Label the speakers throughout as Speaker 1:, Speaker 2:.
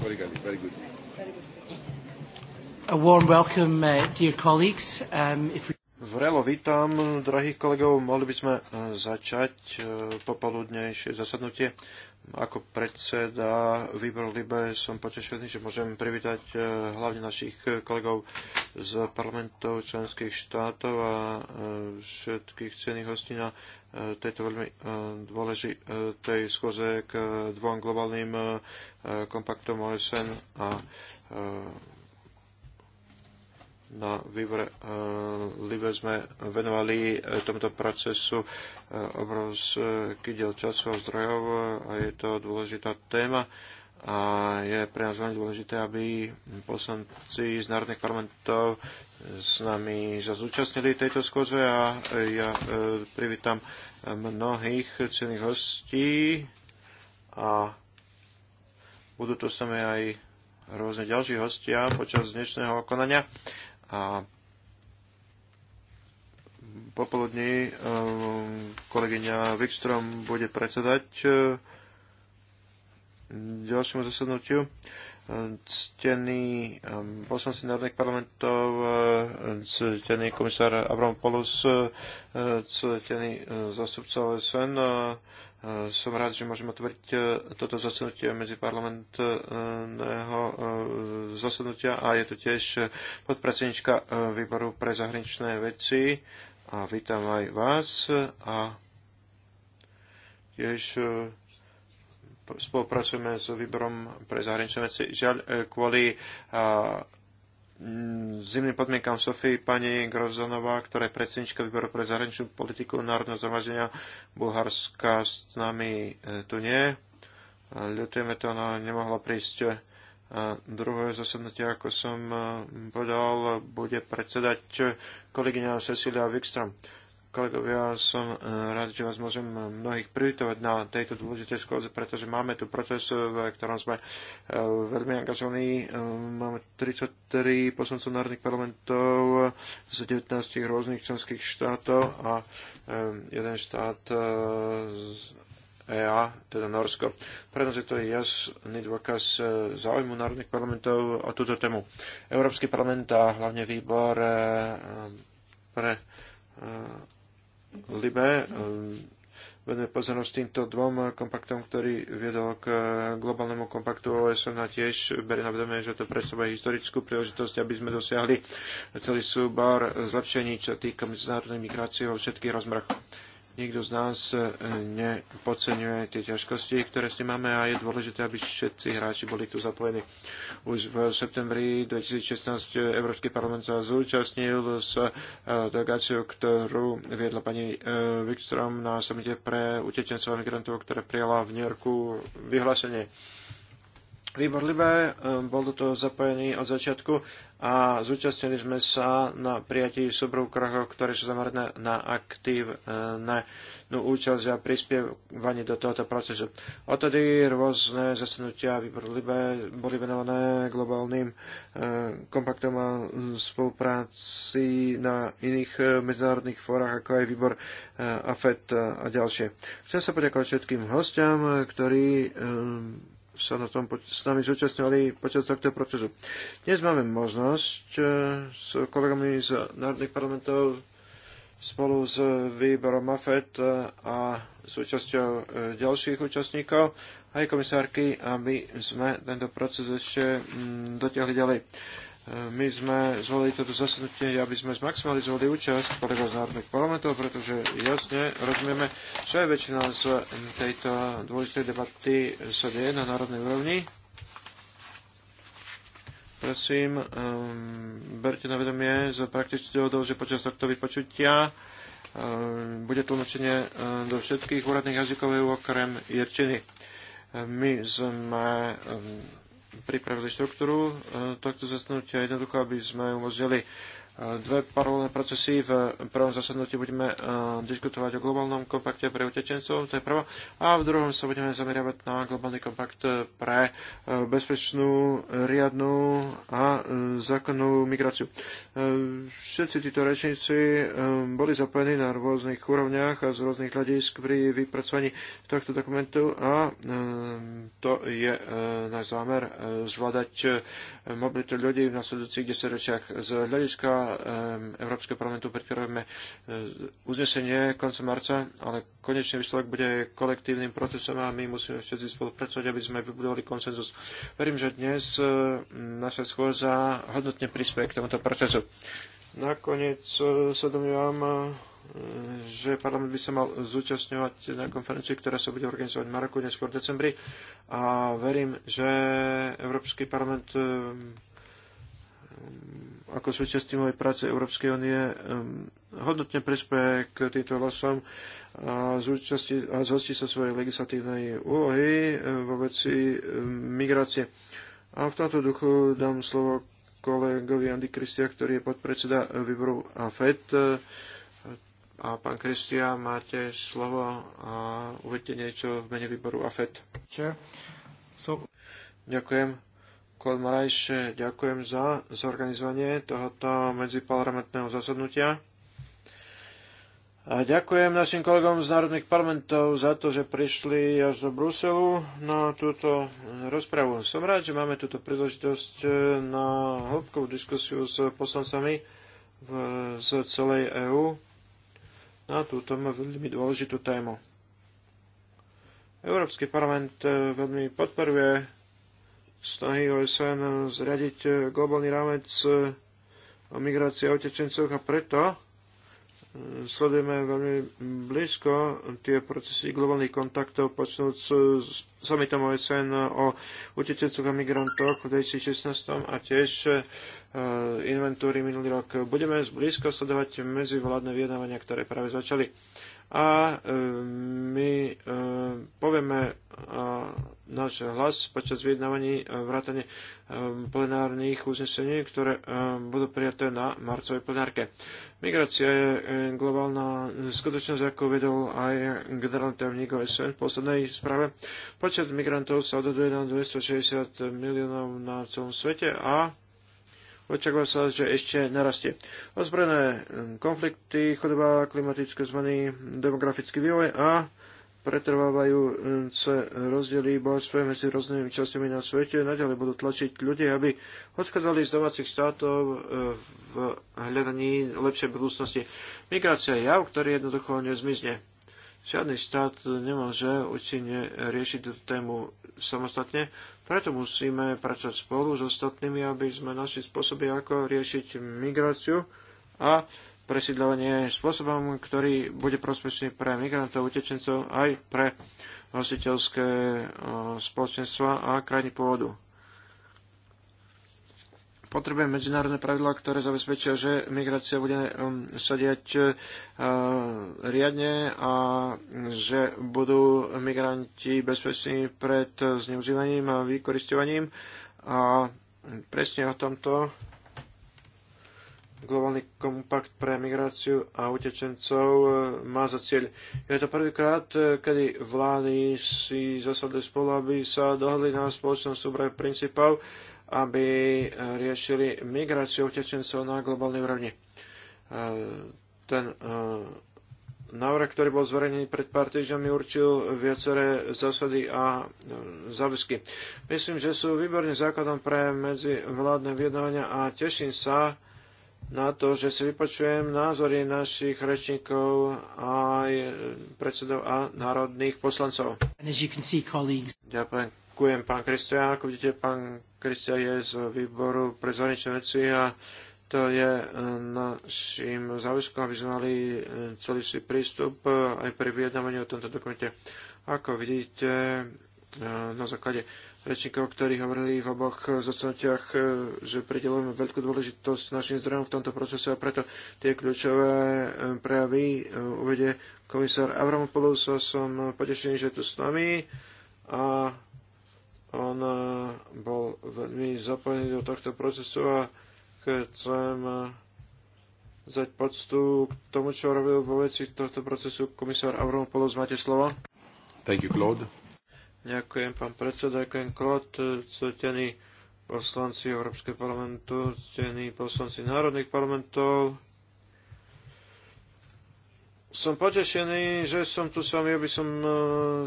Speaker 1: Very good. Very good. A warm welcome, uh, dear colleagues. Um, if we... Vrelo vítam, drahých kolegov. Mohli by sme uh, začať uh, popoludnejšie zasadnutie. Ako predseda výboru Libe som potešený, že môžem privítať e, hlavne našich kolegov z parlamentov členských štátov a e, všetkých cených hostí na e, tejto veľmi dôležitej schôze k dvom globálnym kompaktom OSN a na výbore eh, Libe sme venovali eh, tomuto procesu eh, obrovský diel času a zdrojov a je to dôležitá téma a je pre nás veľmi dôležité, aby poslanci z národných parlamentov s nami sa zúčastnili tejto skôdze a ja privítam mnohých cených hostí a budú tu nami aj rôzne ďalší hostia počas dnešného konania. A popoludní e, kolegyňa Wikström bude predsedať e, ďalšiemu zasadnutiu. E, ctený poslanci národných parlamentov, ctený komisár Abram Polus, ctený zastupca OSN, Eh, som rád, že môžem otvoriť eh, toto zasadnutie medzi parlamentného eh, zasadnutia a je to tiež podpredsednička výboru pre zahraničné veci a vítam aj vás a tiež spolupracujeme s výborom pre zahraničné veci. Žiaľ, kvôli Mm, zimným podmienkam Sofii pani Grozanová, ktorá je predsednička výboru pre zahraničnú politiku Národného zhromaždenia Bulharska s nami e, tu nie. Ľutujeme to, ona nemohla prísť. A druhé zasadnutie, ako som e, povedal, bude predsedať kolegyňa Cecilia Wikström kolegovia, som e, rád, že vás môžem mnohých privítovať na tejto dôležitej skôze, pretože máme tu proces, e, v ktorom sme e, veľmi angažovaní. Máme 33 poslancov národných parlamentov z 19 rôznych členských štátov a jeden štát z EA, teda Norsko. Pre nás je to jasný dôkaz záujmu národných parlamentov o túto tému. Európsky parlament a hlavne výbor pre Libe ehm, vedme pozornosť týmto dvom kompaktom, ktorý viedol k globálnemu kompaktu OSN a tiež berie na vedomie, že to predstavuje historickú príležitosť, aby sme dosiahli celý súbor zlepšení, čo týka medzinárodnej migrácie vo všetkých rozmrach nikto z nás e, nepodceňuje tie ťažkosti, ktoré s tým máme a je dôležité, aby všetci hráči boli tu zapojení. Už v septembri 2016 Európsky parlament sa zúčastnil s e, delegáciou, ktorú viedla pani Vikstrom e, na samite pre utečencov a migrantov, ktoré prijala v New Yorku vyhlásenie. Výborlivé, bol do toho zapojený od začiatku a zúčastnili sme sa na prijatí súborov krokov, ktoré sú zamerané na aktívne no, účasť a prispievanie do tohoto procesu. Odtedy rôzne zasadnutia výboru boli venované globálnym e, kompaktom a spolupráci na iných e, medzinárodných fórach, ako aj výbor e, AFET a ďalšie. Chcem sa poďakovať všetkým hostiam, ktorí e, sa na tom s nami zúčastňovali počas tohto procesu. Dnes máme možnosť e, s kolegami z národných parlamentov spolu s výborom MAFET e, a súčasťou e, ďalších účastníkov aj komisárky, aby sme tento proces ešte mm, dotiahli ďalej my sme zvolili toto zasadnutie, aby sme zmaximalizovali účasť kolegov z národných parlamentov, pretože jasne rozumieme, čo je väčšina z tejto dôležitej debaty sa deje na národnej úrovni. Prosím, um, berte na vedomie z praktických dôvodov, že počas tohto vypočutia um, bude tlmočenie um, do všetkých úradných jazykov e okrem Jerčiny. My sme um, pripravili štruktúru eh, tohto zasnutia jednoducho, aby sme umožnili dve paralelné procesy. V prvom zasadnutí budeme eh, diskutovať o globálnom kompakte pre utečencov, to je prvá. a v druhom sa budeme zameriavať na globálny kompakt eh, pre eh, bezpečnú, riadnú a zákonnú migráciu. Všetci títo rečníci boli zapojení na rôznych úrovniach a z rôznych hľadisk pri vypracovaní tohto dokumentu a to je náš zámer zvládať mobilitu ľudí v nasledujúcich 10 ročiach z hľadiska Um, Európskeho parlamentu pripravíme uh, uznesenie koncom marca, ale konečný výsledok bude kolektívnym procesom a my musíme všetci spolupracovať, aby sme vybudovali konsenzus. Verím, že dnes uh, naša schôza hodnotne prispieje k tomuto procesu. Nakoniec uh, sa domnívam, že parlament by sa mal zúčastňovať na konferencii, ktorá sa bude organizovať v Maroku neskôr v decembri a verím, že Európsky parlament um, ako súčasť mojej práce Európskej únie hodnotne prispieje k týmto hlasom a, zúčasti, a zhostí sa svojej legislatívnej úlohy vo veci migrácie. A v tomto duchu dám slovo kolegovi Andy Kristia, ktorý je podpredseda výboru AFED. A pán Kristia, máte slovo a uvedte niečo v mene výboru AFED. Sure. So... Ďakujem Klod Marajš, ďakujem za zorganizovanie tohoto medziparlamentného zasadnutia. A ďakujem našim kolegom z národných parlamentov za to, že prišli až do Bruselu na túto rozpravu. Som rád, že máme túto príležitosť eh, na hĺbkovú diskusiu s poslancami v, z celej EÚ na túto veľmi dôležitú tému. Európsky parlament eh, veľmi podporuje snahy OSN zriadiť e, globálny rámec e, o migrácii a utečencoch a preto e, sledujeme veľmi blízko tie procesy globálnych kontaktov, počnúť s summitom OSN o utečencoch a migrantoch v 2016 a tiež inventúry minulý rok. Budeme zblízko sledovať medzivládne vyjednávania, ktoré práve začali a e, my e, povieme e, náš hlas počas vyjednávaní vrátane plenárnych uznesení, ktoré budú prijaté na marcovej plenárke. Migrácia je globálna skutočnosť, ako vedol aj generálny tajomník OSN v poslednej správe. Počet migrantov sa odhaduje na 260 miliónov na celom svete a očakáva sa, že ešte narastie. Ozbrojené hm, konflikty, chodoba, klimatické zmeny, demografický vývoj a pretrvávajúce hm, rozdiely bohatstva medzi rôznymi časťami na svete naďalej budú tlačiť ľudí, aby odchádzali z domácich štátov hm, v hľadaní lepšej budúcnosti. Migrácia je jav, ktorý jednoducho nezmizne. Žiadny štát nemôže účinne riešiť túto tému samostatne, preto musíme pracovať spolu s ostatnými, aby sme našli spôsoby, ako riešiť migráciu a presídľovanie spôsobom, ktorý bude prospešný pre migrantov, utečencov aj pre hostiteľské spoločenstva a krajiny pôvodu. Potrebujeme medzinárodné pravidlá, ktoré zabezpečia, že migrácia bude um, sa diať uh, riadne a že budú migranti bezpeční pred zneužívaním a vykoristovaním. A presne o tomto globálny kompakt pre migráciu a utečencov uh, má za cieľ. Je to prvýkrát, uh, kedy vlády si zasadli spolu, aby sa dohodli na spoločnom súbore princípov, aby eh, riešili migráciu utečencov na globálnej úrovni. Eh, ten eh, návrh, ktorý bol zverejnený pred pár týždňami, určil viaceré zásady a záväzky. Myslím, že sú výborným základom pre medzivládne vyjednávania a teším sa na to, že si vypočujem názory našich rečníkov aj predsedov a národných poslancov. Ďakujem Ďakujem, pán Kristian. Ako vidíte, pán Kristian je z výboru pre zahraničné veci a to je eh, našim záväzkom, aby sme mali eh, celý svoj prístup eh, aj pri vyjednávaní o tomto dokumente. Ako vidíte, na základe rečníkov, ktorí hovorili v oboch zastanutiach, že pridelujeme veľkú dôležitosť našim zdrojom v tomto procese a preto tie kľúčové prejavy uvede komisár Avramopoulos a som potešený, že je tu s nami a on bol veľmi zapojený do tohto procesu a chcem eh, zať poctu k tomu, čo robil vo veci tohto procesu komisár Avramopoulos. Máte slovo? Thank you, Claude. Ďakujem, pán predseda, ďakujem, Claude, ctení poslanci Európskeho parlamentu, ctení poslanci národných parlamentov. Som potešený, že som tu s vami, aby som eh,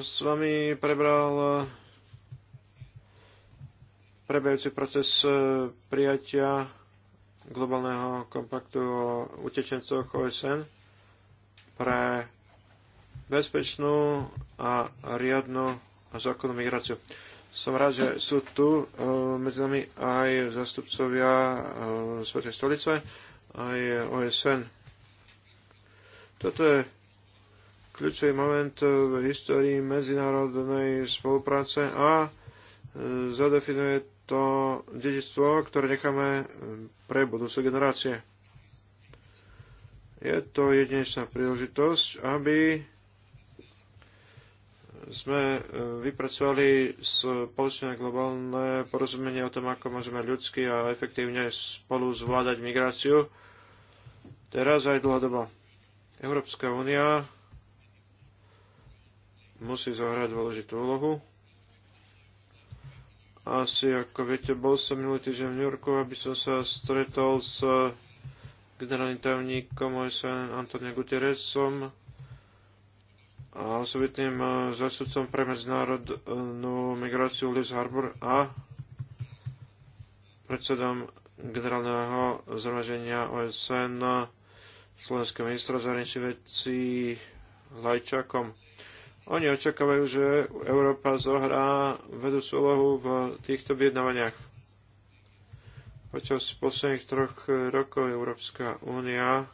Speaker 1: s vami prebral eh, prebiehajúci proces e, prijatia globálneho kompaktu o utečencoch OSN pre bezpečnú a riadnu a zákonnú migráciu. Som rád, že sú tu e, medzi nami aj zastupcovia e, Svetej stolice, aj OSN. Toto je kľúčový moment v histórii medzinárodnej spolupráce a zadefinuje to dedictvo, ktoré necháme hm, pre budúce generácie. Je to jedinečná príležitosť, aby sme hm, vypracovali spoločné globálne porozumenie o tom, ako môžeme ľudsky a efektívne spolu zvládať migráciu. Teraz aj dlhodobo. Európska únia musí zohrať dôležitú úlohu asi ako viete, bol som minulý týždeň v New Yorku, aby som sa stretol s eh, generálnym tajomníkom OSN Antonia Guterresom a osobitným eh, zastupcom pre medzinárodnú migráciu Liz Harbour a predsedom generálneho zhromaženia OSN eh, slovenského ministra zahraničných vecí Lajčakom. Oni očakávajú, že Európa zohrá vedúcu úlohu v týchto vyjednávaniach. Počas posledných troch rokov Európska únia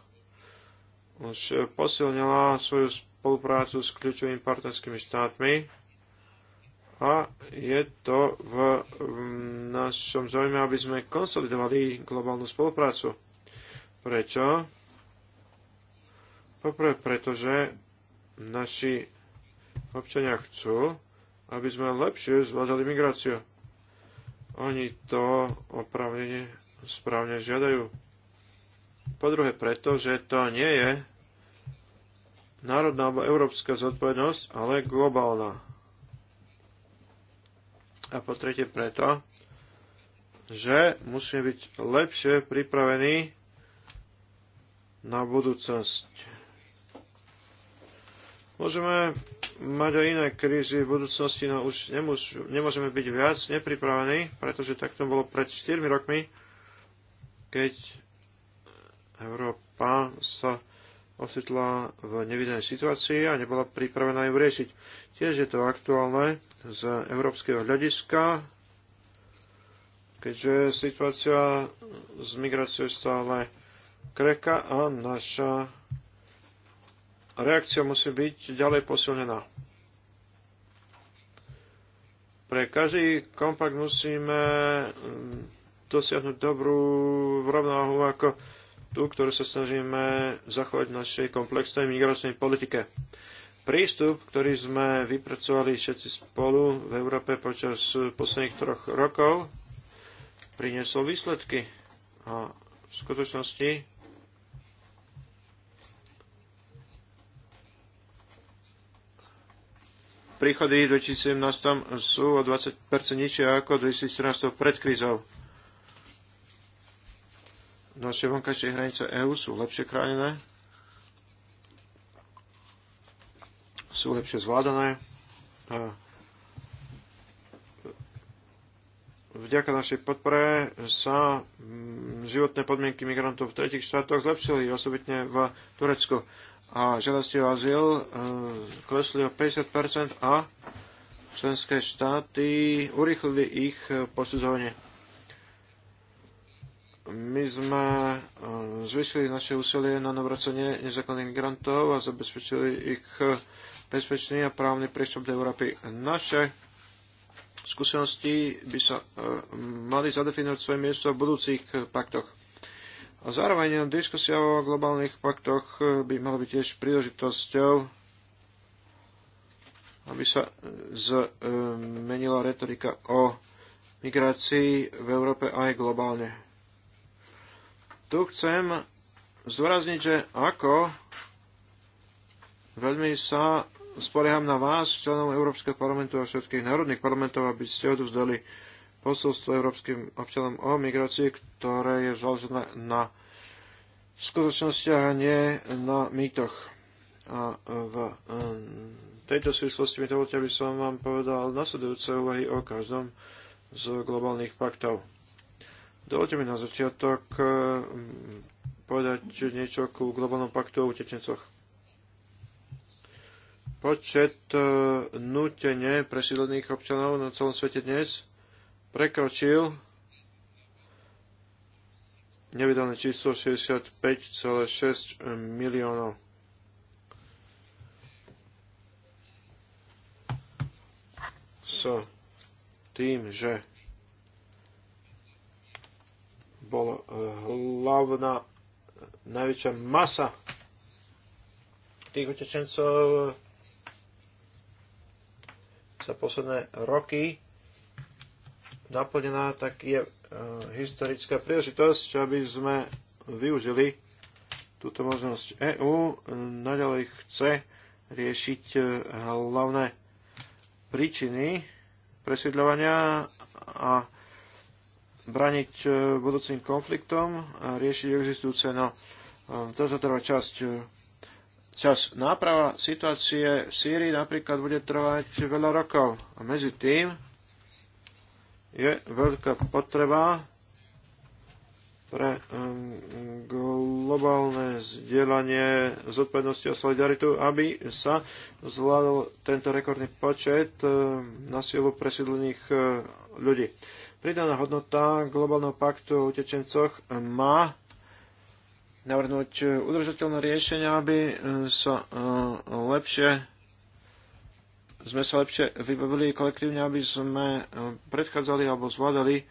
Speaker 1: už posilnila svoju spoluprácu s kľúčovými partnerskými štátmi a je to v našom záujme, aby sme konsolidovali globálnu spoluprácu. Prečo? Poprvé, pretože naši Občania chcú, aby sme lepšie zvládali migráciu. Oni to opravnenie správne žiadajú. Po druhé, preto, že to nie je národná alebo európska zodpovednosť, ale globálna. A po tretie, preto, že musíme byť lepšie pripravení na budúcnosť. Môžeme mať aj iné krízy v budúcnosti, no už nemôž, nemôžeme byť viac nepripravení, pretože tak to bolo pred 4 rokmi, keď Európa sa osvetla v nevidenej situácii a nebola pripravená ju riešiť. Tiež je to aktuálne z európskeho hľadiska, keďže situácia s migráciou je stále kreka a naša reakcia musí byť ďalej posilnená. Pre každý kompakt musíme mm, dosiahnuť dobrú rovnováhu ako tú, ktorú sa snažíme zachovať v našej komplexnej migračnej politike. Prístup, ktorý sme vypracovali všetci spolu v Európe počas posledných troch rokov, priniesol výsledky. A v skutočnosti príchody v 2017 sú o 20% nižšie ako 2014 pred krízou. Naše vonkajšie hranice EÚ sú lepšie chránené, sú lepšie zvládané a vďaka našej podpore sa mm, životné podmienky migrantov v tretich štátoch zlepšili, osobitne v Turecku a žiadosti o azyl e, klesli o 50% a členské štáty urýchlili ich e, posudzovanie. My sme e, zvyšili naše úsilie na navracenie nezákonných migrantov a zabezpečili ich bezpečný a právny prístup do Európy. Naše skúsenosti by sa mali zadefinovať svoje miesto v budúcich paktoch
Speaker 2: a zároveň
Speaker 1: diskusia o globálnych paktoch eh, by mala byť tiež príležitosťou, aby sa eh, zmenila eh, retorika o migrácii v Európe aj globálne. Tu chcem zdôrazniť, že ako veľmi sa spolieham na vás, členov Európskeho parlamentu a všetkých národných parlamentov, aby ste odovzdali posolstvo európskym občanom o migrácii, ktoré je založené na skutočnostiach a nie na mýtoch. A v mm, tejto súvislosti mi dovolte, aby som vám povedal nasledujúce úvahy o každom z globálnych paktov. Dovolte mi na začiatok e, mm, povedať niečo ku globálnom paktu o utečencoch. Počet e, nutene presídlených občanov na celom svete dnes prekročil nevydané číslo 65,6 miliónov. S tým, že bola eh, hlavná najväčšia masa tých utečencov za posledné roky naplnená, tak je e, historická príležitosť, aby sme využili túto možnosť. EÚ e, naďalej chce riešiť e, hlavné príčiny presiedľovania a braniť budúcim konfliktom a riešiť existujúce. No, toto trvá časť. Čas náprava situácie v Sýrii napríklad bude trvať veľa rokov. A medzi tým je veľká potreba pre um, globálne zdieľanie zodpovednosti a solidaritu, aby sa zvládol tento rekordný počet um, na silu presídlených uh, ľudí. Pridaná hodnota globálneho paktu o utečencoch má navrhnúť uh, udržateľné riešenia, aby uh, sa lepšie sme sa lepšie vybavili kolektívne, aby sme e, predchádzali alebo zvládali e,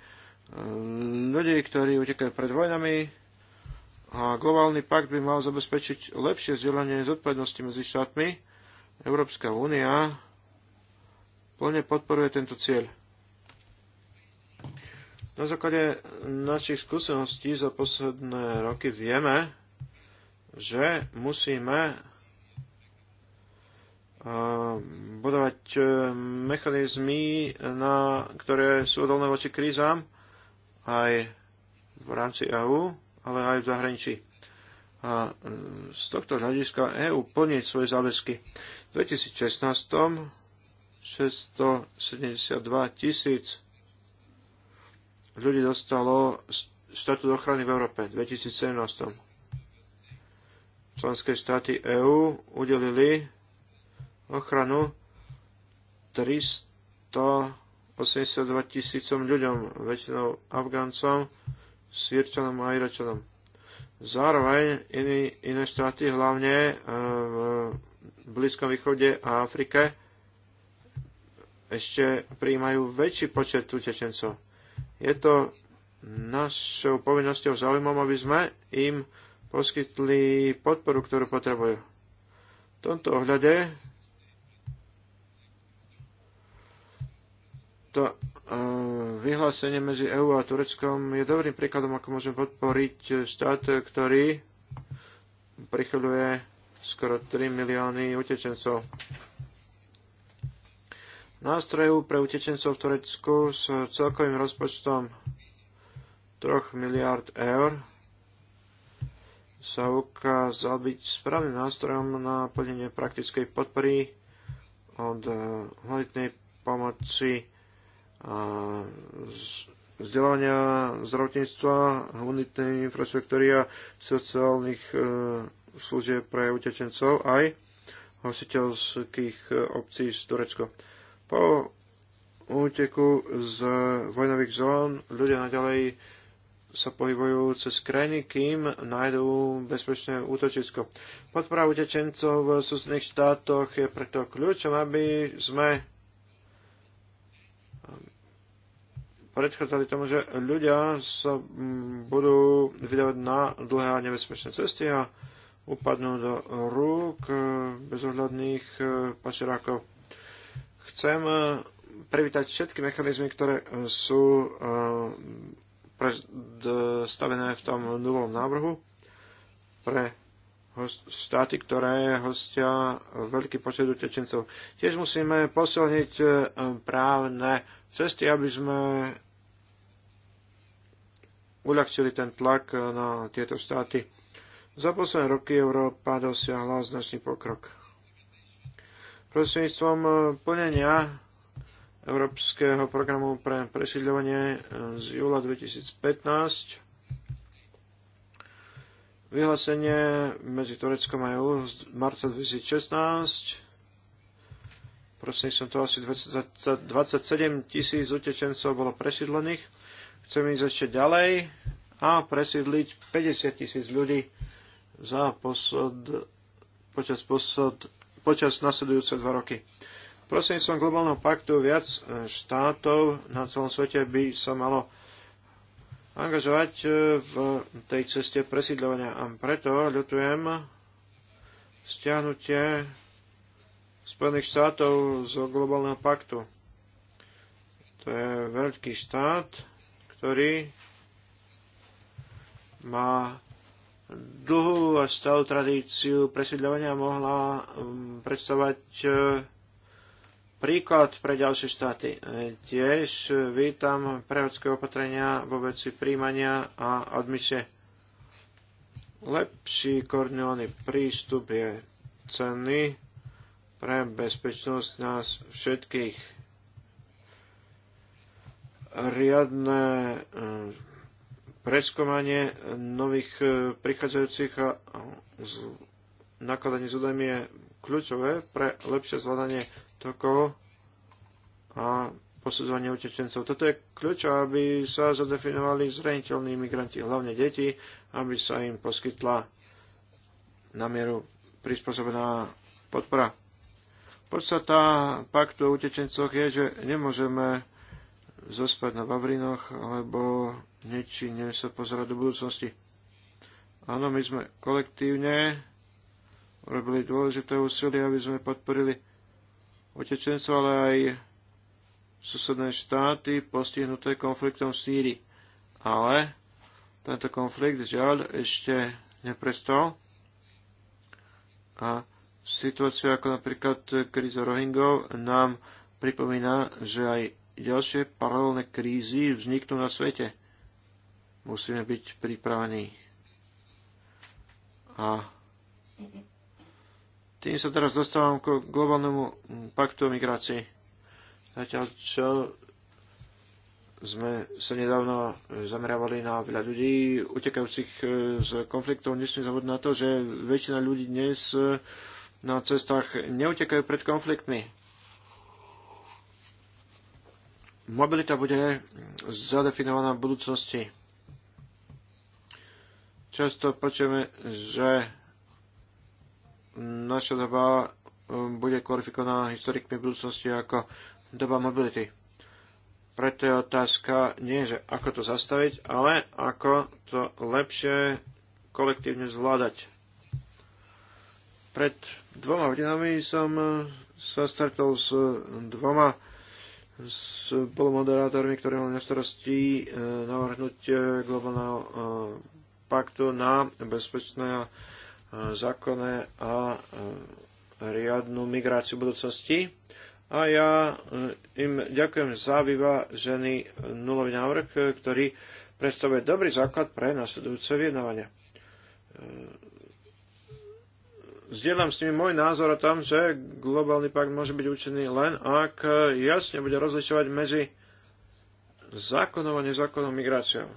Speaker 1: ľudí, ktorí utekajú pred vojnami a globálny pakt by mal zabezpečiť lepšie zdieľanie zodpovednosti medzi štátmi. Európska únia plne podporuje tento cieľ. Na základe našich skúseností za posledné roky vieme, že musíme budovať e, mechanizmy, e, na, ktoré sú odolné voči krízam aj v rámci EU, ale aj v zahraničí. A e, z tohto hľadiska EU plní svoje záväzky. V 2016 672 tisíc ľudí dostalo do ochrany v Európe v 2017. Členské štáty EU udelili ochranu 382 tisícom ľuďom, väčšinou Afgáncom, Sýrčanom a Iračanom. Zároveň iný, iné štáty, hlavne e, v Blízkom východe a Afrike, ešte prijímajú väčší počet utečencov. Je to našou povinnosťou zaujímavé, aby sme im poskytli podporu, ktorú potrebujú. V tomto ohľade to e, vyhlásenie medzi EÚ a Tureckom je dobrým príkladom, ako môžeme podporiť štát, ktorý prichoduje skoro 3 milióny utečencov. Nástrojov pre utečencov v Turecku s celkovým rozpočtom 3 miliard eur sa ukázal byť správnym nástrojom na plnenie praktickej podpory od e, humanitnej pomoci vzdelávania, zdravotníctva, humanitnej infraštruktúry a sociálnych e, služieb pre utečencov aj hostiteľských e, obcí z Turecko. Po úteku z vojnových zón ľudia naďalej sa pohybujú cez krajiny, kým nájdú bezpečné útočisko. Podpora utečencov v susedných štátoch je preto kľúčom, aby sme predchádzali tomu, že ľudia sa mm, budú vydávať na dlhé a nebezpečné cesty a upadnú do rúk e, bezohľadných e, pašerákov. Chcem e, privítať všetky mechanizmy, ktoré sú predstavené v tom novom návrhu pre štáty, ktoré hostia veľký počet utečencov. Tiež musíme posilniť právne cesty, aby sme uľahčili ten tlak na tieto štáty. Za posledné roky Európa dosiahla značný pokrok. Prostredníctvom plnenia Európskeho programu pre presídľovanie z júla 2015 vyhlásenie medzi Tureckom a EU z marca 2016 Prostredníctvom toho asi 27 tisíc utečencov bolo presídlených. Chceme ísť ešte ďalej a presídliť 50 tisíc ľudí za posled, počas, posled, počas nasledujúce dva roky. Prostredníctvom globálneho paktu viac e, štátov na celom svete by sa malo angažovať e, v tej ceste presídľovania. A preto ľutujem stiahnutie Spojených štátov z globálneho paktu. To je veľký štát, ktorý má dlhú a stavú tradíciu presvedľovania mohla um, predstavovať e, príklad pre ďalšie štáty. E, tiež vítam prehodské opatrenia vo veci príjmania a admisie. Lepší koordinovaný prístup je cenný pre bezpečnosť nás všetkých. Riadne e, preskomanie nových e, prichádzajúcich a nakladanie s údajmi je kľúčové pre lepšie zvládanie tokov a posudzovanie utečencov. Toto je kľúč, aby sa zadefinovali zraniteľní migranti, hlavne deti, aby sa im poskytla na mieru prispôsobená podpora. Podstata paktu o utečencoch je, že nemôžeme zospať na Vavrinoch, lebo nečine sa pozerať do budúcnosti. Áno, my sme kolektívne robili dôležité úsilie, aby sme podporili utečencov, ale aj susedné štáty postihnuté konfliktom v Sýrii. Ale tento konflikt žiaľ ešte neprestal a situácia ako napríklad kríza Rohingov nám pripomína, že aj ďalšie paralelné krízy vzniknú na svete. Musíme byť pripravení. A tým sa teraz dostávam k globálnemu paktu o migrácii. Zatiaľ čo sme sa nedávno zamerávali na veľa ľudí utekajúcich z konfliktov. Nesmie zabudnúť na to, že väčšina ľudí dnes na cestách neutekajú pred konfliktmi. Mobilita bude zadefinovaná v budúcnosti. Často počujeme, že naša doba um, bude kvalifikovaná historikmi budúcnosti ako doba mobility. Preto je otázka nie, že ako to zastaviť, ale ako to lepšie kolektívne zvládať. Pred dvoma hodinami som eh, sa stretol s eh, dvoma polomoderátormi, ktorí mali na starosti eh, navrhnutie globálneho paktu na bezpečné a zákonné a riadnu migráciu budúcnosti. A ja im ďakujem za ženy nulový návrh, ktorý predstavuje dobrý základ pre nasledujúce vyjednávania zdieľam s nimi môj názor o tom, že globálny pakt môže byť účinný len, ak jasne bude rozlišovať medzi zákonnou a nezákonnou migráciou.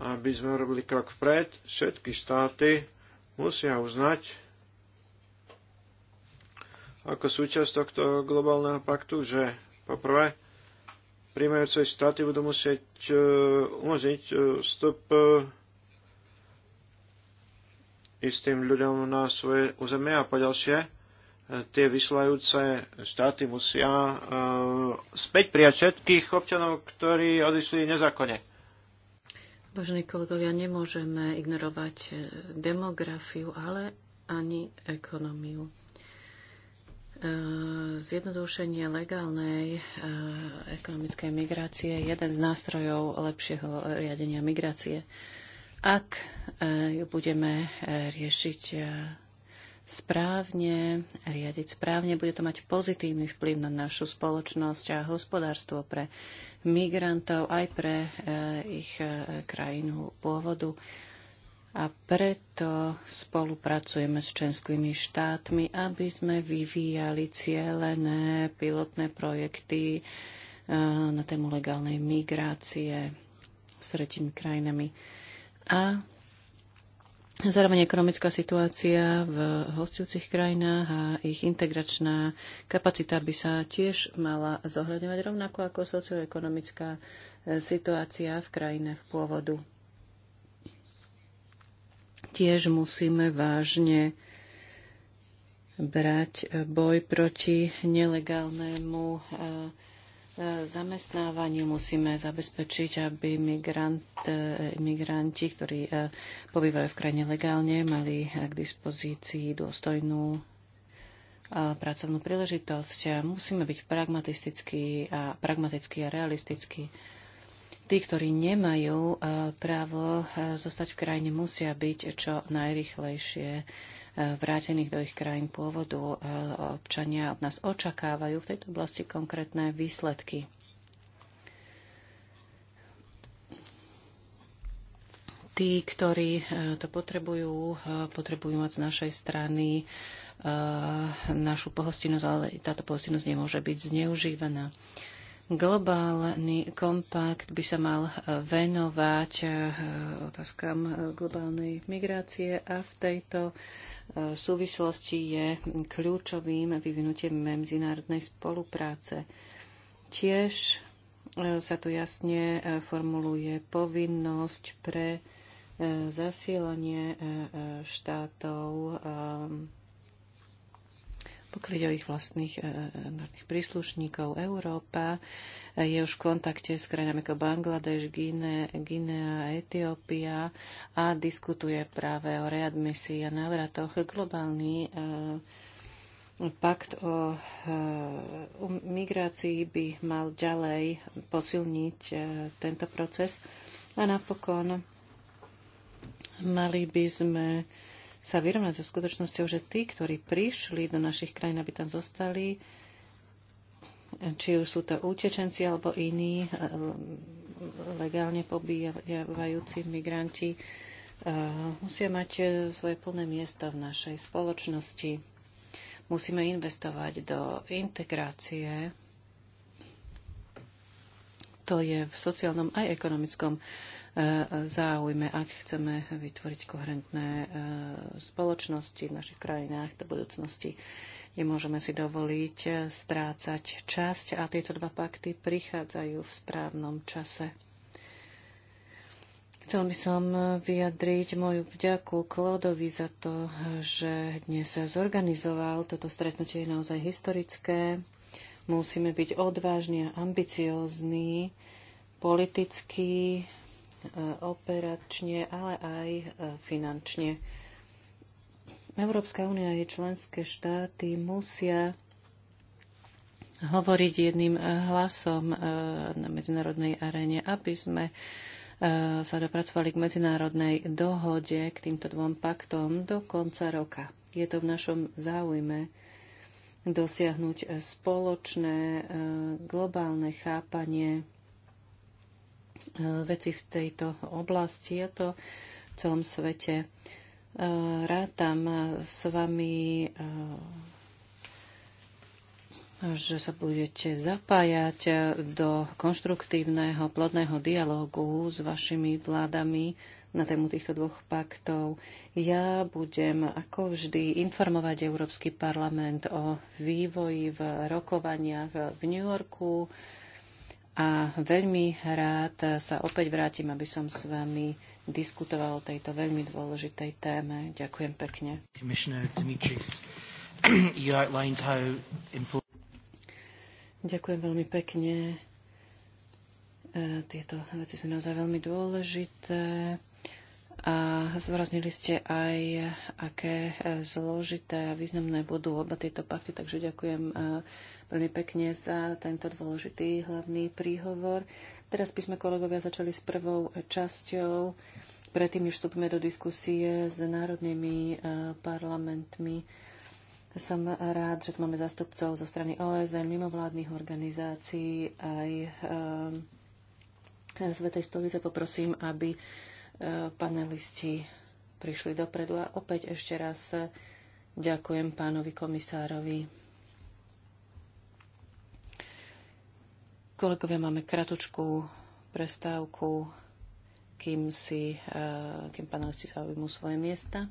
Speaker 1: Aby sme robili krok vpred, všetky štáty musia uznať ako súčasť tohto globálneho paktu, že poprvé príjmajúce štáty budú musieť eh, umožniť eh, vstup eh, istým ľuďom na svoje územie a poďalšie e, tie vyslajúce štáty musia uh, späť prijať všetkých občanov, ktorí odišli nezákonne.
Speaker 3: Vážení kolegovia, nemôžeme ignorovať e, demografiu, ale ani ekonomiu. Zjednodušenie legálnej ekonomickej migrácie je jeden z nástrojov lepšieho riadenia migrácie. Ak e, ju budeme e, riešiť e, správne, riadiť správne, bude to mať pozitívny vplyv na našu spoločnosť a hospodárstvo pre migrantov, aj pre ich krajinu pôvodu. A preto spolupracujeme s členskými štátmi, aby sme vyvíjali cieľené pilotné projekty na tému legálnej migrácie s tretimi krajinami a Zároveň ekonomická situácia v hostujúcich krajinách a ich integračná kapacita by sa tiež mala zohľadňovať rovnako ako socioekonomická situácia v krajinách pôvodu. Tiež musíme vážne brať boj proti nelegálnemu zamestnávaniu musíme zabezpečiť, aby migrant, migranti, ktorí e, pobývajú v krajine legálne, mali k dispozícii dôstojnú e, pracovnú príležitosť. Musíme byť pragmatickí a, pragmatický a realistickí tí, ktorí nemajú e, právo e, zostať v krajine, musia byť čo najrychlejšie e, vrátených do ich krajín pôvodu. Občania od nás očakávajú v tejto oblasti konkrétne výsledky. Tí, ktorí to potrebujú, potrebujú mať z našej strany našu pohostinnosť, ale táto pohostinnosť nemôže byť zneužívaná. Globálny kompakt by sa mal eh, venovať eh, otázkam eh, globálnej migrácie a v tejto súvislosti je kľúčovým vyvinutie medzinárodnej spolupráce. Tiež sa tu jasne formuluje povinnosť pre zasielanie štátov pokryť o ich vlastných e, e, príslušníkov. Európa je už v kontakte s krajinami ako Bangladeš, Guinea, Etiópia a diskutuje práve o readmisii a návratoch. Globálny e, pakt o um, migrácii by mal ďalej posilniť tento proces. A napokon mali by sme sa vyrovnať so skutočnosťou, že tí, ktorí prišli do našich krajín, aby tam zostali, či už sú to utečenci alebo iní eh, legálne pobývajúci migranti, eh, musia mať eh, svoje plné miesto v našej spoločnosti. Musíme investovať do integrácie to je v sociálnom aj ekonomickom E, záujme, ak chceme vytvoriť koherentné e, spoločnosti v našich krajinách do budúcnosti. Nemôžeme si dovoliť e, strácať časť a tieto dva pakty prichádzajú v správnom čase. Chcel by som vyjadriť moju vďaku Klodovi za to, že dnes zorganizoval toto stretnutie je naozaj historické. Musíme byť odvážni a ambiciózni, politicky, E, operačne, ale aj e, finančne. Európska únia a jej členské štáty musia hovoriť jedným e, hlasom na medzinárodnej aréne, aby sme sa dopracovali k medzinárodnej dohode, k týmto dvom paktom do konca roka. Je to v našom záujme dosiahnuť spoločné globálne chápanie E, veci v tejto oblasti. Je to v celom svete. E, rátam s vami, e, že sa budete zapájať do konštruktívneho, plodného dialógu s vašimi vládami na tému týchto dvoch paktov. Ja budem ako vždy informovať Európsky parlament o vývoji v rokovaniach v New Yorku a veľmi rád sa opäť vrátim, aby som s vami diskutoval o tejto veľmi dôležitej téme. Ďakujem pekne. Ďakujem veľmi pekne. E, tieto veci sú naozaj veľmi dôležité. A zvoraznili ste aj, aké e, zložité a významné budú oba tieto pakty, takže ďakujem e, veľmi pekne za tento dôležitý hlavný príhovor. Teraz by sme kolegovia začali s prvou časťou, predtým než vstúpime do diskusie s národnými eh, parlamentmi. Som rád, že tu máme zastupcov zo strany OSN, mimovládnych organizácií, aj eh, Svetej stolice. Poprosím, aby eh, panelisti prišli dopredu a opäť ešte raz ďakujem pánovi komisárovi. Kolegovia, máme kratočku prestávku, kým, si, eh, kým panelisti sa zaujmú svoje miesta.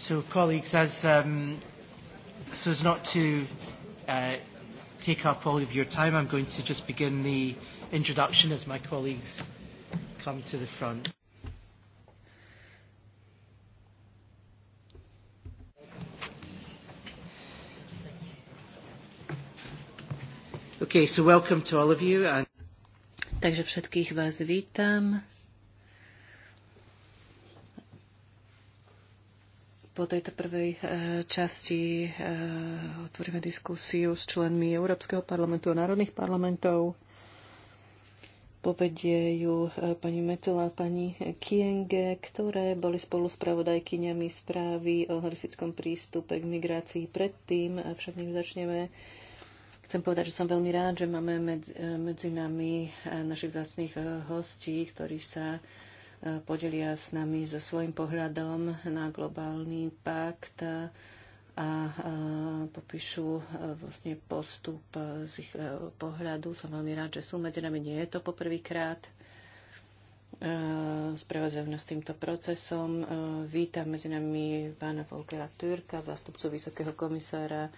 Speaker 2: So, colleagues, as um, so as not to uh, take up all of your time, I'm going to just begin the introduction as my colleagues come to the front. Okay, so welcome to all of you. And...
Speaker 3: Takže všetkých vás vítam. Po tejto prvej e, časti e, otvoríme diskusiu s členmi Európskeho parlamentu a národných parlamentov. Povedie ju e, pani Metela a pani Kienge, ktoré boli spolu spravodajkyňami správy o holistickom prístupe k migrácii predtým. Však nech začneme Chcem povedať, že som veľmi rád, že máme medzi, medzi nami našich vzácných hostí, ktorí sa podelia s nami so svojím pohľadom na globálny pakt a popíšu e, vlastne postup z ich e, pohľadu. Som veľmi rád, že sú medzi nami. Nie je to poprvýkrát. E, sprevádzajú nás týmto procesom. Vítam medzi nami pána Volkera Türka, zástupcu Vysokého komisára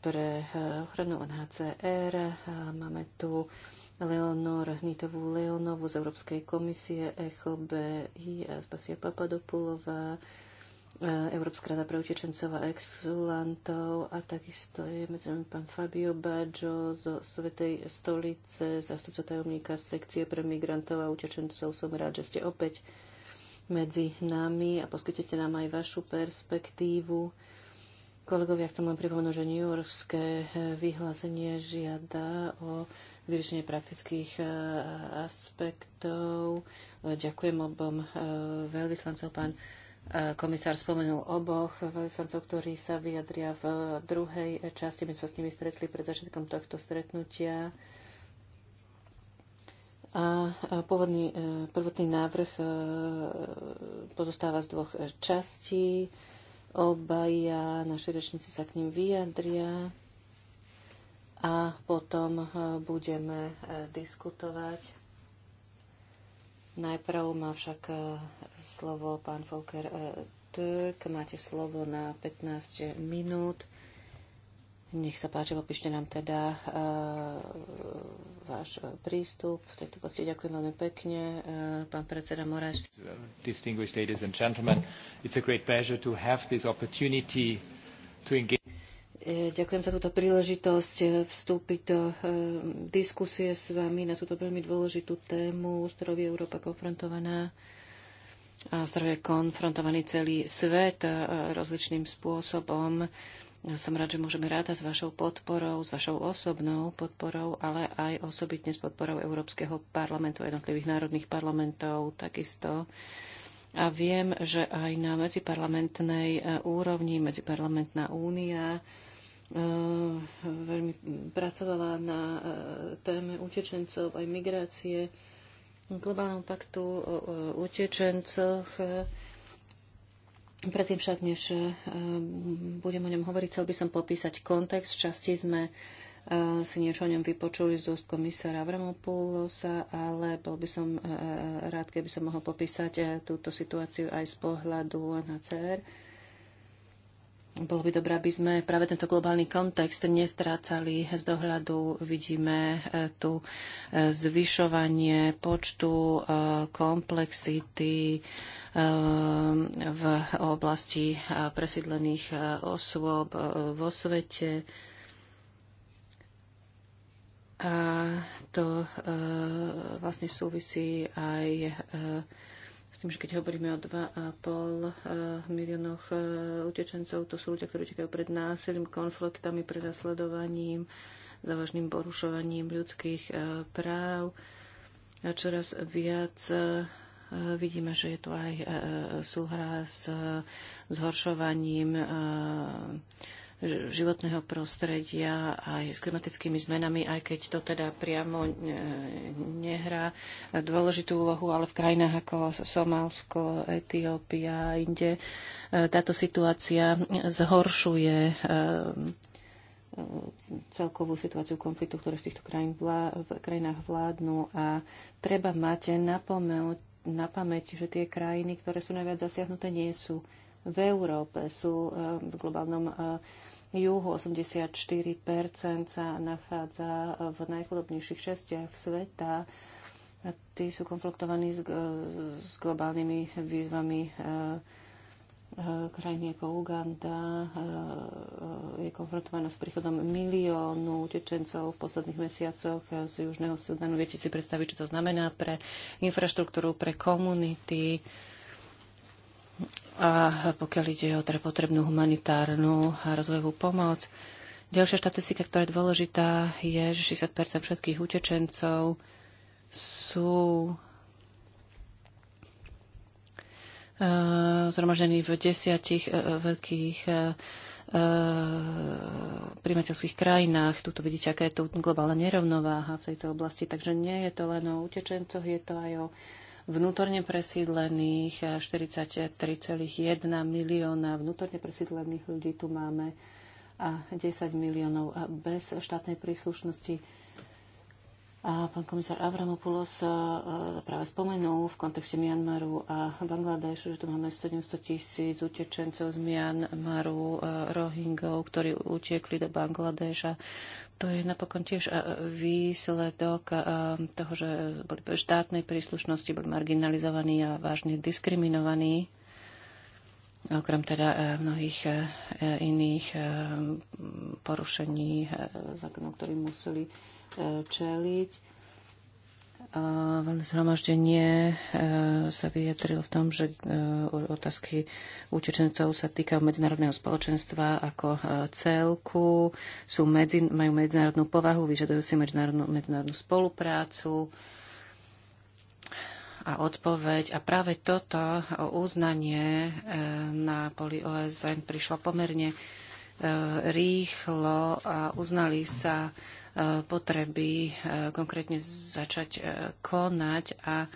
Speaker 3: pre ochranu NHCR. Máme tu Leonor Hnitovú Leonovu z Európskej komisie, ECHO, BI a Spasia Papadopulová, e, Európska rada pre utečencov a exulantov a takisto je medzi nami pán Fabio Baggio zo Svetej stolice, zástupca tajomníka sekcie pre migrantov a utečencov. Som rád, že ste opäť medzi nami a poskytete nám aj vašu perspektívu. Kolegovia, chcem len pripomenúť, že New Yorkské e, vyhlásenie žiada o vyriešenie praktických e, aspektov. Ďakujem obom e, veľvyslancov. Pán e, komisár spomenul oboch veľvyslancov, ktorí sa vyjadria v druhej časti. My sme s nimi stretli pred začiatkom tohto stretnutia. A pôvodný, prvotný návrh pozostáva z dvoch častí. Obaja naši rečníci sa k ním vyjadria a potom eh, budeme eh, diskutovať. Najprv má však eh, slovo pán Volker Turk. Máte slovo na 15 minút. Nech sa páči, popíšte nám teda uh, váš prístup. V tejto posti ďakujem veľmi pekne, uh, pán predseda Moraš.
Speaker 2: Distinguished ladies and gentlemen, it's a great pleasure to have this opportunity to engage E, ďakujem za
Speaker 3: túto príležitosť e, vstúpiť do e, diskusie s vami na túto veľmi dôležitú tému, s ktorou je Európa konfrontovaná a s ktorou je konfrontovaný celý svet rozličným spôsobom. Som rád, že môžeme rátať s vašou podporou, s vašou osobnou podporou, ale aj osobitne s podporou Európskeho parlamentu, jednotlivých národných parlamentov takisto. A viem, že aj na medziparlamentnej úrovni, medziparlamentná únia, Eh, veľmi pracovala na eh, téme utečencov aj migrácie, globálnom paktu o utečencoch. Predtým však, než eh, budem o ňom hovoriť, chcel by som popísať kontext. Časti sme si niečo o ňom vypočuli z úst komisára Avramopulosa, ale bol by som rád, keby som mohol popísať túto situáciu aj z pohľadu na CR bolo by dobré, aby sme práve tento globálny kontext nestrácali z dohľadu. Vidíme e, tu e, zvyšovanie počtu e, komplexity v oblasti presídlených osôb vo svete. A to vlastne súvisí aj Myslím, že keď hovoríme o 2,5 eh, miliónoch eh, utečencov, to sú ľudia, ktorí utekajú pred násilím, konfliktami, prenasledovaním, závažným porušovaním ľudských eh, práv. A čoraz viac vidíme, že je tu aj súhra s zhoršovaním životného prostredia aj s klimatickými zmenami, aj keď to teda priamo e, nehrá dôležitú úlohu, ale v krajinách ako Somálsko, Etiópia a inde e, táto situácia zhoršuje e, celkovú situáciu konfliktu, ktoré v týchto krajín vlá, v krajinách vládnu a treba mať na, na pamäť, že tie krajiny, ktoré sú najviac zasiahnuté, nie sú v Európe sú eh, v globálnom eh, juhu 84% sa nachádza v najchudobnejších častiach sveta a tí sú konfrontovaní s, eh, s globálnymi výzvami krajiny ako Uganda je konfrontovaná s príchodom miliónu utečencov v posledných mesiacoch z Južného Sudanu. Viete si predstaviť, čo to znamená pre infraštruktúru, pre komunity, a pokiaľ ide o teda potrebnú humanitárnu a rozvojovú pomoc. Ďalšia štatistika, ktorá je dôležitá, je, že 60 všetkých utečencov sú e, zhromaždení v desiatich e, e, veľkých primateľských krajinách. Tuto vidíte, aká je tu globálna nerovnováha v tejto oblasti. Takže nie je to len o utečencoch, je to aj o vnútorne presídlených, 43,1 eh, milióna vnútorne presídlených ľudí tu máme a 10 miliónov eh, bez štátnej príslušnosti a pán komisár Avramopoulos e, e, práve spomenul v kontexte Mianmaru a Bangladešu, že tu máme 700 tisíc utečencov z Mianmaru, e, Rohingov, ktorí utiekli do Bangladeša. To je napokon tiež výsledok toho, že boli štátnej príslušnosti, boli marginalizovaní a vážne diskriminovaní okrem teda mnohých iných porušení zákonov, ktorí museli čeliť. zhromaždenie e, sa vyjadrilo v tom, že e, otázky utečencov sa týkajú medzinárodného spoločenstva ako e, celku, sú medzi, majú medzinárodnú povahu, vyžadujú si medzinárodnú, medzinárodnú spoluprácu a odpoveď. A práve toto uznanie na poli OSN prišlo pomerne rýchlo a uznali sa E, potreby e, konkrétne začať e, konať a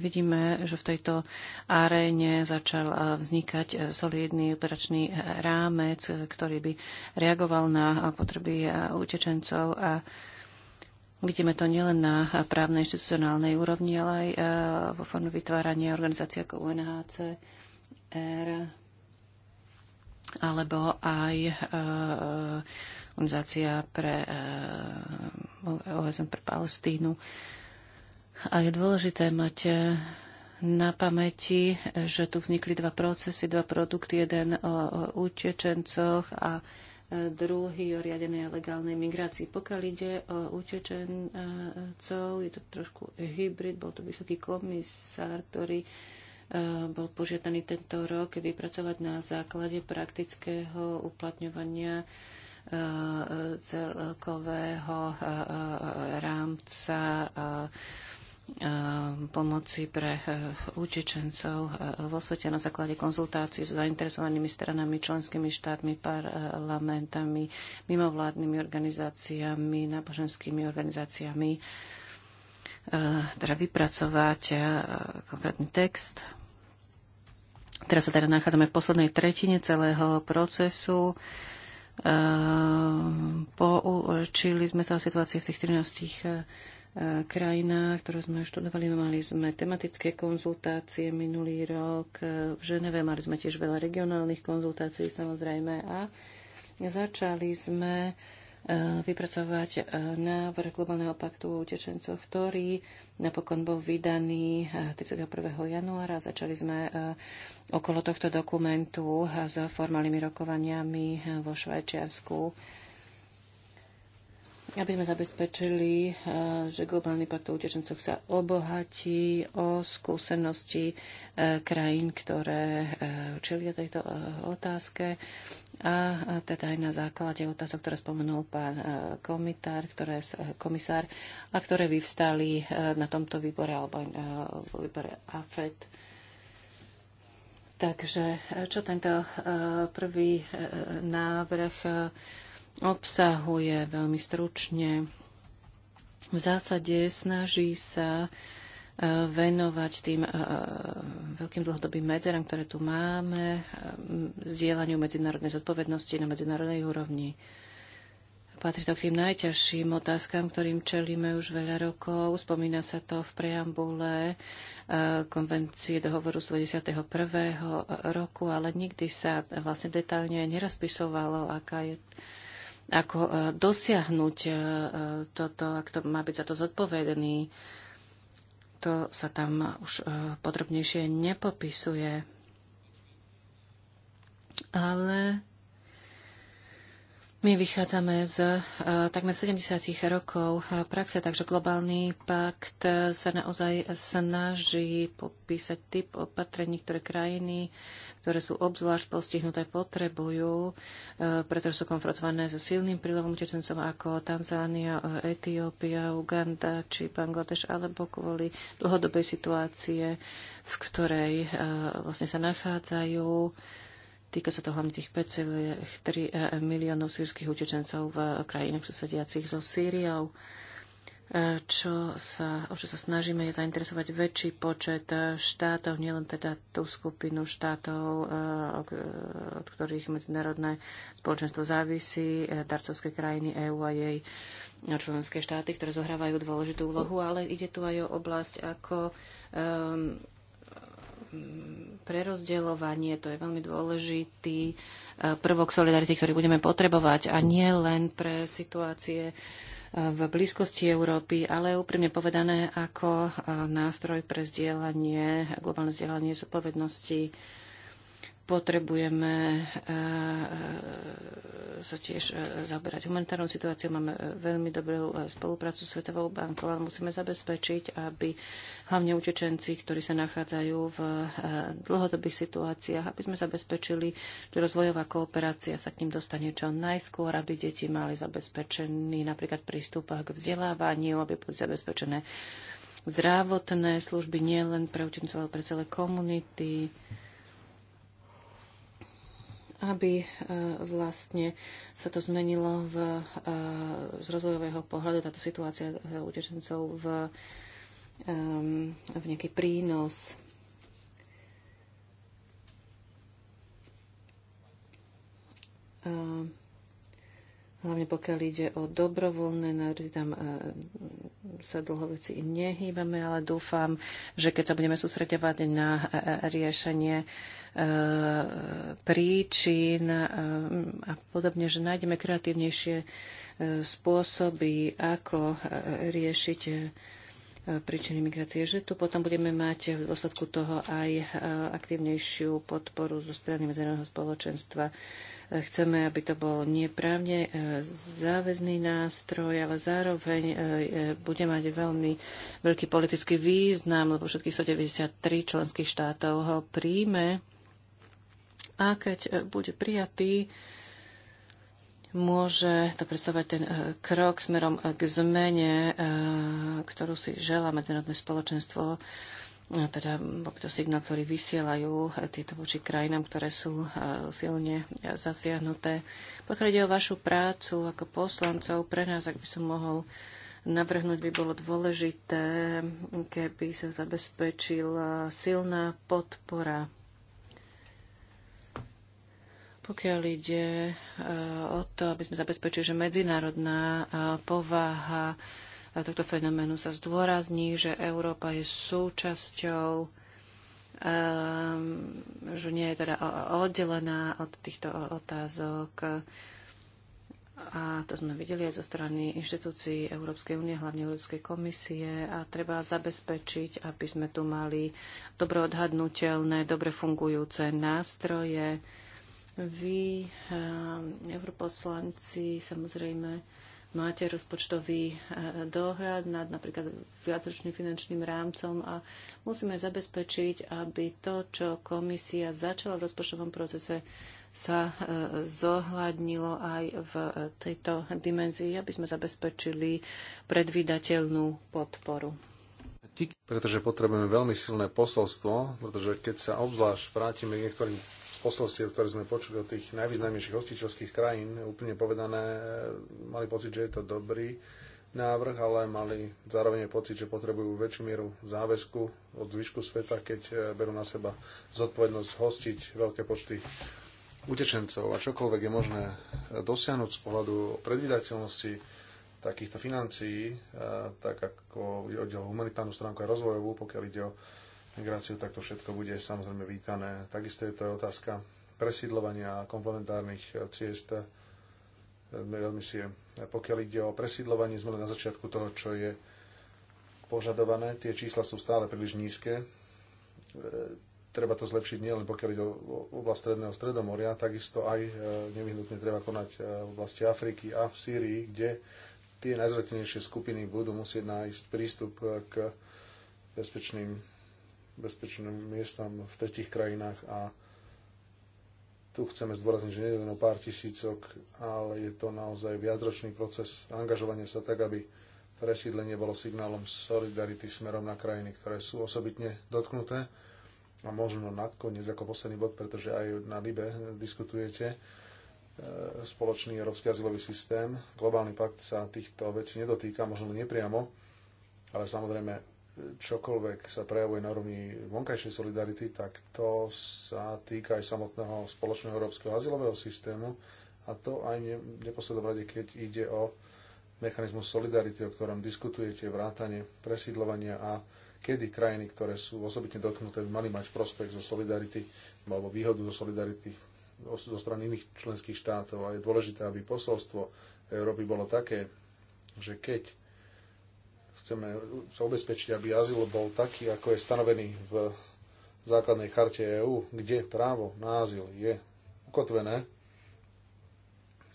Speaker 3: vidíme, že v tejto aréne začal vznikať solidný operačný rámec, ktorý by reagoval na potreby utečencov a Vidíme to nielen na právnej institucionálnej úrovni, ale aj vo forme vytvárania organizácií ako UNHCR, alebo aj e, organizácia pre e, OSN pre Palestínu. A je dôležité mať e, na pamäti, že tu vznikli dva procesy, dva produkty, jeden o, o utečencoch a druhý o riadenej a legálnej migrácii. Pokiaľ ide o utečencov, je to trošku hybrid, bol to vysoký komisár, ktorý Eh, bol požiadaný tento rok vypracovať na základe praktického uplatňovania eh, celkového eh, rámca pomoci pre utečencov vo svete na základe konzultácií s zainteresovanými stranami, členskými štátmi, parlamentami, mimovládnymi organizáciami, náboženskými organizáciami, teda vypracovať konkrétny text Teraz sa teda nachádzame v poslednej tretine celého procesu. Ehm, poučili sme sa o situácii v tých 13 e, krajinách, ktoré sme študovali. Mali sme tematické konzultácie minulý rok e, v Ženeve, mali sme tiež veľa regionálnych konzultácií samozrejme a začali sme Eh, vypracovať eh, návrh globálneho paktu o utečencoch, ktorý napokon bol vydaný 31. Eh, januára. Začali sme okolo tohto dokumentu s formálnymi rokovaniami vo Švajčiarsku aby sme zabezpečili, že globálny pakt o utečencoch sa obohatí o skúsenosti krajín, ktoré čelia tejto otázke a, teda aj na základe otázok, ktoré spomenul pán e, komitár, ktoré, e, komisár a ktoré vyvstali e, na tomto výbore alebo v výbore AFET. Takže čo tento prvý návrh obsahuje veľmi stručne? V zásade snaží sa venovať tým e, e, veľkým dlhodobým medzerám, ktoré tu máme, e, zdieľaniu medzinárodnej zodpovednosti na medzinárodnej úrovni. Patrí to k tým najťažším otázkam, ktorým čelíme už veľa rokov. Spomína sa to v preambule konvencie dohovoru z 21. roku, ale nikdy sa vlastne detailne nerozpisovalo, aká je ako dosiahnuť toto, ak to má byť za to zodpovedný to sa tam už e, podrobnejšie nepopisuje. Ale my vychádzame z e, takmer 70 rokov e, praxe, takže globálny pakt e, sa naozaj snaží popísať typ opatrení, ktoré krajiny, ktoré sú obzvlášť postihnuté, potrebujú, pretože sú konfrontované so silným prílevom utečencov ako Tanzánia, Etiópia, Uganda či Bangladeš, alebo kvôli dlhodobej situácie, v ktorej vlastne sa nachádzajú Týka sa to hlavne tých 5,3 miliónov sírskych utečencov v krajinách susediacich so Sýriou. E, čo sa, o čo sa snažíme je zainteresovať väčší počet štátov, nielen teda tú skupinu štátov, e, e, od ktorých medzinárodné spoločenstvo závisí, darcovské krajiny EÚ a jej členské štáty, ktoré zohrávajú dôležitú úlohu, ale ide tu aj o oblasť ako um, prerozdeľovanie, to je veľmi dôležitý e, prvok solidarity, ktorý budeme potrebovať a nie len pre situácie e, v blízkosti Európy, ale úprimne povedané ako e, nástroj pre zdieľanie, globálne zdieľanie zodpovednosti potrebujeme eh, eh, sa tiež eh, zaoberať humanitárnou situáciou. Máme veľmi dobrú spoluprácu s Svetovou bankou, ale musíme zabezpečiť, aby hlavne utečenci, ktorí sa nachádzajú v dlhodobých situáciách, aby sme zabezpečili, že rozvojová kooperácia sa k ním dostane čo najskôr, aby deti mali zabezpečený napríklad prístup k vzdelávaniu, aby boli zabezpečené zdravotné služby nielen pre utečencov, ale pre celé komunity aby e, vlastne sa to zmenilo v, e, z rozvojového pohľadu, táto situácia utečencov v, v nejaký prínos. E, hlavne pokiaľ ide o dobrovoľné národy, tam sa dlho veci nehýbame, ale dúfam, že keď sa budeme sústredovať na riešenie príčin eh, a podobne, že nájdeme kreatívnejšie eh, spôsoby, ako eh, riešiť príčiny migrácie, že tu potom budeme mať v dôsledku toho aj aktívnejšiu podporu zo strany medzinárodného spoločenstva. Chceme, aby to bol neprávne záväzný nástroj, ale zároveň bude mať veľmi veľký politický význam, lebo všetkých 193 členských štátov ho príjme a keď e, bude prijatý, môže to predstavovať ten e, krok smerom e, k zmene, ktorú si želá medzinárodné spoločenstvo, teda to signál, ktorý vysielajú tieto voči krajinám, ktoré sú silne zasiahnuté. Pokiaľ ide o vašu prácu ako poslancov, pre nás, ak by som mohol navrhnúť, by bolo dôležité, keby sa zabezpečila silná podpora pokiaľ ide eh, o to, aby sme zabezpečili, že medzinárodná eh, povaha eh, tohto fenoménu sa zdôrazní, že Európa je súčasťou že nie je teda oddelená od týchto otázok. A to sme videli aj zo strany inštitúcií Európskej únie, hlavne Európskej komisie. A treba zabezpečiť, aby sme tu mali dobre odhadnutelné, dobre fungujúce nástroje, vy, ehm, europoslanci, samozrejme máte rozpočtový eh, dohľad nad napríklad viacročným finančným rámcom a musíme zabezpečiť, aby to, čo komisia začala v rozpočtovom procese, sa eh, zohľadnilo aj v eh, tejto dimenzii, aby sme zabezpečili predvydateľnú podporu
Speaker 4: pretože potrebujeme veľmi silné posolstvo, pretože keď sa obzvlášť vrátime k niektorým posolstiev, ktoré sme počuli od tých najvýznamnejších hostiteľských krajín, úplne povedané, e, mali pocit, že je to dobrý návrh, ale mali zároveň pocit, že potrebujú väčšiu mieru záväzku od zvyšku sveta, keď e, berú na seba zodpovednosť hostiť veľké počty utečencov a čokoľvek je možné e, dosiahnuť z pohľadu predvydateľnosti takýchto financií, tak ako ide o humanitárnu stránku a rozvojovú, pokiaľ ide o migráciu, tak to všetko bude samozrejme vítané. Takisto je to otázka presídlovania a komplementárnych ciest eh, misie. Pokiaľ ide o presídlovanie, sme len na začiatku toho, čo je požadované. Tie čísla sú stále príliš nízke. Eh, treba to zlepšiť nielen pokiaľ ide o oblast Stredného Stredomoria, takisto aj eh, nevyhnutne treba konať v oblasti Afriky a v Sýrii, kde tie najzretnejšie skupiny budú musieť nájsť prístup k bezpečným bezpečným miestam v tretich krajinách a tu chceme zdôrazniť, že nie je len o pár tisícok, ale je to naozaj viacročný proces angažovania sa tak, aby presídlenie bolo signálom solidarity smerom na krajiny, ktoré sú osobitne dotknuté. A možno nakoniec ako posledný bod, pretože aj na Libe diskutujete, e, spoločný európsky azylový systém. Globálny pakt sa týchto vecí nedotýka, možno nepriamo, ale samozrejme čokoľvek sa prejavuje na rovni vonkajšej solidarity, tak to sa týka aj samotného spoločného európskeho azylového systému a to aj v neposlednom rade, keď ide o mechanizmus solidarity, o ktorom diskutujete, vrátanie presídlovania a kedy krajiny, ktoré sú osobitne dotknuté, by mali mať prospekt zo solidarity alebo výhodu zo solidarity zo strany iných členských štátov. A je dôležité, aby posolstvo Európy bolo také, že keď Chceme sa ubezpečiť, aby azyl bol taký, ako je stanovený v základnej charte EÚ, kde právo na azyl je ukotvené,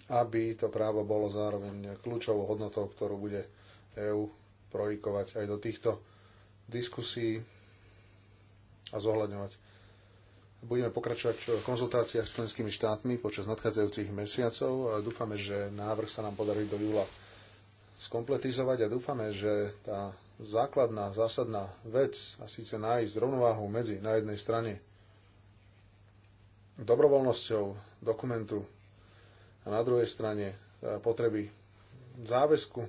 Speaker 4: aby to právo bolo zároveň kľúčovou hodnotou, ktorú bude EÚ projikovať aj do týchto diskusí a zohľadňovať. Budeme pokračovať v konzultáciách s členskými štátmi počas nadchádzajúcich mesiacov. Dúfame, že návrh sa nám podarí do júla skompletizovať a dúfame, že tá základná, zásadná vec a síce nájsť rovnováhu medzi na jednej strane dobrovoľnosťou dokumentu a na druhej strane e, potreby záväzku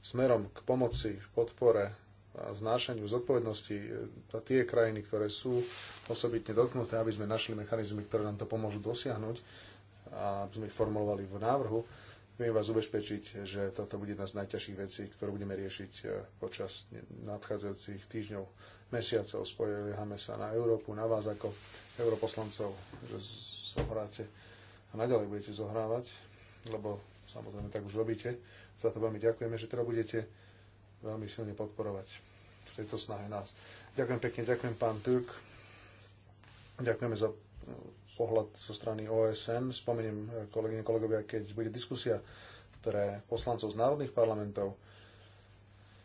Speaker 4: smerom k pomoci, podpore a znášaniu zodpovednosti za e, tie krajiny, ktoré sú osobitne dotknuté, aby sme našli mechanizmy, ktoré nám to pomôžu dosiahnuť a aby sme ich formulovali v návrhu Viem vás ubezpečiť, že toto bude jedna z najťažších vecí, ktorú budeme riešiť e, počas nadchádzajúcich týždňov, mesiacov. Spojujeme sa na Európu, na vás ako europoslancov, že zohráte a naďalej budete zohrávať, lebo samozrejme tak už robíte. Za to veľmi ďakujeme, že teda budete veľmi silne podporovať v tejto snahe nás. Ďakujem pekne, ďakujem pán Turk. Ďakujeme za pohľad zo strany OSN. Spomeniem, eh, kolegyne, kolegovia, keď bude diskusia pre poslancov z národných parlamentov,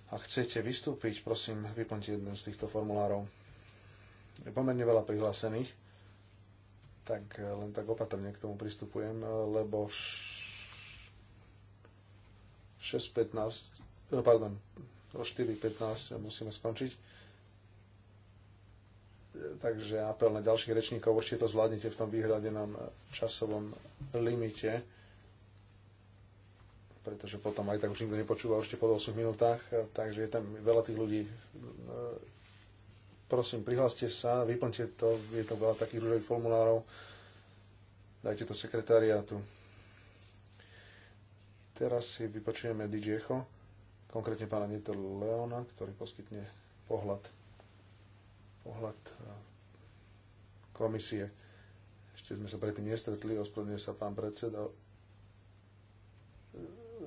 Speaker 4: ak chcete vystúpiť, prosím, vyplňte jeden z týchto formulárov. Je pomerne veľa prihlásených, tak eh, len tak opatrne k tomu pristupujem, eh, lebo 6.15, pardon, o 4.15 musíme skončiť takže apel na ďalších rečníkov, určite to zvládnete v tom výhrade časovom limite, pretože potom aj tak už nikto nepočúva ešte po 8 minútach, takže je tam veľa tých ľudí. Prosím, prihláste sa, vyplňte to, je to veľa takých rúžových formulárov, dajte to sekretariátu. Teraz si vypočujeme DJ-cho, konkrétne pána Nieto Leona, ktorý poskytne pohľad pohľad e, komisie. Ešte sme sa predtým nestretli, ospravedlňuje sa pán predseda. E,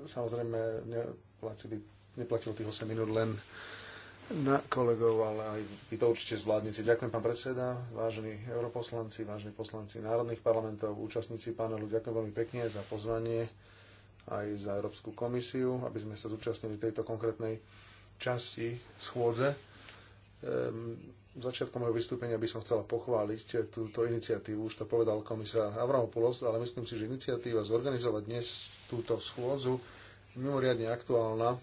Speaker 4: samozrejme, neplatili, neplatilo tých 8 minút len na kolegov, ale aj vy to určite zvládnete. Ďakujem, pán predseda, vážení europoslanci, vážení poslanci národných parlamentov, účastníci panelu, ďakujem veľmi pekne za pozvanie aj za Európsku komisiu, aby sme sa zúčastnili tejto konkrétnej časti schôdze. Ehm, začiatkom mojho vystúpenia by som chcela pochváliť túto iniciatívu, už to povedal komisár Avramopoulos, ale myslím si, že iniciatíva zorganizovať dnes túto schôdzu je mimoriadne aktuálna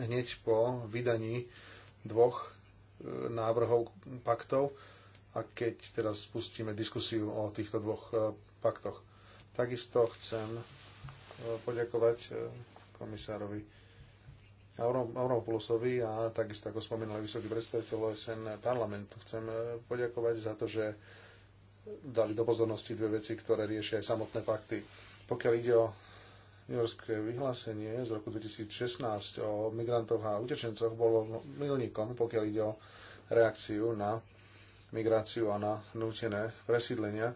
Speaker 4: hneď po vydaní dvoch e, návrhov paktov a keď teraz spustíme diskusiu o týchto dvoch e, paktoch. Takisto chcem e, poďakovať komisárovi Avramopoulosovi a takisto, ako spomínal vysoký predstaviteľ OSN parlamentu, chcem e, poďakovať za to, že dali do pozornosti dve veci, ktoré riešia aj samotné fakty. Pokiaľ ide o New-Yorkské vyhlásenie z roku 2016 o migrantoch a utečencoch, bolo milníkom, pokiaľ ide o reakciu na migráciu a na nútené presídlenia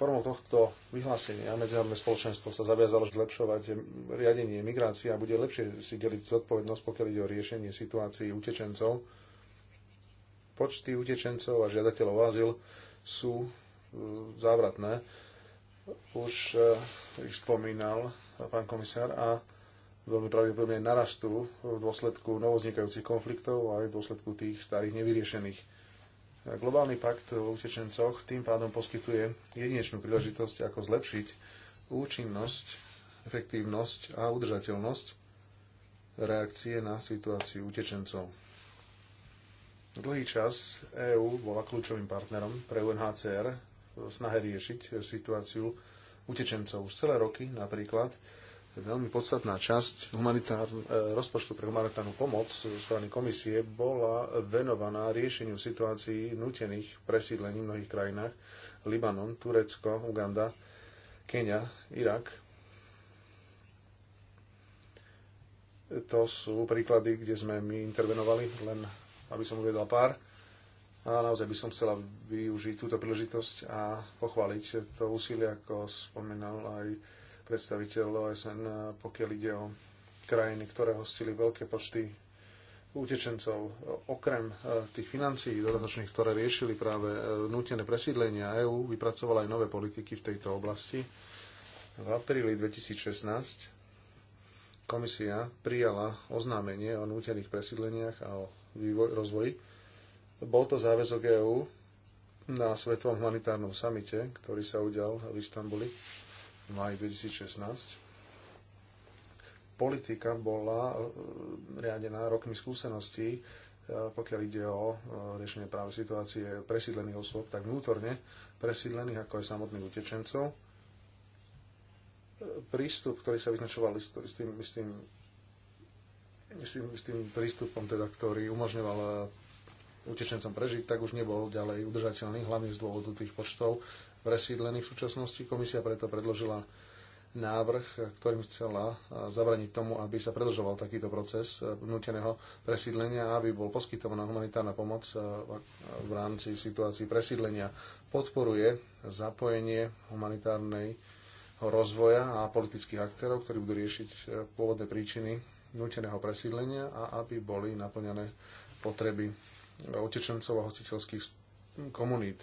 Speaker 4: Formou tohto vyhlásenia medzinárodné spoločenstvo sa zaviazalo zlepšovať riadenie migrácie a bude lepšie si deliť zodpovednosť, pokiaľ ide o riešenie situácií utečencov. Počty utečencov a žiadateľov o azyl sú e, závratné. Už e, ich spomínal pán komisár a veľmi pravdepodobne narastú v dôsledku novoznikajúcich konfliktov a aj v dôsledku tých starých nevyriešených Globálny pakt o utečencoch tým pádom poskytuje jedinečnú príležitosť, ako zlepšiť účinnosť, efektívnosť a udržateľnosť reakcie na situáciu utečencov. Dlhý čas EÚ bola kľúčovým partnerom pre UNHCR v snahe riešiť situáciu utečencov. Už celé roky napríklad veľmi podstatná časť e, rozpočtu pre humanitárnu pomoc zo strany komisie bola venovaná riešeniu situácií nutených presídlení v mnohých krajinách Libanon, Turecko, Uganda, Kenia, Irak. To sú príklady, kde sme my intervenovali, len aby som uvedal pár. A naozaj by som chcela využiť túto príležitosť a pochváliť to úsilie, ako spomínal aj predstaviteľ OSN, pokiaľ ide o krajiny, ktoré hostili veľké počty utečencov. Okrem e, tých financií dodatočných, ktoré riešili práve e, nutené presídlenia, EÚ vypracovala aj nové politiky v tejto oblasti. V apríli 2016 komisia prijala oznámenie o nútených presídleniach a o vývoj, rozvoji. Bol to záväzok EÚ na Svetovom humanitárnom samite, ktorý sa udial v Istambuli maj 2016. Politika bola e, riadená rokmi skúseností, e, pokiaľ ide o e, riešenie práve situácie presídlených osôb, tak vnútorne presídlených, ako aj samotných utečencov. Prístup, ktorý sa vyznačoval s tým, s tým, s tým, s tým prístupom, teda, ktorý umožňoval utečencom prežiť, tak už nebol ďalej udržateľný, hlavne z dôvodu tých počtov presídlení v súčasnosti. Komisia preto predložila návrh, ktorým chcela zabraniť tomu, aby sa predlžoval takýto proces vnúteného e, presídlenia, aby bol poskytovaná humanitárna pomoc e, v rámci situácií presídlenia. Podporuje zapojenie humanitárnej rozvoja a politických aktérov, ktorí budú riešiť e, pôvodné príčiny nuteného presídlenia a aby boli naplňané potreby utečencov a hostiteľských komunít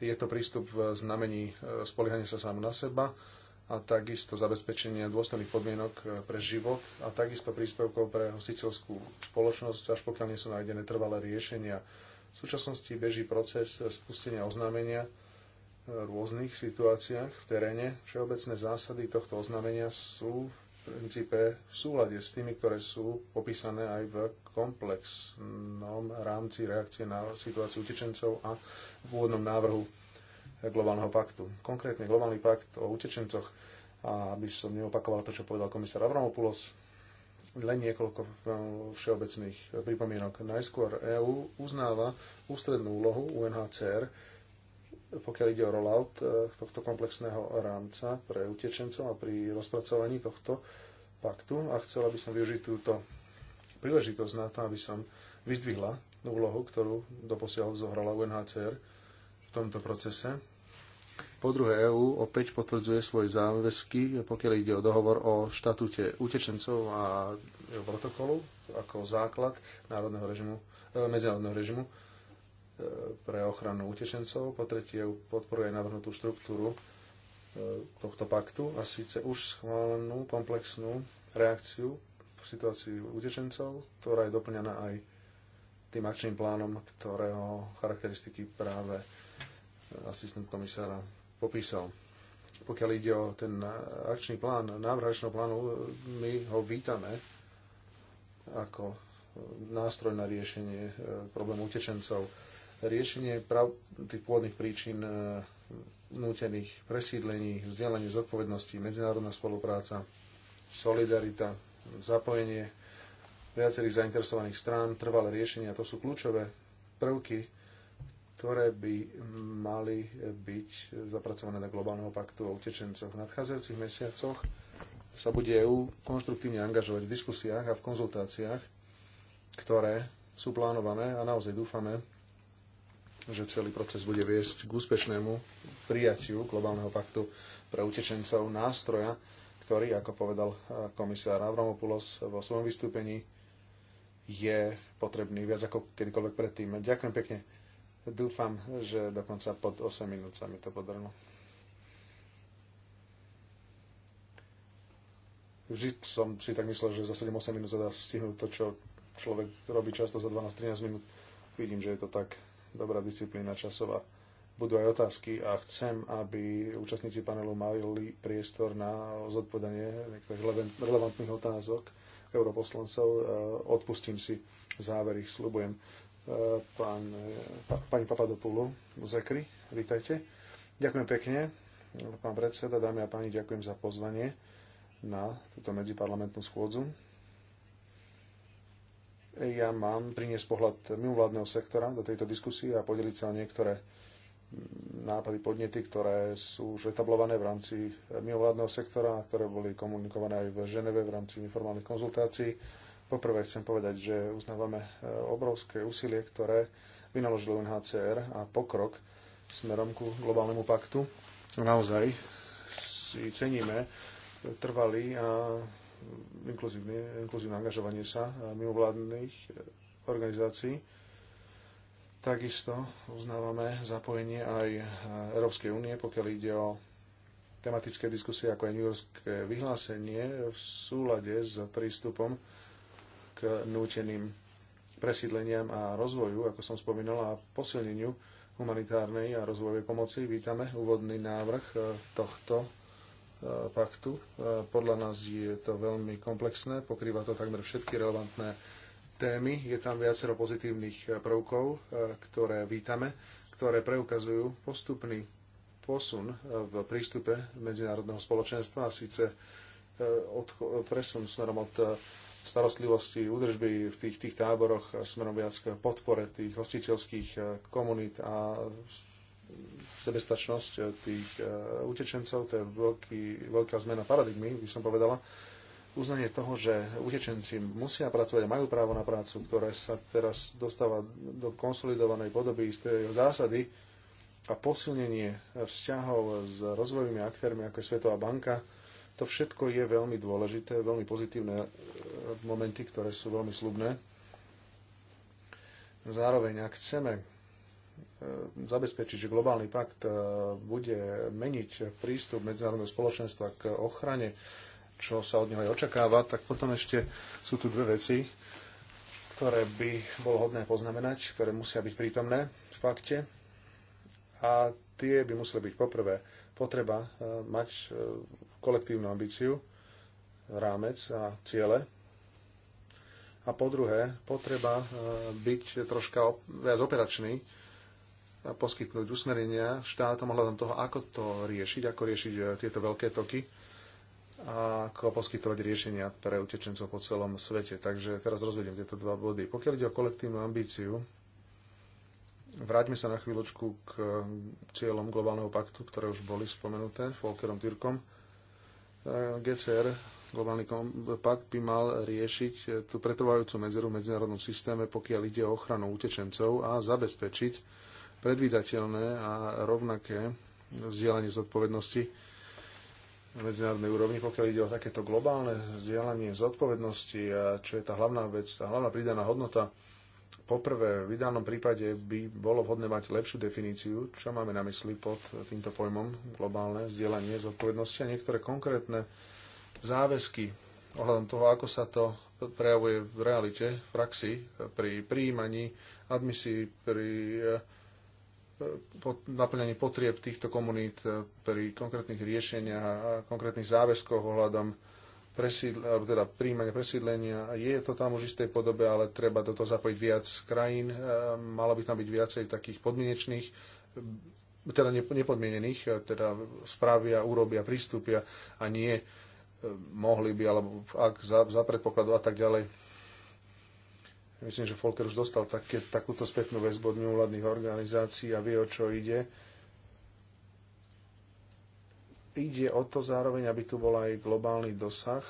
Speaker 4: je to prístup v e, znamení e, spoliehania sa sám na seba a takisto zabezpečenie dôstojných podmienok e, pre život a takisto príspevkov pre hostiteľskú spoločnosť, až pokiaľ nie sú nájdené trvalé riešenia. V súčasnosti beží proces spustenia oznámenia v rôznych situáciách v teréne. Všeobecné zásady tohto oznámenia sú princípe v súlade s tými, ktoré sú popísané aj v komplexnom rámci reakcie na situáciu utečencov a v úvodnom návrhu globálneho paktu. Konkrétne globálny pakt o utečencoch, a aby som neopakoval to, čo povedal komisár Avramopoulos, len niekoľko no, všeobecných pripomienok. Najskôr EÚ uznáva ústrednú úlohu UNHCR pokiaľ ide o rollout e, tohto komplexného rámca pre utečencov a pri rozpracovaní tohto paktu a chcela by som využiť túto príležitosť na to, aby som vyzdvihla úlohu, ktorú doposiaľ zohrala UNHCR v tomto procese. Po druhé, EÚ opäť potvrdzuje svoje záväzky, pokiaľ ide o dohovor o štatúte utečencov a protokolu ako základ národného režimu, e, medzinárodného režimu pre ochranu utečencov, po tretie podporuje navrhnutú štruktúru e, tohto paktu a síce už schválenú komplexnú reakciu v situácii utečencov, ktorá je doplňaná aj tým akčným plánom, ktorého charakteristiky práve e, asistent komisára popísal. Pokiaľ ide o ten akčný plán, návrh akčného plánu, my ho vítame ako e, nástroj na riešenie problému utečencov riešenie prav, tých pôvodných príčin e, nútených presídlení, vzdielanie zodpovednosti, medzinárodná spolupráca, solidarita, zapojenie viacerých zainteresovaných strán, trvalé riešenia. To sú kľúčové prvky, ktoré by mali byť zapracované do globálneho paktu o utečencoch. V nadchádzajúcich mesiacoch sa bude EU konštruktívne angažovať v diskusiách a v konzultáciách, ktoré sú plánované a naozaj dúfame, že celý proces bude viesť k úspešnému prijatiu globálneho paktu pre utečencov nástroja, ktorý, ako povedal eh, komisár Avramopoulos vo svojom vystúpení, je potrebný viac ako kedykoľvek predtým. Ďakujem pekne. Dúfam, že dokonca pod 8 minút sa mi to podarilo. Vždy som si tak myslel, že za 7-8 minút sa dá stihnúť to, čo človek robí často za 12-13 minút. Vidím, že je to tak dobrá disciplína časová. Budú aj otázky a chcem, aby účastníci panelu mali priestor na zodpovedanie niektorých relevantných otázok europoslancov. E, odpustím si záver, ich slubujem. E, pán, e, pani Papadopoulou, Zekry, vítajte. Ďakujem pekne. Pán predseda, dámy a páni, ďakujem za pozvanie na túto medziparlamentnú schôdzu ja mám priniesť pohľad mimovládneho sektora do tejto diskusie a podeliť sa o niektoré nápady, podnety, ktoré sú už etablované v rámci mimovládneho sektora, ktoré boli komunikované aj v Ženeve v rámci informálnych konzultácií. Poprvé chcem povedať, že uznávame eh, obrovské úsilie, ktoré vynaložilo UNHCR a pokrok smerom ku globálnemu paktu. Naozaj si ceníme trvalý a inkluzívne, inkluzívne angažovanie sa e, mimovládnych e, organizácií. Takisto uznávame zapojenie aj e, Európskej únie, pokiaľ ide o tematické diskusie, ako aj New Yorkské vyhlásenie v súlade s prístupom k núteným presídleniam a rozvoju, ako som spomínal, a posilneniu humanitárnej a rozvojovej pomoci. Vítame úvodný návrh tohto Eh, paktu. Eh, podľa nás je to veľmi komplexné, pokrýva to takmer všetky relevantné témy. Je tam viacero pozitívnych eh, prvkov, ktoré vítame, ktoré preukazujú postupný posun v prístupe medzinárodného spoločenstva a síce od, presun smerom od starostlivosti, údržby v tých, tých táboroch, smerom viac k podpore tých hostiteľských komunít a sebestačnosť eh, tých eh, utečencov, to je veľký, veľká zmena paradigmy, by som povedala. Uznanie toho, že utečenci musia pracovať a majú právo na prácu, ktoré sa teraz dostáva do konsolidovanej podoby istej zásady a posilnenie vzťahov s rozvojovými aktérmi, ako je Svetová banka, to všetko je veľmi dôležité, veľmi pozitívne eh, momenty, ktoré sú veľmi slubné. Zároveň, ak chceme E, zabezpečiť, že globálny pakt e, bude meniť prístup medzinárodného spoločenstva k ochrane, čo sa od neho aj očakáva, tak potom ešte sú tu dve veci, ktoré by bolo hodné poznamenať, ktoré musia byť prítomné v pakte. A tie by museli byť poprvé potreba e, mať kolektívnu ambíciu, rámec a ciele. A po druhé, potreba byť troška viac operačný poskytnúť usmerenia štátom ohľadom toho, ako to riešiť, ako riešiť e, tieto veľké toky a ako poskytovať riešenia pre utečencov po celom svete. Takže teraz rozvediem tieto dva body. Pokiaľ ide o kolektívnu ambíciu, vráťme sa na chvíľočku k cieľom globálneho paktu, ktoré už boli spomenuté Volkerom Tyrkom. E, GCR, globálny pakt, by mal riešiť e, tú pretrvajúcu medzeru v medzinárodnom systéme, pokiaľ ide o ochranu utečencov a zabezpečiť predvídateľné a rovnaké zdieľanie zodpovednosti na medzinárodnej úrovni, pokiaľ ide o takéto globálne zdieľanie zodpovednosti a čo je tá hlavná vec, tá hlavná pridaná hodnota. Poprvé, v ideálnom prípade by bolo vhodné mať lepšiu definíciu, čo máme na mysli pod týmto pojmom globálne zdieľanie zodpovednosti a niektoré konkrétne záväzky ohľadom toho, ako sa to prejavuje v realite, v praxi, pri príjmaní admisí, pri Naplňanie potrieb týchto komunít eh, pri konkrétnych riešeniach a konkrétnych záväzkoch ohľadom presídl, teda príjmania presídlenia. Je to tam už v istej podobe, ale treba do toho zapojiť viac krajín. Eh, malo by tam byť viacej takých podmienečných, eh, teda nepodmienených, teda správia, urobia, prístupia a nie mohli by, alebo ak za, za predpokladu a tak ďalej Myslím, že Folker už dostal také, takúto spätnú väzbu od mimovládnych organizácií a vie, o čo ide. Ide o to zároveň, aby tu bol aj globálny dosah,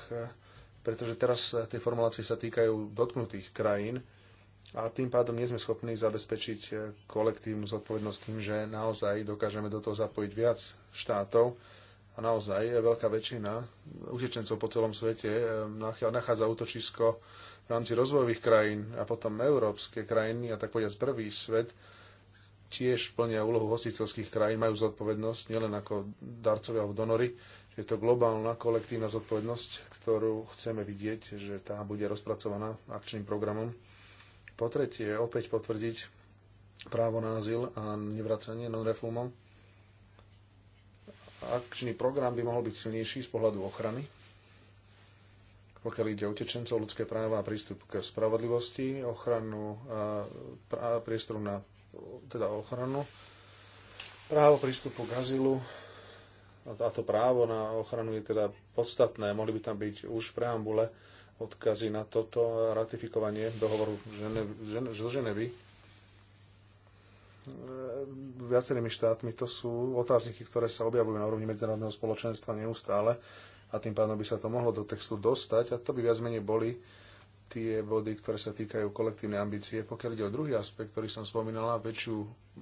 Speaker 4: pretože teraz tie formulácie sa týkajú dotknutých krajín a tým pádom nie sme schopní zabezpečiť kolektívnu zodpovednosť tým, že naozaj dokážeme do toho zapojiť viac štátov a naozaj veľká väčšina utečencov po celom svete eh, nachádza útočisko v rámci rozvojových krajín a potom európske krajiny, a tak povedať prvý svet, tiež plnia úlohu hostiteľských krajín, majú zodpovednosť nielen ako darcovia alebo donory. Je to globálna kolektívna zodpovednosť, ktorú chceme vidieť, že tá bude rozpracovaná akčným programom. Po tretie, opäť potvrdiť právo na azyl a nevracanie non-refúmom. Akčný program by mohol byť silnejší z pohľadu ochrany pokiaľ ide o utečencov, ľudské práva a prístup k spravodlivosti, ochranu a priestoru na teda ochranu, právo prístupu k azylu, a to právo na ochranu je teda podstatné. Mohli by tam byť už v preambule odkazy na toto ratifikovanie dohovoru z Ženevy e, viacerými štátmi. To sú otázniky, ktoré sa objavujú na úrovni medzinárodného spoločenstva neustále a tým pádom by sa to mohlo do textu dostať a to by viac menej boli tie body, ktoré sa týkajú kolektívnej ambície. Pokiaľ ide o druhý aspekt, ktorý som spomínala, väčšiu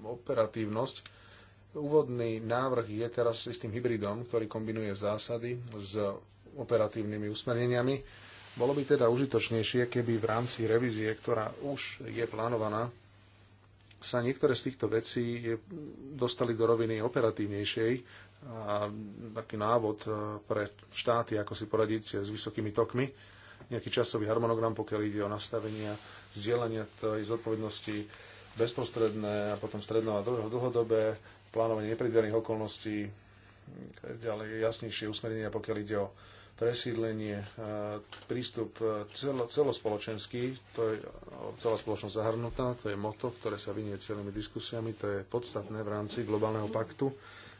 Speaker 4: operatívnosť, Úvodný návrh je teraz s tým hybridom, ktorý kombinuje zásady s operatívnymi usmerneniami. Bolo by teda užitočnejšie, keby v rámci revízie, ktorá už je plánovaná, sa niektoré z týchto vecí dostali do roviny operatívnejšej a taký návod e, pre štáty, ako si poradiť e, s vysokými tokmi, nejaký časový harmonogram, pokiaľ ide o nastavenia, zdieľanie tej zodpovednosti bezprostredné a potom stredno a dlhodobé, plánovanie nepredvidených okolností, ďalej jasnejšie usmerenia, pokiaľ ide o presídlenie, e, prístup celo, celospoločenský, to je celá spoločnosť zahrnutá, to je moto, ktoré sa vynie celými diskusiami, to je podstatné v rámci globálneho paktu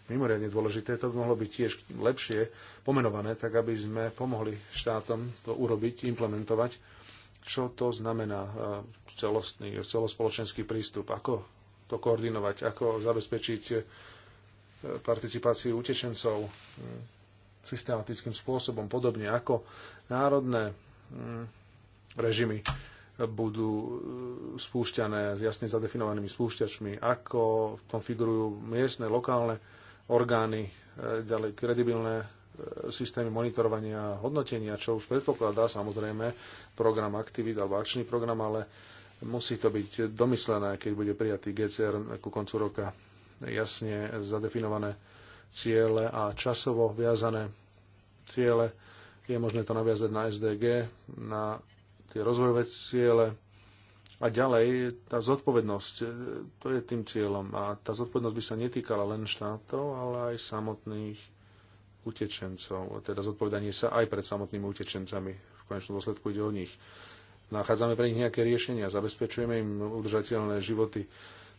Speaker 4: mimoriadne dôležité. To by mohlo byť tiež lepšie pomenované, tak aby sme pomohli štátom to urobiť, implementovať. Čo to znamená e, celostný, celospoločenský prístup? Ako to koordinovať? Ako zabezpečiť e, participáciu utečencov e, systematickým spôsobom, podobne ako národné mm, režimy budú spúšťané s jasne zadefinovanými spúšťačmi, ako konfigurujú figurujú miestne, lokálne orgány, e, ďalej kredibilné e, systémy monitorovania a hodnotenia, čo už predpokladá samozrejme program aktivít alebo akčný program, ale musí to byť domyslené, keď bude prijatý GCR ku koncu roka jasne zadefinované ciele a časovo viazané ciele. Je možné to naviazať na SDG, na tie rozvojové ciele, a ďalej, tá zodpovednosť, e, to je tým cieľom. A tá zodpovednosť by sa netýkala len štátov, ale aj samotných utečencov. Teda zodpovedanie sa aj pred samotnými utečencami. V konečnom dôsledku ide o nich. Nachádzame pre nich nejaké riešenia, zabezpečujeme im udržateľné životy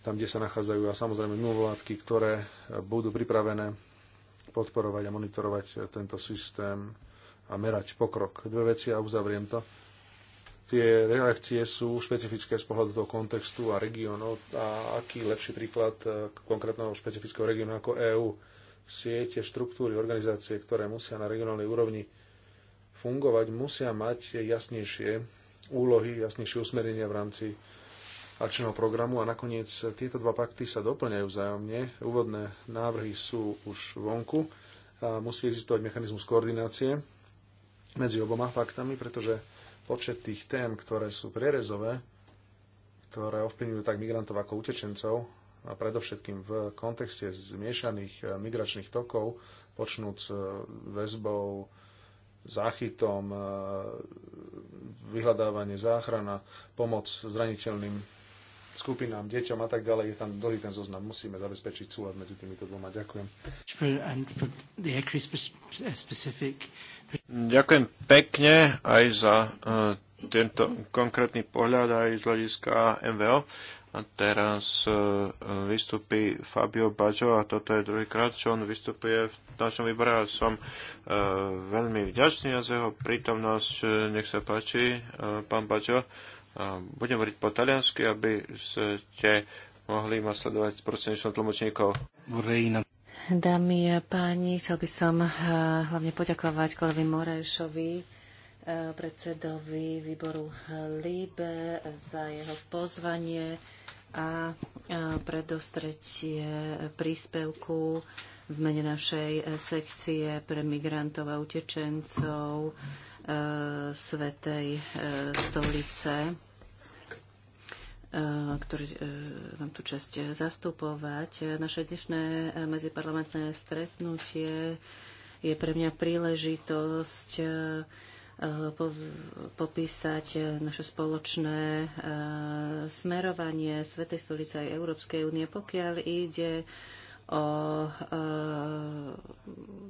Speaker 4: tam, kde sa nachádzajú a samozrejme mimovládky, ktoré budú pripravené podporovať a monitorovať tento systém a merať pokrok. Dve veci a uzavriem to tie reakcie sú špecifické z pohľadu toho kontextu a regiónov a aký lepší príklad e, konkrétneho špecifického regiónu ako EÚ. Siete, štruktúry, organizácie, ktoré musia na regionálnej úrovni fungovať, musia mať jasnejšie úlohy, jasnejšie usmerenia v rámci akčného programu a nakoniec tieto dva pakty sa doplňajú vzájomne. Úvodné návrhy sú už vonku a musí existovať mechanizmus koordinácie medzi oboma paktami, pretože počet tých tém, ktoré sú prierezové, ktoré ovplyvňujú tak migrantov ako utečencov, a predovšetkým v kontexte zmiešaných e, migračných tokov, počnúc e, väzbou, záchytom, e, vyhľadávanie, záchrana, pomoc zraniteľným skupinám, deťom a tak ďalej. Je tam dlhý ten zoznam. Musíme zabezpečiť súlad medzi týmito dvoma. Ďakujem.
Speaker 1: Ďakujem pekne aj za eh, tento konkrétny pohľad aj z hľadiska MVO. A teraz eh, vystupí Fabio Baggio a toto je druhýkrát, čo on vystupuje v našom výbore a som eh, veľmi vďačný za jeho prítomnosť. Nech sa páči, pán Baggio. Budem hovoriť po taliansky, aby ste mohli ma sledovať prostredníctvom tlmočníkov.
Speaker 3: Dámy a páni, chcel by som eh, hlavne poďakovať kolegovi Morešovi, eh, predsedovi výboru eh, LIBE za jeho pozvanie a predostretie príspevku v mene našej sekcie pre migrantov a utečencov Svetej stolice E, ktorý e, mám tu čest zastupovať. Naše dnešné e, medziparlamentné stretnutie je pre mňa príležitosť popísať naše spoločné smerovanie Svetej stolice aj Európskej únie, pokiaľ ide o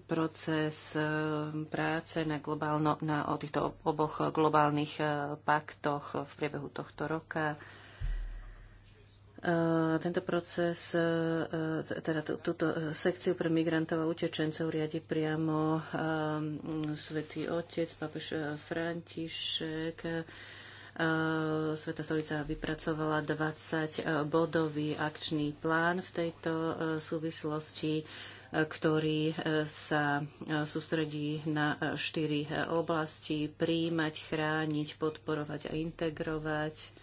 Speaker 3: proces práce na, globálno, na o týchto oboch globálnych paktoch v priebehu tohto roka. E, tento proces, e, e, teda túto sekciu pre migrantov a utečencov riadi priamo svetý Otec, papež František. Sveta stolica vypracovala 20-bodový akčný plán v tejto súvislosti, ktorý sa sústredí na štyri oblasti príjmať, chrániť, podporovať a integrovať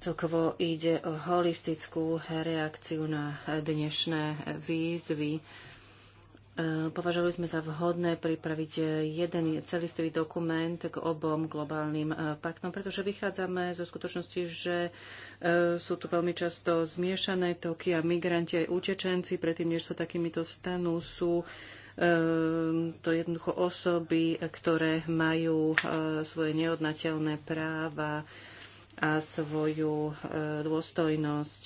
Speaker 3: Celkovo ide o holistickú reakciu na dnešné výzvy. E, považovali sme za vhodné pripraviť jeden celistvý dokument k obom globálnym e, paktom, pretože vychádzame zo skutočnosti, že e, sú tu veľmi často zmiešané toky a migranti aj utečenci, predtým, než sa takýmito stanú, sú to jednoducho osoby, ktoré majú svoje neodnateľné práva, a svoju e, dôstojnosť.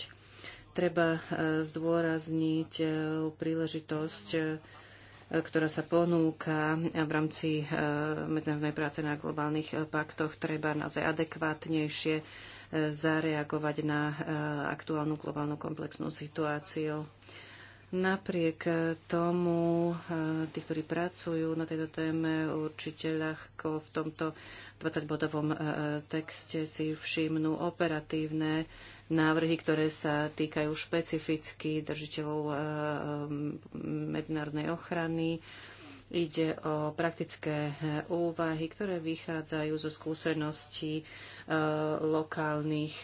Speaker 3: Treba e, zdôrazniť e, príležitosť, ktorá sa ponúka v rámci medzinárodnej práce na globálnych paktoch. Treba naozaj adekvátnejšie zareagovať na aktuálnu globálnu komplexnú situáciu. Napriek e, tomu, e, tí, ktorí pracujú na tejto téme, určite ľahko v tomto 20-bodovom e, texte si všimnú operatívne návrhy, ktoré sa týkajú špecificky držiteľov medzinárodnej ochrany. Ide o praktické úvahy, ktoré vychádzajú zo skúseností lokálnych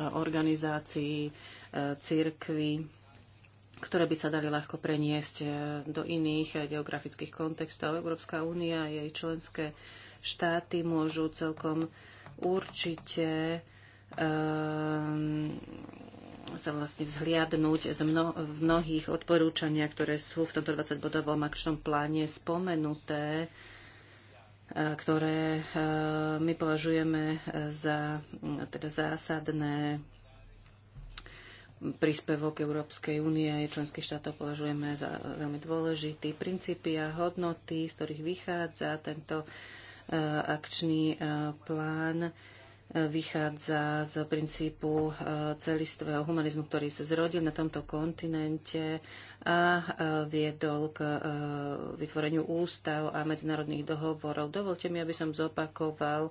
Speaker 3: organizácií, e, církvy, ktoré by sa dali ľahko preniesť e, do iných e, geografických kontextov. Európska únia a jej členské štáty môžu celkom určite um, sa vlastne vzhliadnúť mno, v mnohých odporúčania, ktoré sú v tomto 20-bodovom akčnom pláne spomenuté, E, ktoré e, my považujeme e, za teda zásadné príspevok Európskej únie a členských štátov považujeme za veľmi dôležitý. Princípy a hodnoty, z ktorých vychádza tento akčný plán, vychádza z princípu e, celistvého humanizmu, ktorý sa zrodil na tomto kontinente a e, viedol k e, vytvoreniu ústav a medzinárodných dohovorov. Dovolte mi, aby som zopakoval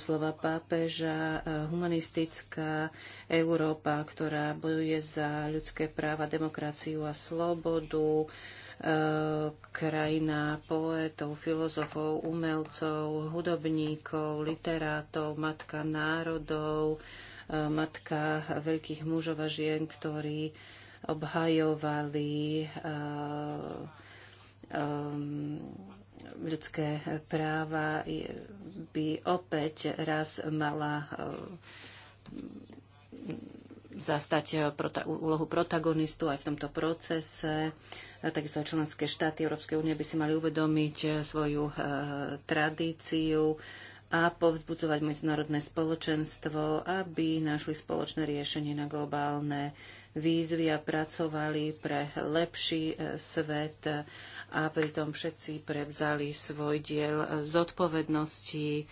Speaker 3: slova pápeža. Humanistická Európa, ktorá bojuje za ľudské práva, demokraciu a slobodu, krajina poetov, filozofov, umelcov, hudobníkov, literátov, matka národov, e, matka veľkých mužov a žien, ktorí obhajovali e, e, ľudské práva, by opäť raz mala zastať eh, prota- úlohu protagonistu aj v tomto procese. Takisto aj členské štáty Európskej únie by si mali uvedomiť eh, svoju e, tradíciu a povzbudzovať medzinárodné spoločenstvo, aby našli spoločné riešenie na globálne výzvy a pracovali pre lepší svet a pritom všetci prevzali svoj diel zodpovednosti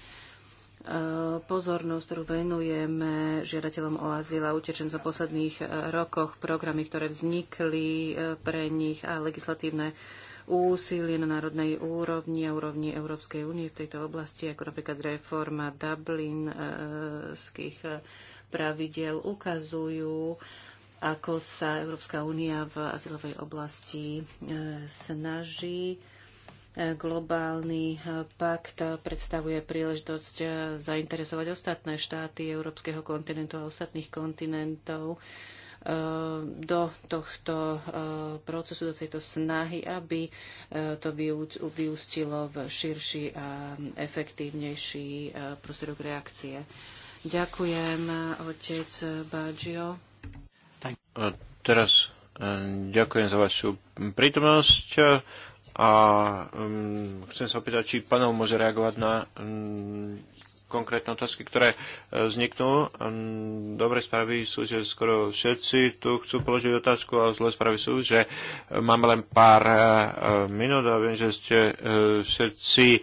Speaker 3: pozornosť, ktorú venujeme žiadateľom o azyl a utečencom v posledných e, rokoch, programy, ktoré vznikli e, pre nich a legislatívne úsilie na národnej úrovni a úrovni Európskej únie v tejto oblasti, ako napríklad reforma dublinských e, pravidel, ukazujú, ako sa Európska únia v azylovej oblasti snaží Globálny eh, pakt predstavuje príležitosť eh, zainteresovať ostatné štáty európskeho kontinentu a ostatných kontinentov eh, do tohto procesu, do tejto snahy, aby to vyústilo v širší a efektívnejší prostredok reakcie. Ďakujem, otec Baggio.
Speaker 1: Teraz ďakujem za vašu prítomnosť. A um, chcem sa opýtať, či panel môže reagovať na um, konkrétne otázky, ktoré e, vzniknú. Um, dobré správy sú, že skoro všetci tu chcú položiť otázku a zlé správy sú, že e, máme len pár e, minút a viem, že ste všetci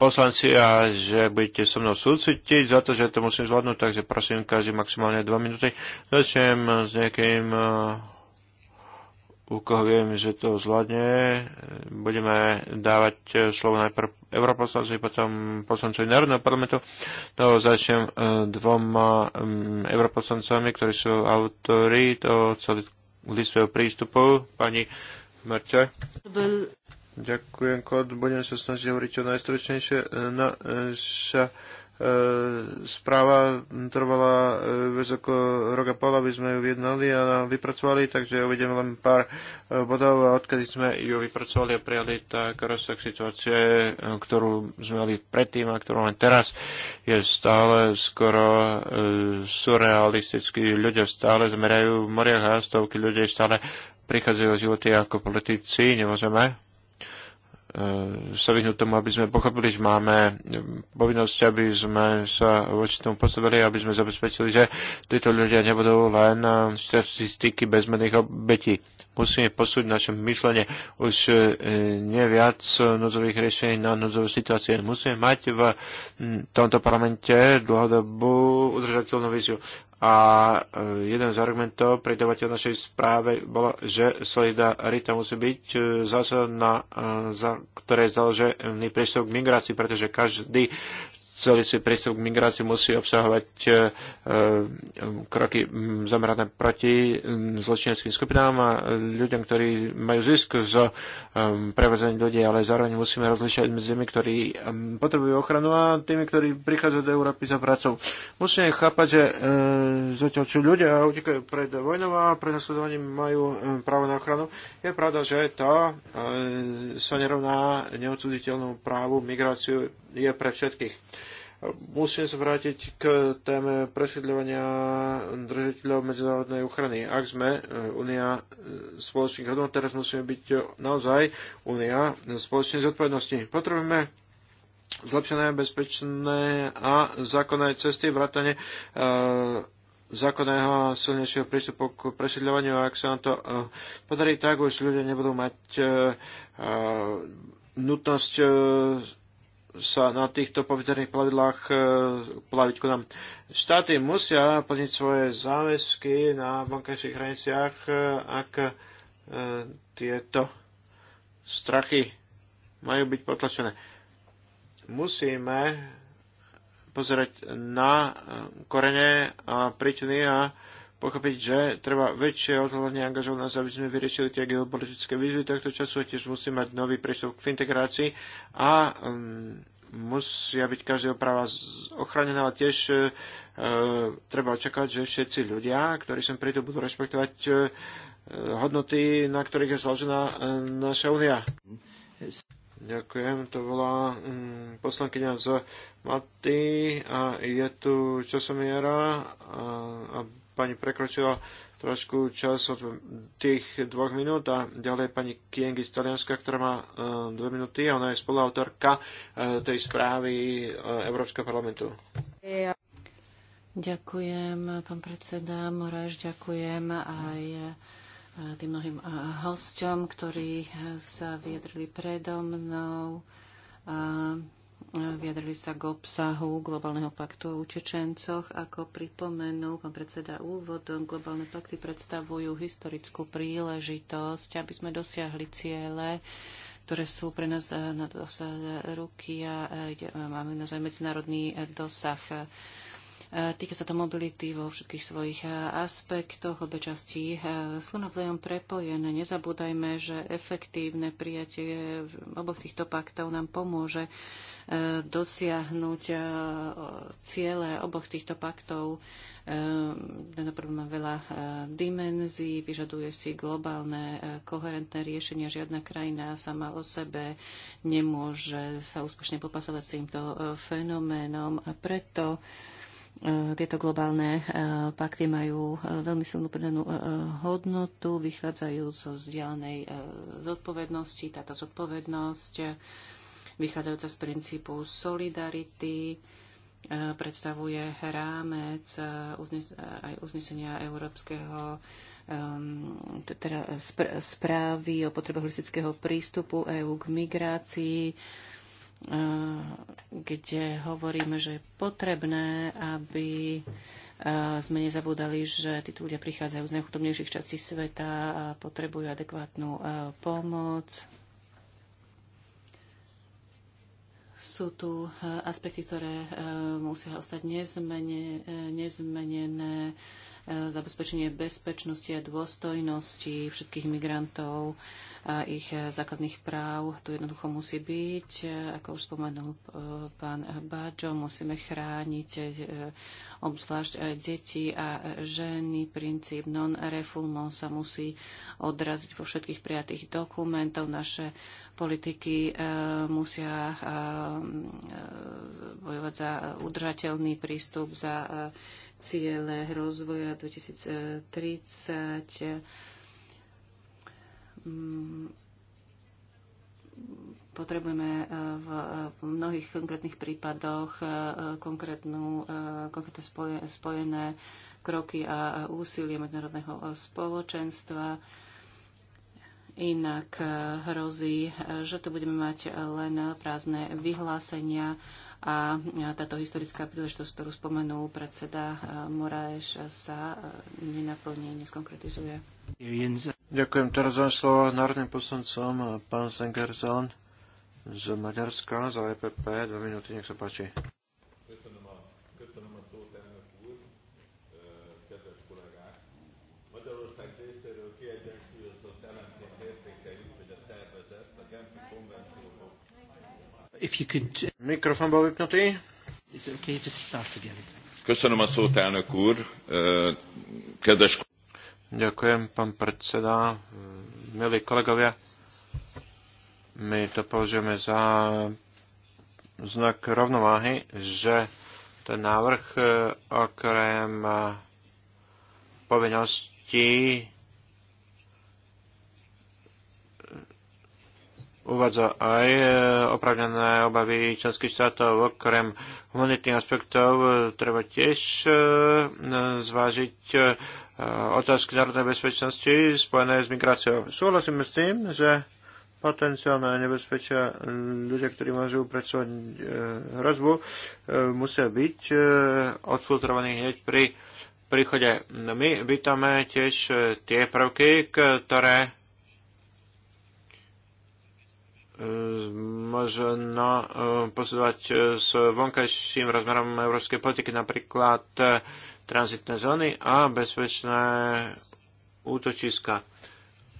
Speaker 1: poslanci a že budete so mnou súcitiť za to, že to musím zvládnuť, takže prosím každý maximálne dva minúty. Začnem s nejakým u koho viem, že to zvládne, budeme dávať e, slovo najprv europoslancovi, potom poslancovi Národného parlamentu. No, začnem e, dvoma europoslancami, ktorí sú autori toho celého listu prístupu. Pani Merče. Ďakujem, Kod. Budem sa snažiť hovoriť čo najstručnejšie. E, Naša no, E, správa trvala viac e, ako rok a pol, aby sme ju vyjednali a vypracovali, takže uvedem len pár e, bodov a odkedy sme ju vypracovali a prijali, tak rozsah situácie, ktorú sme mali predtým a ktorú len teraz, je stále skoro surrealistický. Ľudia stále zmerajú v moriach a stovky ľudí stále prichádzajú o životy ako politici, nemôžeme E, sa vyhnúť tomu, aby sme pochopili, že máme povinnosť, aby sme sa voči tomu postavili, aby sme zabezpečili, že títo ľudia nebudú len e, štatistiky bezmenných obetí. Musíme posúť naše myslenie už e, nie viac riešení na nudzové situácie. Musíme mať v tomto parlamente dlhodobú udržateľnú víziu. A e, jeden z argumentov pridávateľ našej správe bolo, že solidarita musí byť e, zásadná na, e, za ktoré založený prístup k migrácii, pretože každý celý prístup k migrácii musí obsahovať e, e, kroky zamerané proti zločineckým skupinám a ľuďom, ktorí majú zisk z e, prevezení ľudí, ale zároveň musíme rozlišať medzi tými, ktorí potrebujú ochranu a tými, ktorí prichádzajú do Európy za prácou. Musíme chápať, že zatiaľ čo ľudia utekajú pred vojnou a pred nasledovaním majú právo na ochranu, je pravda, že to sa nerovná neodsuditeľnú právu migráciu je pre všetkých. Musím sa vrátiť k téme presídľovania držiteľov medzinárodnej ochrany. Ak sme e, Únia e, spoločných hodnot, teraz musíme byť naozaj Únia spoločnej zodpovednosti. Potrebujeme zlepšené, bezpečné a zákonné cesty, vrátane e, zákonného a silnejšieho prístupu k presiedľovaniu. a ak sa nám to podarí, tak už ľudia nebudú mať nutnosť sa na týchto povetrných plavidlách e, plaviť ku nám. Štáty musia plniť svoje záväzky na vonkajších hraniciach, e, ak e, tieto strachy majú byť potlačené. Musíme pozerať na korene a príčiny a pochopiť, že treba väčšie odhľadanie angažovanosť, aby sme vyriešili tie geopolitické výzvy tohto času a tiež musí mať nový prístup k integrácii a um, musia byť každého práva ochránená, ale tiež uh, uh, treba očakávať, že všetci ľudia, ktorí sem prídu, budú rešpektovať uh, uh hodnoty, na ktorých je zložená uh, naša únia. Ďakujem, to bola um, poslankyňa z Maty a je tu časomiera uh, a, a pani prekročila trošku čas od tých dvoch minút a ďalej pani Kiengi z Talianska, ktorá má e, dve minúty a ona je spoluautorka e, tej správy e, Európskeho
Speaker 3: parlamentu. Ďakujem, pán predseda Moraš, ďakujem aj tým mnohým hosťom, ktorí sa vyjadrili predo mnou. Vyjadrili sa k obsahu globálneho paktu o utečencoch. Ako pripomenul pán predseda úvodom, globálne pakty predstavujú historickú príležitosť, aby sme dosiahli ciele, ktoré sú pre nás eh, na dosah ruky a eh, máme naozaj medzinárodný eh, dosah. E, týka sa to mobility vo všetkých svojich e, aspektoch, obe časti e, sú navzájom prepojené. Nezabúdajme, že efektívne prijatie oboch týchto paktov nám pomôže dosiahnuť ciele oboch týchto paktov. Tento problém má veľa dimenzí, vyžaduje si globálne koherentné riešenia. Žiadna krajina sama o sebe nemôže sa úspešne popasovať s týmto fenoménom a preto tieto globálne e, pakty majú e, veľmi silnú pridanú e, hodnotu, vychádzajú zo vzdialenej zodpovednosti. Táto zodpovednosť vychádzajúca z princípu solidarity predstavuje rámec aj uznesenia Európskeho teda správy o potrebe holistického prístupu EÚ k migrácii Eh, kde hovoríme, že je potrebné, aby eh, sme nezabúdali, že títo ľudia prichádzajú z najchudobnejších častí sveta a potrebujú adekvátnu eh, pomoc. Sú tu aspekty, ktoré musia ostať nezmene, nezmenené E, zabezpečenie bezpečnosti a dôstojnosti všetkých migrantov a ich e, základných práv. Tu jednoducho musí byť, e, ako už spomenul pán Báčo, musíme chrániť obzvlášť deti a ženy. Princíp non-refulmo sa musí odraziť vo všetkých prijatých dokumentov. Naše Politiky e, musia e, e, bojovať za udržateľný prístup, za ciele rozvoja 2030 mm, potrebujeme v mnohých konkrétnych prípadoch konkrétnu, konkrétne spojené kroky a úsilie medzinárodného spoločenstva. Inak eh, hrozí, eh, že tu budeme mať len prázdne vyhlásenia a eh, táto historická príležitosť, ktorú spomenul predseda Moraes, sa nenaplní, neskonkretizuje.
Speaker 1: Ďakujem. Teraz za slovo národným poslancom, pán Sengerzon z Maďarska, za EPP. Dve minúty, nech sa páči. If you could... Uh, vypnutý. Is it okay to start again?
Speaker 4: Köszönöm a szót, elnök úr. Kedves...
Speaker 1: Ďakujem, pán predseda. Milí kolegovia, my to považujeme za znak rovnováhy, že ten návrh e, okrem e, povinností uvádza aj e, opravnené obavy členských štátov. Okrem humanitných aspektov e, treba tiež e, zvážiť otázky národnej bezpečnosti spojené s migráciou. Súhlasíme s tým, že potenciálne nebezpečia ľudia, ktorí môžu predstavovať hrozbu, musia byť odfiltrovaní hneď pri príchode. No my vítame tiež tie prvky, ktoré možno no, eh, posúvať eh, s vonkajším rozmerom európskej politiky, napríklad eh, tranzitné zóny a bezpečné útočiska.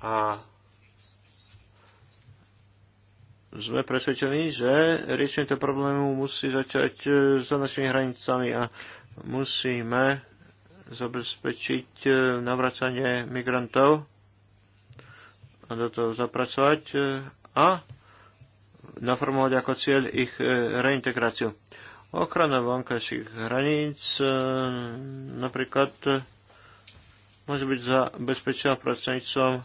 Speaker 1: A sme presvedčení, že riešenie toho problému musí začať za našimi hranicami a musíme zabezpečiť navracanie migrantov a do toho zapracovať a naformovať ako cieľ ich e, reintegráciu. Ochrana vonkajších hraníc e, napríklad e, môže byť zabezpečená prostredníctvom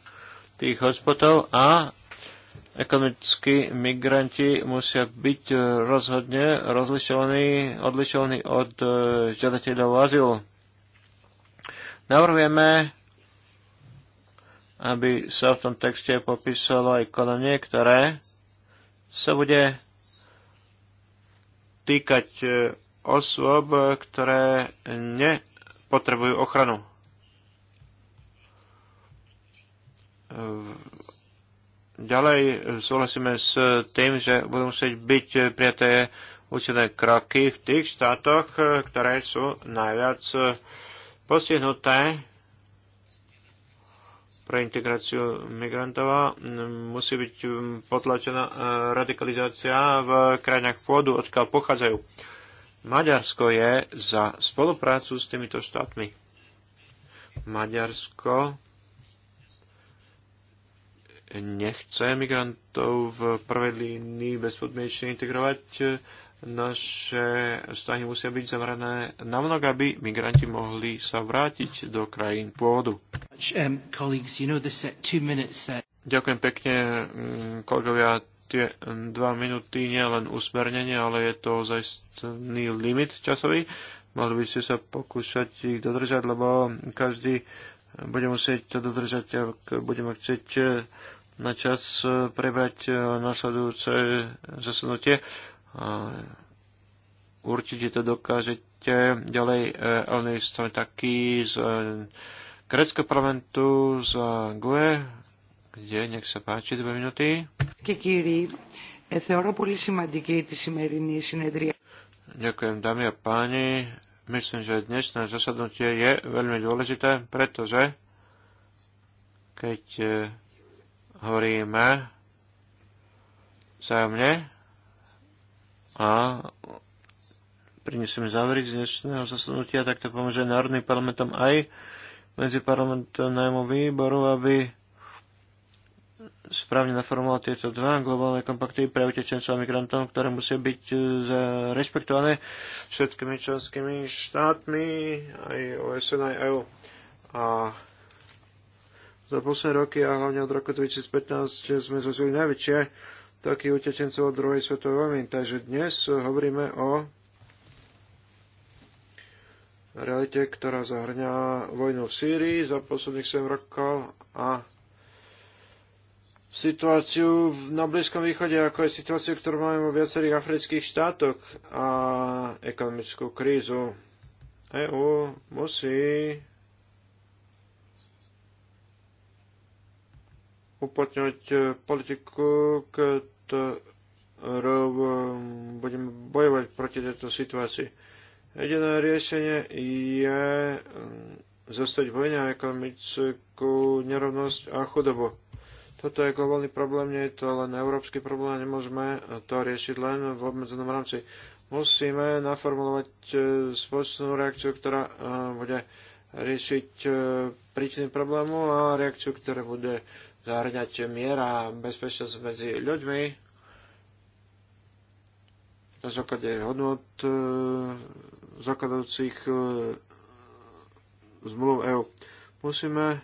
Speaker 1: tých hospodov a ekonomickí migranti musia byť rozhodne rozlišovaní, odlišovaní od žiadateľov azylu. Navrhujeme, aby sa v tom texte popísalo aj konanie, ktoré sa bude týkať e, osôb, ktoré nepotrebujú ochranu. E, ďalej e, súhlasíme s tým, že budú musieť byť prijaté určité kroky v tých štátoch, ktoré sú najviac postihnuté pre integráciu migrantov a musí byť mm, potlačená e, radikalizácia v krajinách pôdu, odkiaľ pochádzajú. Maďarsko je za spoluprácu s týmito štátmi. Maďarsko nechce migrantov v prvej línii bezpodmienečne integrovať naše stany musia byť zamerané na mnoho, aby migranti mohli sa vrátiť do krajín pôvodu. Um, uh, uh, Ďakujem pekne, mm, kolegovia. Tie mm, dva minúty nie len usmernenie, ale je to zaistný limit časový. Mali by ste sa pokúšať ich dodržať, lebo každý bude musieť to dodržať, ak budeme chcieť eh, na čas eh, prebrať eh, nasledujúce zasadnutie určite to dokážete. Ďalej, e, Elnej sme taký z e, greckého parlamentu z GUE, kde, nech sa páči, dve minúty. Ďakujem, dámy a páni. Myslím, že dnešné zasadnutie je veľmi dôležité, pretože keď e, hovoríme vzájomne a prinesieme závery z dnešného zasadnutia, tak to pomôže Národným parlamentom aj medziparlamentnému výboru, aby správne naformoval tieto dva globálne kompakty pre utečencov a migrantov, ktoré musia byť e, rešpektované všetkými členskými štátmi, aj OSN, aj EU. A za posledné roky a hlavne od roku 2015 sme zažili najväčšie takých utečencov od druhej svetovej vojny. Takže dnes hovoríme o realite, ktorá zahrňa vojnu v Sýrii za posledných 7 rokov a situáciu na Blízkom východe, ako je situáciu, ktorú máme vo viacerých afrických štátoch a ekonomickú krízu. EU musí uplatňovať e, politiku, ktorou e, budeme bojovať proti tejto situácii. Jediné riešenie je e, zostať vojne a ekonomickú nerovnosť a chudobu. Toto je globálny problém, nie je to len európsky problém, nemôžeme to riešiť len v obmedzenom rámci. Musíme naformulovať spoločnú reakciu, ktorá bude riešiť príčiny problému a reakciu, ktorá bude zahrňať miera a bezpečnosť medzi ľuďmi na základe hodnot e, zakladajúcich e, zmluv EÚ. Musíme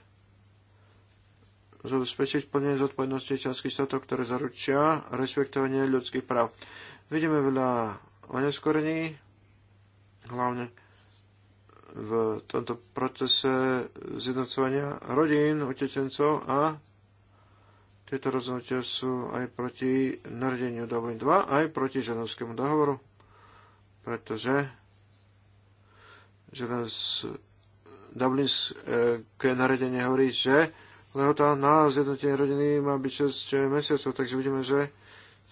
Speaker 1: zabezpečiť plne zodpovednosti členských štátov, ktoré zaručia rešpektovanie ľudských práv. Vidíme veľa oneskorení, hlavne v tomto procese zjednocovania rodín, utečencov a tieto rozhodnutia sú aj proti nariadeniu Dublin 2, aj proti ženovskému dohovoru, pretože ženevs, dublinské nariadenie hovorí, že lehota na zjednotenie rodiny má byť 6 mesiacov, takže vidíme, že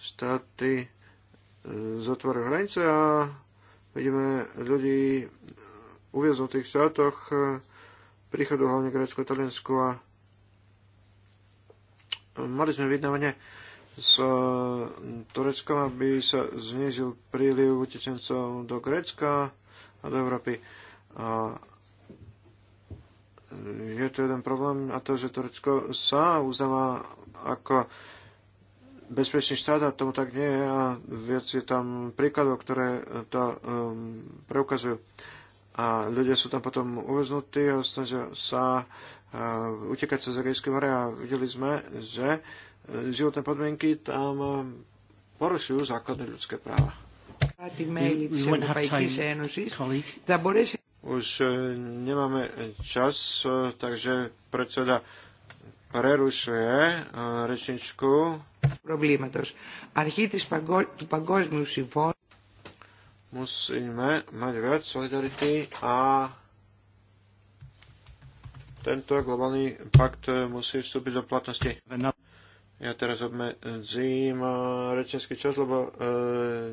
Speaker 1: štáty e, zatvorujú hranice a vidíme ľudí uviaznutých v štátoch, e, prichodu hlavne Grécko, Taliansko a mali sme vyjednávanie s e, Tureckom, aby sa znižil príliv utečencov do Grécka a do Európy. A je to jeden problém a to, že Turecko sa uznáva ako bezpečný štát a tomu tak nie je a viac je tam príkladov, ktoré to um, preukazujú. A ľudia sú tam potom uväznutí a snažia sa utekať sa z Egejskej more a videli sme, že e, životné podmienky tam e, porušujú základné ľudské práva. Už e, nemáme čas, takže predseda prerušuje rečničku. Musíme mať viac solidarity a tento globálny pakt e, musí vstúpiť do platnosti. Ja teraz obmedzím e, rečenský čas, lebo e,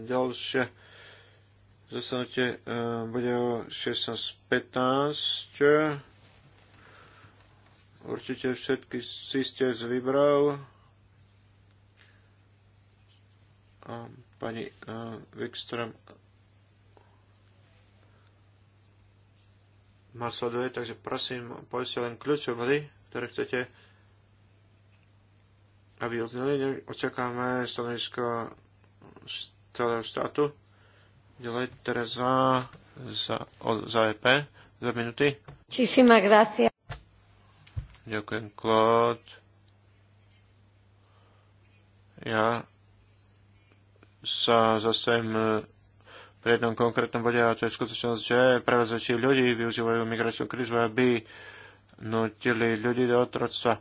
Speaker 1: ďalšie zasadnutie e, bude o 16.15. Určite všetky si ste z A pani e, Wikström ma sleduje, takže prosím, povedzte len kľúčové vody, ktoré chcete, aby odzneli. Očakáme stanovisko celého štátu. Ďalej Teresa za, o, za EP. Dve minúty.
Speaker 2: Čísima gracia.
Speaker 1: Ďakujem, Klod. Ja sa zastavím pri jednom konkrétnom bode, a to je skutočnosť, že prevezvečí ľudí využívajú migračnú krízu, aby nutili ľudí do otroctva.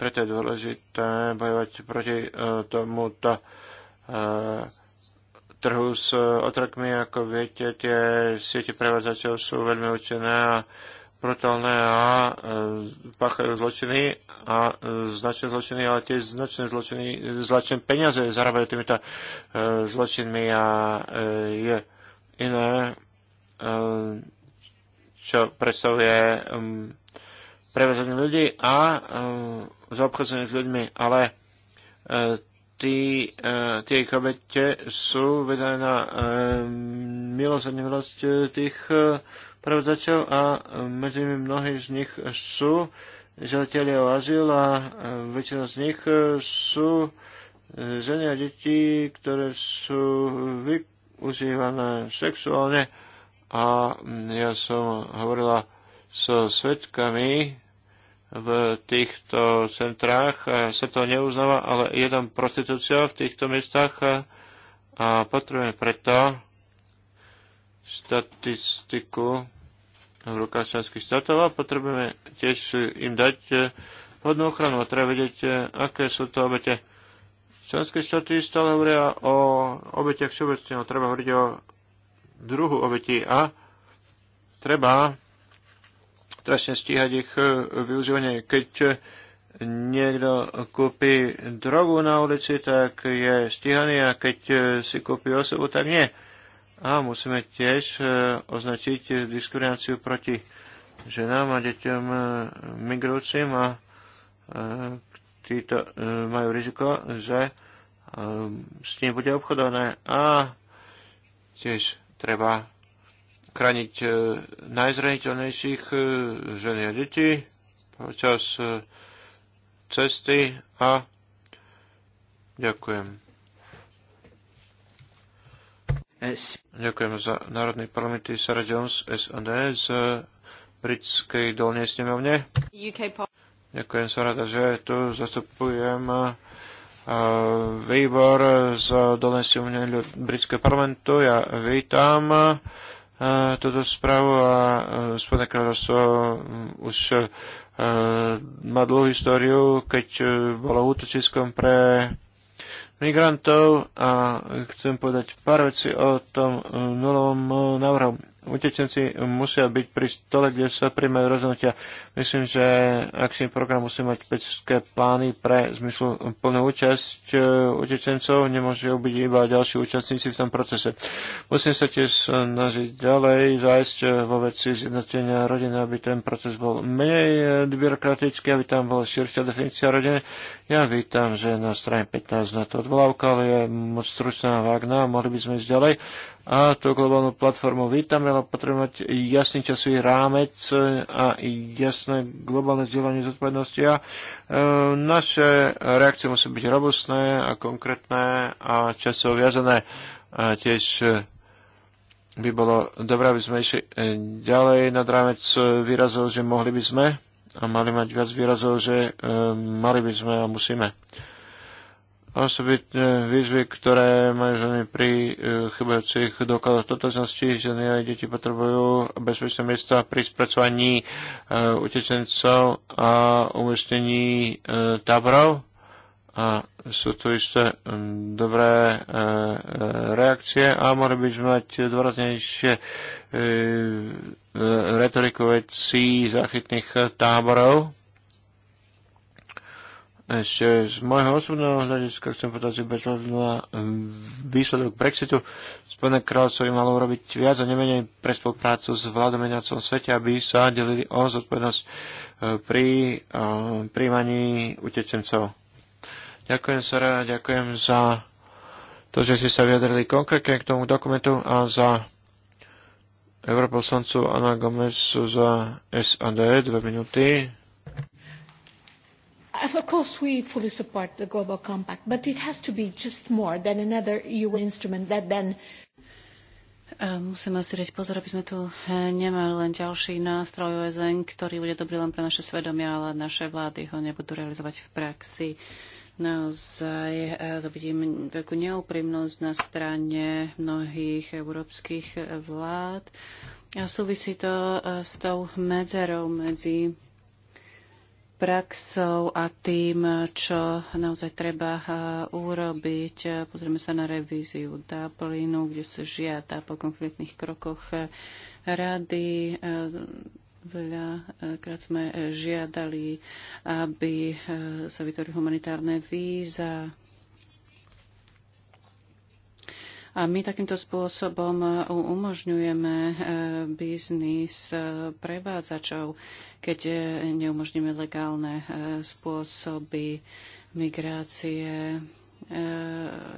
Speaker 1: Preto je dôležité bojovať proti uh, tomuto uh, trhu s otrokmi. Ako viete, tie siete prevádzačov sú veľmi účinné a brutálne a e, páchajú zločiny a e, značné zločiny, ale tiež značné zločiny, značné peniaze zarábajú týmito e, zločinmi a je iné, čo predstavuje prevezenie ľudí a zaobchádzanie s ľuďmi, ale e, tie kobete sú vedené na e, milosť tých prevzačov a e, medzi nimi mnohí z nich sú žiadatelia o azyl a e, väčšina z nich e, sú ženy a deti, ktoré sú využívané sexuálne a ja som hovorila so svetkami v týchto centrách sa to neuznáva, ale je tam prostitúcia v týchto miestach a potrebujeme preto štatistiku v rukách členských štátov a potrebujeme tiež im dať e, hodnú ochranu a treba vedieť, e, aké sú to obete. Členské štáty stále hovoria o obetiach všeobecne, no treba hovoriť o druhu obeti a treba trestne stíhať ich e, využívanie. Keď niekto kúpi drogu na ulici, tak je stíhaný a keď si kúpi osobu, tak nie. A musíme tiež e, označiť diskrimináciu proti ženám a deťom e, migrujúcim a e, títo majú riziko, že s tým bude obchodované a tiež treba chrániť najzraniteľnejších ženy a detí počas cesty a ďakujem. Ďakujem za Národný parlament Sarah Jones, SND z britskej dolnej snemovne. Ďakujem sa rada, že tu zastupujem výbor z dolnej snemovne britského parlamentu. Ja vítam túto správu a Spodné kráľovstvo už má dlhú históriu, keď e, bolo útočiskom pre migrantov a chcem povedať pár vecí o tom eh, nulovom eh, návrhu utečenci musia byť pri stole, kde sa príjmajú rozhodnutia. Myslím, že akčný program musí mať špecifické plány pre zmyslu plnú účasť e, utečencov, nemôže byť iba ďalší účastníci v tom procese. Musím sa tiež snažiť ďalej zájsť e, vo veci zjednotenia rodiny, aby ten proces bol menej e, byrokratický, aby tam bola širšia definícia rodiny. Ja vítam, že na strane 15 na to odvolávka, ale je moc stručná vágna, mohli by sme ísť ďalej a tú globálnu platformu vítame, ale potrebujeme mať jasný časový rámec a jasné globálne vzdielanie zodpovednosti a e, naše reakcie musí byť robustné a konkrétne a časovo viazané a tiež e, by bolo dobré, aby sme išli e, ďalej nad rámec výrazov, že mohli by sme a mali mať viac výrazov, že e, mali by sme a musíme osobitné výzvy, ktoré majú ženy pri e, chybajúcich dokladoch totožnosti. Ženy aj deti potrebujú bezpečné miesto pri spracovaní e, utečencov a umiestnení e, táborov. A sú tu isté dobré reakcie a mohli by sme mať dôraznejšie retoriku vecí záchytných táborov ešte z môjho osobného hľadiska chcem povedať, že bez hľadu na výsledok Brexitu Spojené kráľovstvo by malo urobiť viac a nemenej pre spoluprácu s vládom na celom svete, aby sa delili o zodpovednosť e, pri e, príjmaní utečencov. Ďakujem, Sara, ďakujem za to, že ste sa vyjadrili konkrétne k tomu dokumentu a za europoslancu Ana Gomez za SAD 2 minúty
Speaker 2: of course, we fully support the Global Compact, but it has to be just more than another EU instrument that then Musíme si
Speaker 3: dať pozor, aby sme tu e, nemali len ďalší nástroj OSN, ktorý bude dobrý len pre naše svedomia, ale naše vlády ho nebudú realizovať v praxi. Naozaj e, to vidím veľkú neúprimnosť na strane mnohých európskych vlád. A súvisí to e, s tou medzerou medzi praxou a tým, čo naozaj treba eh, urobiť. Pozrieme sa na revíziu Dublinu, kde sa žiada po konkrétnych krokoch eh, rady. Eh, krát sme žiadali, aby sa vytvorili humanitárne víza A my takýmto spôsobom e, umožňujeme e, biznis e, prevádzačov, keď neumožníme legálne spôsoby migrácie,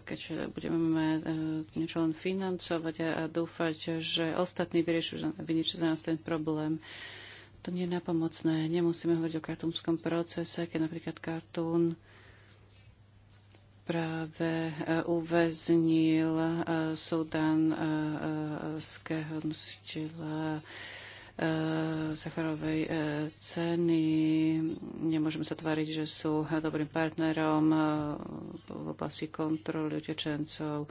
Speaker 3: keď budeme niečo len financovať a dúfať, že ostatní vyriešujú za nás ten problém. To nie je napomocné. Nemusíme hovoriť o kartúmskom procese, keď napríklad kartún práve e, uväznil e, sudanského nositeľa e, Sacharovej ceny. Nemôžeme sa tváriť, že sú dobrým partnerom v oblasti kontroly utečencov.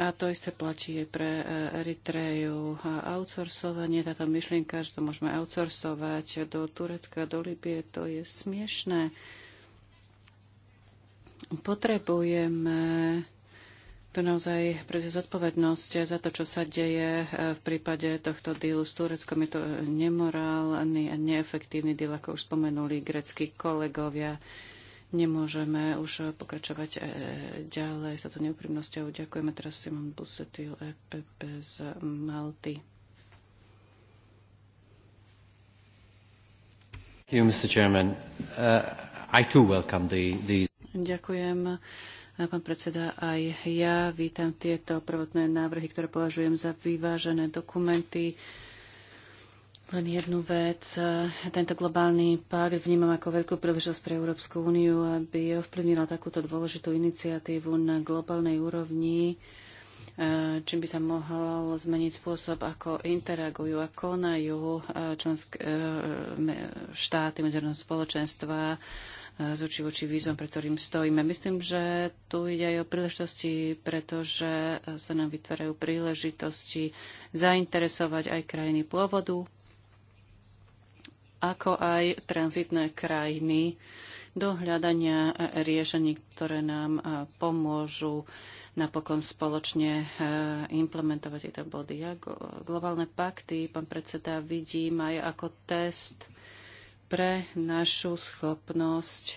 Speaker 3: A to isté platí aj pre Eritreju. A outsourcovanie, táto myšlienka, že to môžeme outsourcovať do Turecka, do Libie, to je smiešné. Potrebujeme to naozaj prevziať zodpovednosť za to, čo sa deje e, v prípade tohto dílu s Tureckom. Je to nemorálny a neefektívny díl, ako už spomenuli greckí kolegovia. Nemôžeme už pokračovať e, e, ďalej sa to neúprimnosťou. Ďakujeme teraz Simon Busetil, EPP z Malty. Thank you, Mr. Chairman. Uh, I too welcome the, the... Ďakujem. Pán predseda, aj ja vítam tieto prvotné návrhy, ktoré považujem za vyvážené dokumenty. Len jednu vec. Tento globálny pakt vnímam ako veľkú príležitosť pre Európsku úniu, aby ovplyvnila takúto dôležitú iniciatívu na globálnej úrovni Eh, čím by sa mohol zmeniť spôsob, ako interagujú a konajú eh, členské eh, štáty medzinárodného spoločenstva z očí voči výzvam, pre ktorým stojíme. Myslím, že tu ide aj o príležitosti, pretože sa nám vytvárajú príležitosti zainteresovať aj krajiny pôvodu, ako aj tranzitné krajiny do hľadania riešení, ktoré nám pomôžu napokon spoločne e, implementovať tieto body. Ja globálne pakty, pán predseda, vidím aj ako test pre našu schopnosť e,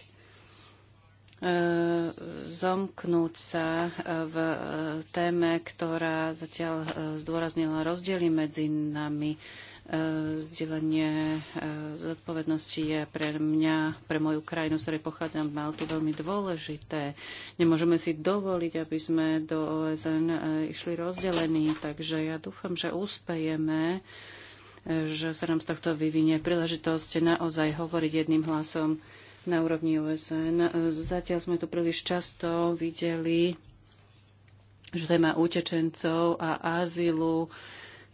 Speaker 3: zomknúť sa e, v téme, ktorá zatiaľ zdôraznila rozdiely medzi nami. Eh, Zdieľanie eh, zodpovednosti je pre mňa, pre moju krajinu, z ktorej pochádzam, Maltu, veľmi dôležité. Nemôžeme si dovoliť, aby sme do OSN eh, išli rozdelení, takže ja dúfam, že úspejeme že sa nám z tohto vyvinie príležitosť naozaj hovoriť jedným hlasom na úrovni OSN. Zatiaľ sme tu príliš často videli, že téma utečencov a azylu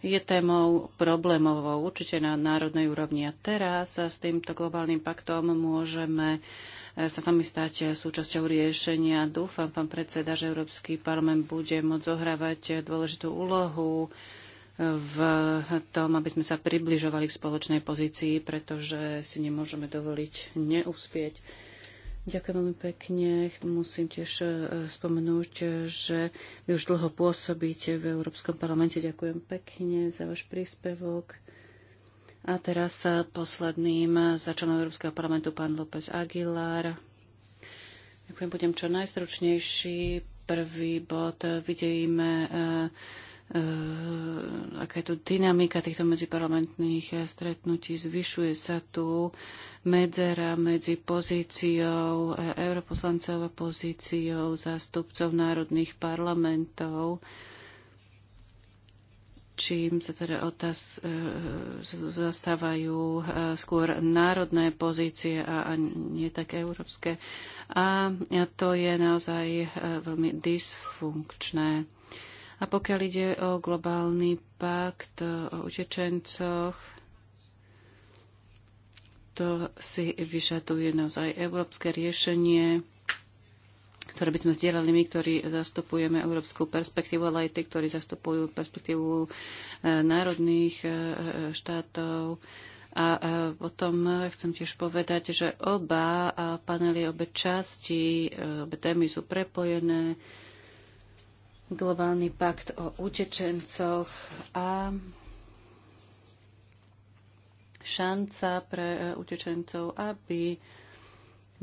Speaker 3: je témou problémovou určite na národnej úrovni. A teraz s týmto globálnym paktom môžeme eh, sa sami stať eh, súčasťou riešenia. Dúfam, pán predseda, že Európsky parlament bude môcť zohrávať eh, dôležitú úlohu v tom, aby sme sa približovali k spoločnej pozícii, pretože si nemôžeme dovoliť neúspieť. Ďakujem veľmi pekne. Musím tiež e, spomenúť, e, že vy už dlho pôsobíte v Európskom parlamente. Ďakujem pekne za váš príspevok. A teraz sa posledným za členom Európskeho parlamentu pán López Aguilar. Ďakujem, budem čo najstručnejší. Prvý bod e, vidíme uh, Eh, aká je tu dynamika týchto medziparlamentných eh, stretnutí. Zvyšuje sa tu medzera medzi pozíciou eh, europoslancov a pozíciou zástupcov národných parlamentov čím sa teda otáz, zastávajú skôr národné pozície a, nie tak európske. A to je naozaj veľmi dysfunkčné. A pokiaľ ide o globálny pakt o utečencoch, to si vyžaduje naozaj európske riešenie, ktoré by sme zdieľali my, ktorí zastupujeme európsku perspektívu, ale aj tí, ktorí zastupujú perspektívu e, národných e, e, štátov. A potom chcem tiež povedať, že oba panely, obe časti, obe témy sú prepojené globálny pakt o utečencoch a šanca pre e, utečencov, aby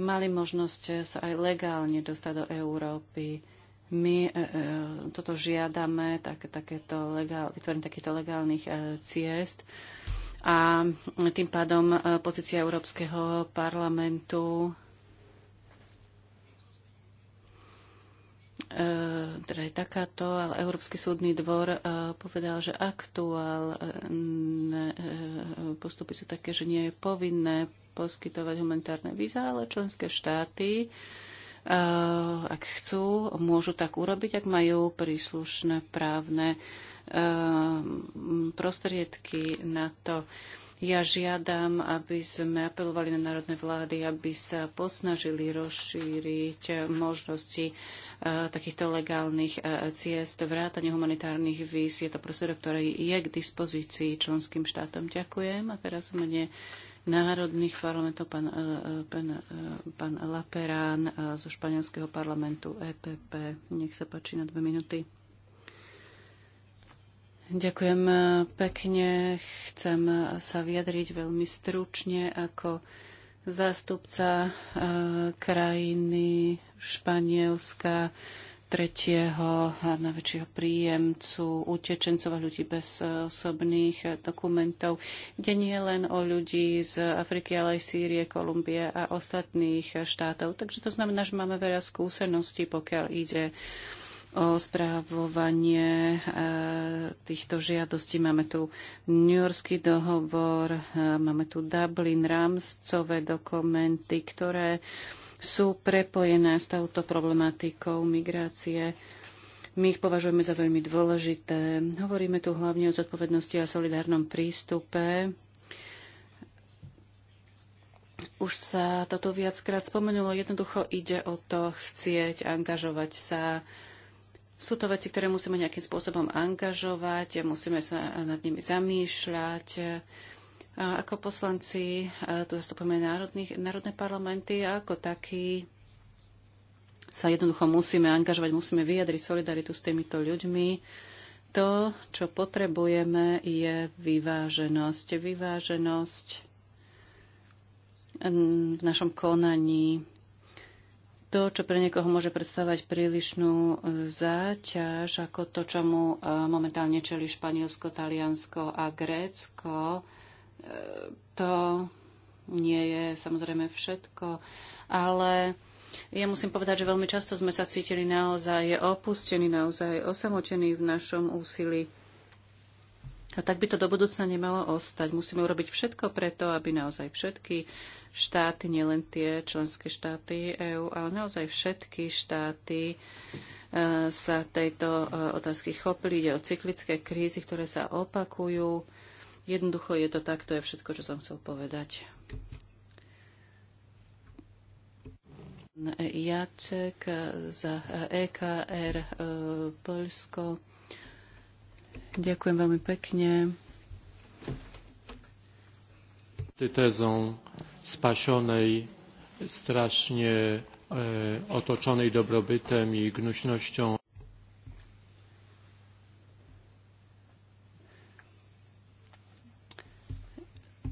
Speaker 3: mali možnosť sa aj legálne dostať do Európy. My e, e, toto žiadame, tak, takéto legál, vytvorenie takýchto legálnych e, ciest. A tým pádom e, pozícia Európskeho parlamentu E, teda je takáto, ale Európsky súdny dvor e, povedal, že aktuálne e, postupy sú také, že nie je povinné poskytovať humanitárne víza, ale členské štáty, ak chcú, môžu tak urobiť, ak majú príslušné právne prostriedky na to. Ja žiadam, aby sme apelovali na národné vlády, aby sa posnažili rozšíriť možnosti takýchto legálnych e, ciest, vrátane humanitárnych víz. Je to prostredok, ktorý je k dispozícii členským štátom. Ďakujem. A teraz mne národných parlamentov pán, e, e, pán, pán Laperán zo španielského parlamentu EPP. Nech sa páči na dve minúty. Ďakujem pekne. Chcem sa vyjadriť veľmi stručne ako zástupca e, krajiny Španielska, tretieho najväčšieho príjemcu utečencov a ľudí bez e, osobných dokumentov. Ide nie len o ľudí z Afriky, ale aj Sýrie, Kolumbie a ostatných štátov. Takže to znamená, že máme veľa skúseností, pokiaľ ide o správovanie e, týchto žiadostí. Máme tu New Yorkský dohovor, e, máme tu Dublin, rámcové dokumenty, ktoré sú prepojené s touto problematikou migrácie. My ich považujeme za veľmi dôležité. Hovoríme tu hlavne o zodpovednosti a solidárnom prístupe. Už sa toto viackrát spomenulo. Jednoducho ide o to chcieť angažovať sa, sú to veci, ktoré musíme nejakým spôsobom angažovať, musíme sa nad nimi zamýšľať. A ako poslanci tu zastupujeme národné parlamenty a ako takí sa jednoducho musíme angažovať, musíme vyjadriť solidaritu s týmito ľuďmi. To, čo potrebujeme, je vyváženosť. Vyváženosť v našom konaní to, čo pre niekoho môže predstavať prílišnú e, záťaž, ako to, čo mu e, momentálne čeli Španielsko, Taliansko a Grécko, e, to nie je samozrejme všetko, ale ja musím povedať, že veľmi často sme sa cítili naozaj opustení, naozaj osamotení v našom úsilí. A tak by to do budúcna nemalo ostať. Musíme urobiť všetko preto, aby naozaj všetky štáty, nielen tie členské štáty EÚ, ale naozaj všetky štáty e, sa tejto e, otázky chopili. Ide o cyklické krízy, ktoré sa opakujú. Jednoducho je to tak, to je všetko, čo som chcel povedať. Jacek za EKR e, Polsko. Ďakujem veľmi pekne.
Speaker 1: spašonej, strašne e, eh, otoczonej dobrobytem i gnuśnością.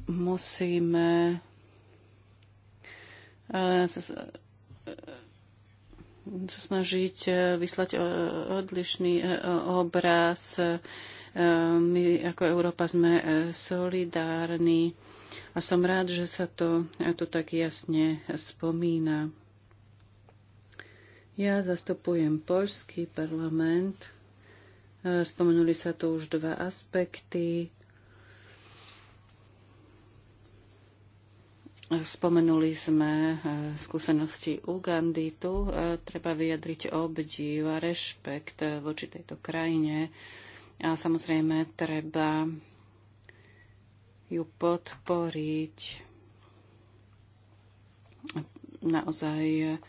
Speaker 3: Musíme eh, sa snažiť e, vyslať e, odlišný e, obraz. My ako Európa sme solidárni a som rád, že sa to tu tak jasne spomína. Ja zastupujem Polský parlament. Spomenuli sa tu už dva aspekty Spomenuli sme e, skúsenosti Ugandy. Tu e, treba vyjadriť obdiv a rešpekt e, voči tejto krajine. A samozrejme treba ju podporiť naozaj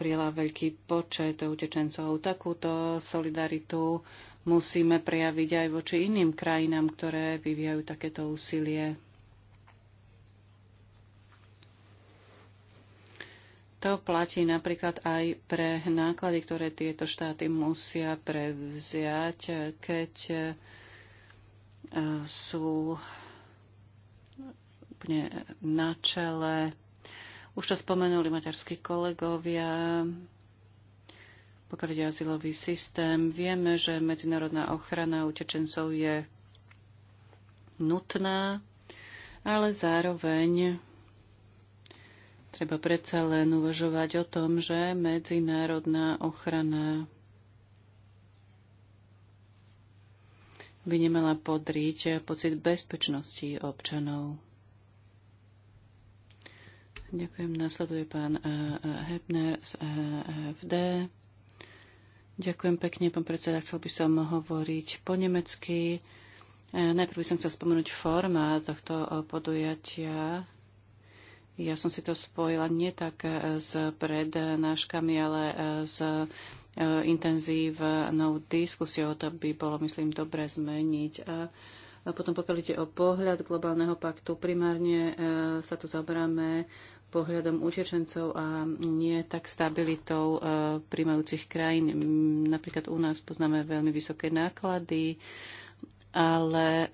Speaker 3: prijela veľký počet utečencov. Takúto solidaritu musíme prejaviť aj voči iným krajinám, ktoré vyvíjajú takéto úsilie. To platí napríklad aj pre náklady, ktoré tieto štáty musia prevziať, keď e, sú úplne na čele. Už to spomenuli maďarskí kolegovia, pokiaľ ide azylový systém. Vieme, že medzinárodná ochrana utečencov je nutná, ale zároveň Treba predsa len uvažovať o tom, že medzinárodná ochrana by nemala podriť pocit bezpečnosti občanov. Ďakujem. Nasleduje pán eh, eh, Hebner z AFD. Eh, Ďakujem pekne, pán predseda. Chcel by som hovoriť po nemecky. Najprv by som chcel spomenúť formát tohto podujatia. Ja som si to spojila nie tak eh, s prednáškami, ale eh, s eh, intenzívnou diskusiou. To by bolo, myslím, dobre zmeniť. A potom pokiaľ ide o pohľad globálneho paktu, primárne sa tu zaberáme pohľadom utečencov a nie tak stabilitou príjmajúcich krajín. Napríklad u nás poznáme veľmi vysoké náklady, ale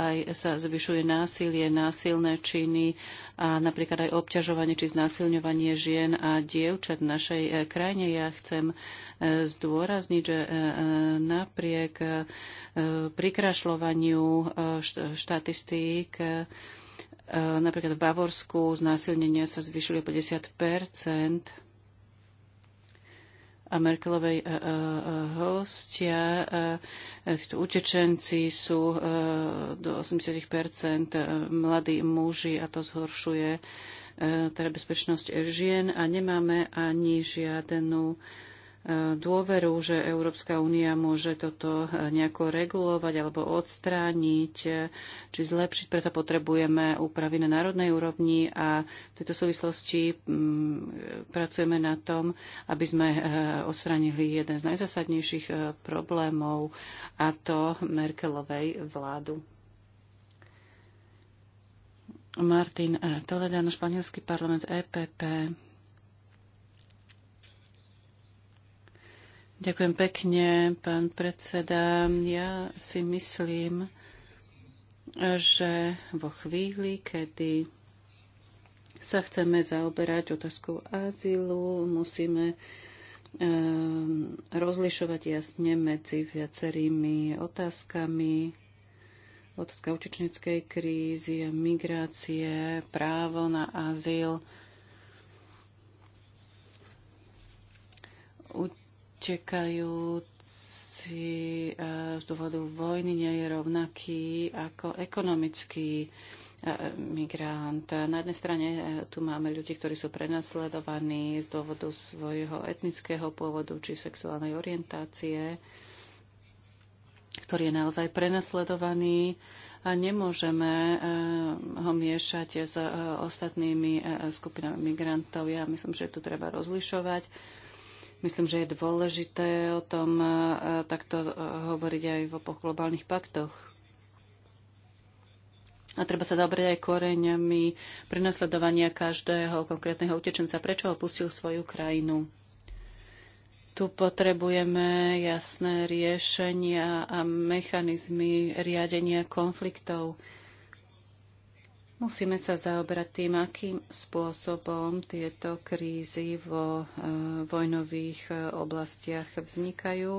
Speaker 3: aj sa zvyšuje násilie, násilné činy a napríklad aj obťažovanie či znásilňovanie žien a dievčat v našej e, krajine. Ja chcem e, zdôrazniť, že e, napriek prikrašľovaniu štatistík napríklad v Bavorsku znásilnenia sa zvyšili o 50 a Merkelovej e, e, hostia. E, títo utečenci sú do 80 mladí muži a to zhoršuje teda bezpečnosť žien a nemáme ani žiadnu dôveru, že Európska únia môže toto eh, nejako regulovať alebo odstrániť eh, či zlepšiť. Preto potrebujeme úpravy na národnej úrovni a v tejto súvislosti mm, pracujeme na tom, aby sme eh, odstránili jeden z najzasadnejších problémov a to Merkelovej vládu. Martin Toledano, španielský parlament EPP. Ďakujem pekne, pán predseda. Ja si myslím, že vo chvíli, kedy sa chceme zaoberať otázkou azylu, musíme ehm, rozlišovať jasne medzi viacerými otázkami, otázka utečeneckej krízy a migrácie, právo na azyl utekajúci eh, z dôvodu vojny nie je rovnaký ako ekonomický eh, migrant. Na jednej strane eh, tu máme ľudí, ktorí sú prenasledovaní z dôvodu svojho etnického pôvodu či sexuálnej orientácie, ktorý je naozaj prenasledovaný a nemôžeme ho miešať s ostatnými skupinami migrantov. Ja myslím, že tu treba rozlišovať Myslím, že je dôležité o tom e, takto e, hovoriť aj v oboch globálnych paktoch. A treba sa zaoberať aj koreňami prenasledovania každého konkrétneho utečenca. Prečo opustil svoju krajinu? Tu potrebujeme jasné riešenia a mechanizmy riadenia konfliktov. Musíme sa zaobrať tým, akým spôsobom tieto krízy vo e, vojnových e, oblastiach vznikajú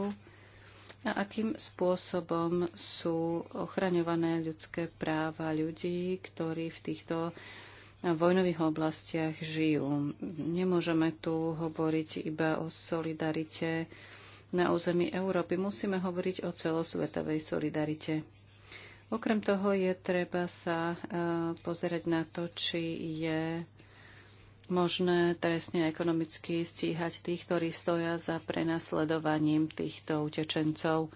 Speaker 3: a akým spôsobom sú ochraňované ľudské práva ľudí, ktorí v týchto e, vojnových oblastiach žijú. Nemôžeme tu hovoriť iba o solidarite na území Európy. Musíme hovoriť o celosvetovej solidarite. Okrem toho je treba sa e, pozerať na to, či je možné trestne a ekonomicky stíhať tých, ktorí stoja za prenasledovaním týchto utečencov.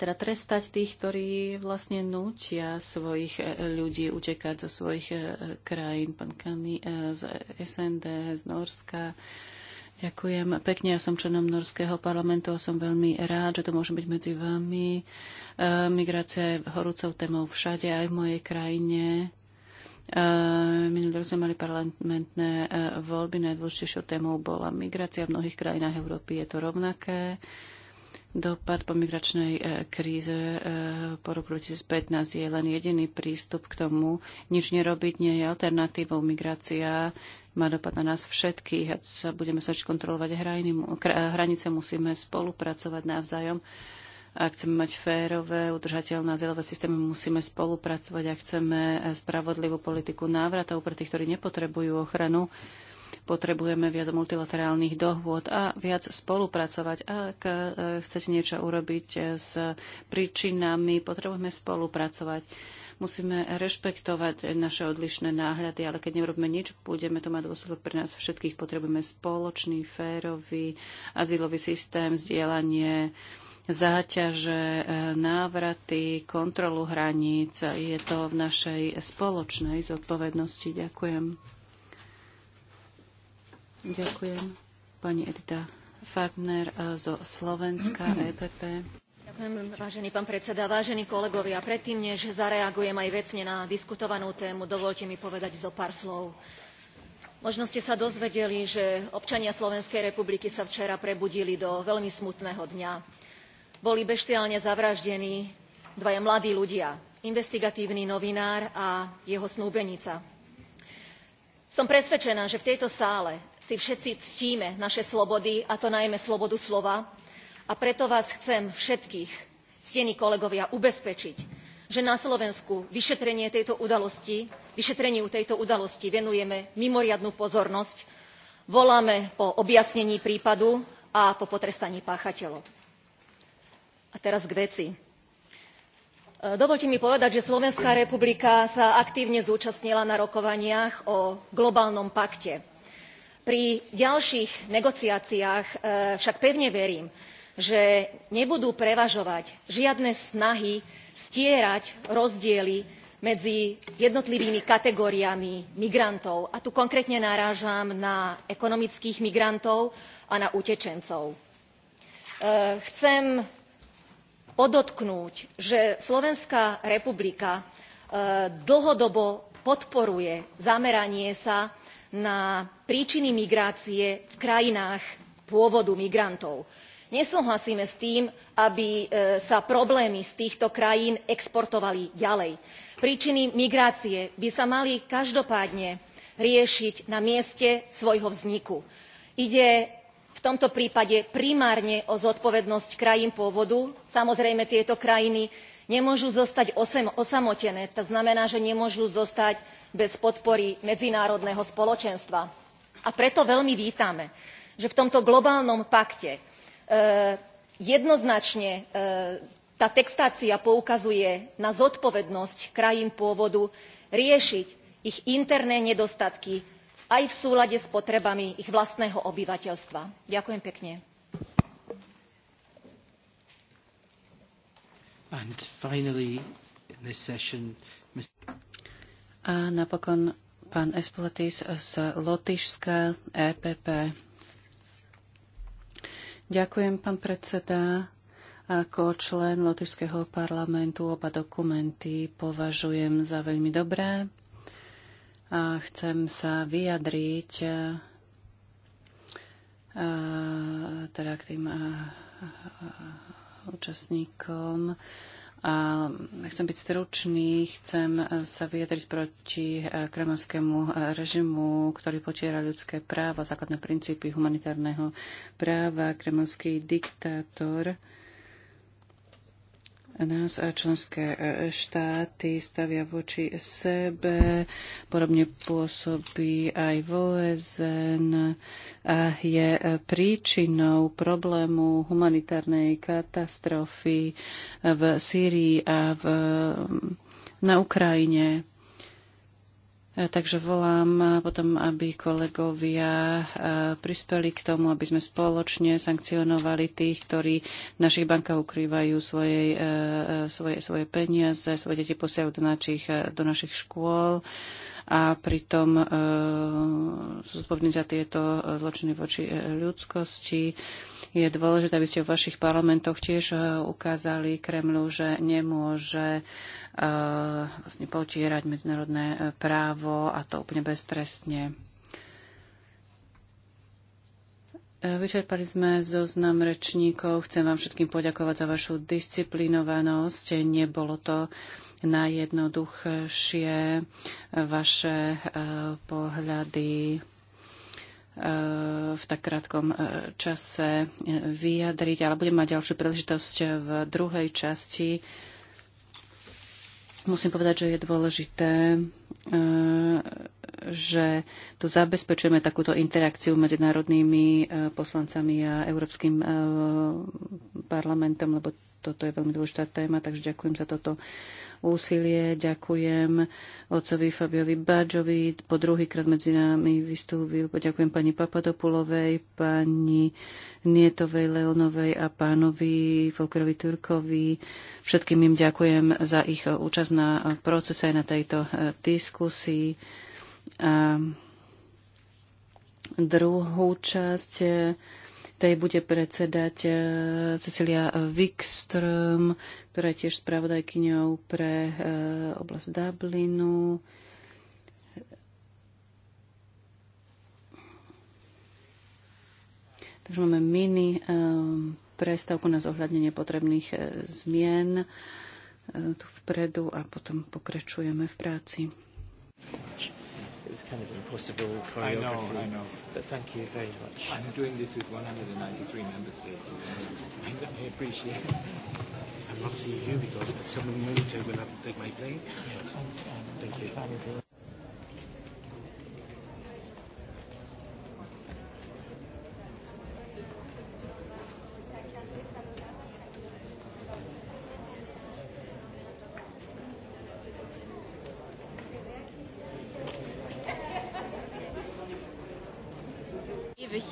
Speaker 3: Teda trestať tých, ktorí vlastne nútia svojich e, ľudí utekať zo svojich e, krajín. Pán Kani z SND, z Norska, Ďakujem pekne, ja som členom Norského parlamentu a som veľmi rád, že to môže byť medzi vami. E, migrácia je horúcou témou všade, aj v mojej krajine. E, minulý rok sme mali parlamentné e, voľby, najdôležitejšou témou bola migrácia. V mnohých krajinách Európy je to rovnaké. E, Dopad po migračnej e, kríze e, po roku 2015 je len jediný prístup k tomu. Nič nerobiť nie je alternatívou. Migrácia má dopad na nás všetkých. Ak sa budeme sa kontrolovať e, hranice, musíme spolupracovať navzájom. Ak chceme mať férové, udržateľné azylové systémy, musíme spolupracovať. Ak chceme spravodlivú politiku návratov pre tých, ktorí nepotrebujú ochranu, Potrebujeme viac multilaterálnych dohôd a viac spolupracovať. Ak e, chcete niečo urobiť e, s príčinami, potrebujeme spolupracovať musíme rešpektovať naše odlišné náhľady, ale keď neurobíme nič, budeme to mať dôsledok pre nás všetkých. Potrebujeme spoločný, férový, azylový systém, zdieľanie záťaže, e, návraty, kontrolu hraníc. Je to v našej spoločnej zodpovednosti. Ďakujem. Ďakujem. Pani Edita Fagner eh, zo Slovenska, EPP.
Speaker 2: E Ďakujem, vážený pán predseda, vážení kolegovia. Predtým, než zareagujem aj vecne na diskutovanú tému, dovolte mi povedať zo pár slov. Možno ste sa dozvedeli, že občania Slovenskej republiky sa včera prebudili do veľmi smutného dňa. Boli beštiálne zavraždení dvaja mladí ľudia, investigatívny novinár a jeho snúbenica som presvedčená že v tejto sále si všetci ctíme naše slobody a to najmä slobodu slova a preto vás chcem všetkých ctení kolegovia ubezpečiť že na slovensku vyšetreniu tejto udalosti, tejto udalosti venujeme mimoriadnu pozornosť voláme po objasnení prípadu a po potrestaní páchateľov. a teraz k veci Eh, dovoľte mi povedať že slovenská republika sa aktívne zúčastnila na rokovaniach o globálnom pakte. pri ďalších negociáciách eh, však pevne verím že nebudú prevažovať žiadne snahy stierať rozdiely medzi jednotlivými kategóriami migrantov a tu konkrétne narážam na ekonomických migrantov a na utečencov. Eh, chcem podotknúť, že Slovenská republika e, dlhodobo podporuje zameranie sa na príčiny migrácie v krajinách pôvodu migrantov. Nesúhlasíme s tým, aby e, sa problémy z týchto krajín exportovali ďalej. Príčiny migrácie by sa mali každopádne riešiť na mieste svojho vzniku. Ide tomto prípade primárne o zodpovednosť krajín pôvodu samozrejme tieto krajiny nemôžu zostať osamotené to znamená že nemôžu zostať bez podpory medzinárodného spoločenstva a preto veľmi vítame že v tomto globálnom pakte e, jednoznačne e, tá textácia poukazuje na zodpovednosť krajín pôvodu riešiť ich interné nedostatky aj v súlade s potrebami ich vlastného obyvateľstva. ďakujem pekne.
Speaker 1: Finally, session...
Speaker 2: A
Speaker 3: napokon pán Espoletis z Lotyšska EPP. Ďakujem, pán predseda. Ako člen Lotyšského parlamentu oba dokumenty považujem za veľmi dobré a chcem sa vyjadriť e, e, teda k tým e, účastníkom. A chcem byť stručný, chcem sa vyjadriť proti kremelskému režimu, ktorý potiera ľudské práva, základné princípy humanitárneho práva. Kremelský diktátor nás a členské e, štáty stavia voči sebe, podobne pôsobí aj VOSN a je e, príčinou problému humanitárnej katastrofy v Sýrii a v, na Ukrajine. E, takže volám e, potom, aby kolegovia e, prispeli k tomu, aby sme spoločne sankcionovali tých, ktorí v našich bankách ukrývajú svoje, svoje, svoje peniaze, svoje deti posiajú do našich, do našich škôl a pritom sú zodpovední za tieto zločiny voči ľudskosti. Je dôležité, aby ste v vašich parlamentoch tiež ukázali Kremlu, že nemôže Eh, vlastne potierať medzinárodné eh, právo a to úplne beztrestne. Eh, vyčerpali sme zoznam rečníkov. Chcem vám všetkým poďakovať za vašu disciplinovanosť. Nebolo to najjednoduchšie vaše pohľady v tak krátkom čase vyjadriť, ale budem mať ďalšiu príležitosť v druhej časti musím povedať, že je dôležité, eh, že tu zabezpečujeme takúto interakciu medzi národnými eh, poslancami a Európskym eh, parlamentom, lebo toto je veľmi dôležitá téma, takže ďakujem za toto úsilie. Ďakujem otcovi Fabiovi Badžovi, po druhýkrát medzi nami vystúpil. Ďakujem pani Papadopulovej, pani Nietovej Leonovej a pánovi Folkerovi Turkovi. Všetkým im ďakujem za ich účasť na procese aj na tejto eh, diskusii. A druhú časť eh, Tej bude predsedať e, Cecilia Wikström, ktorá je tiež spravodajkyňou pre e, oblasť Dublinu. Takže máme mini e, prestávku na zohľadnenie potrebných zmien tu vpredu a potom pokračujeme v práci
Speaker 1: was kind of impossible choreography. I know, I know. But thank you very much. I'm doing this with 193 member states, and I appreciate it. I'm not seeing you because at some moment I will have to take my plane. Yes. Um, thank you.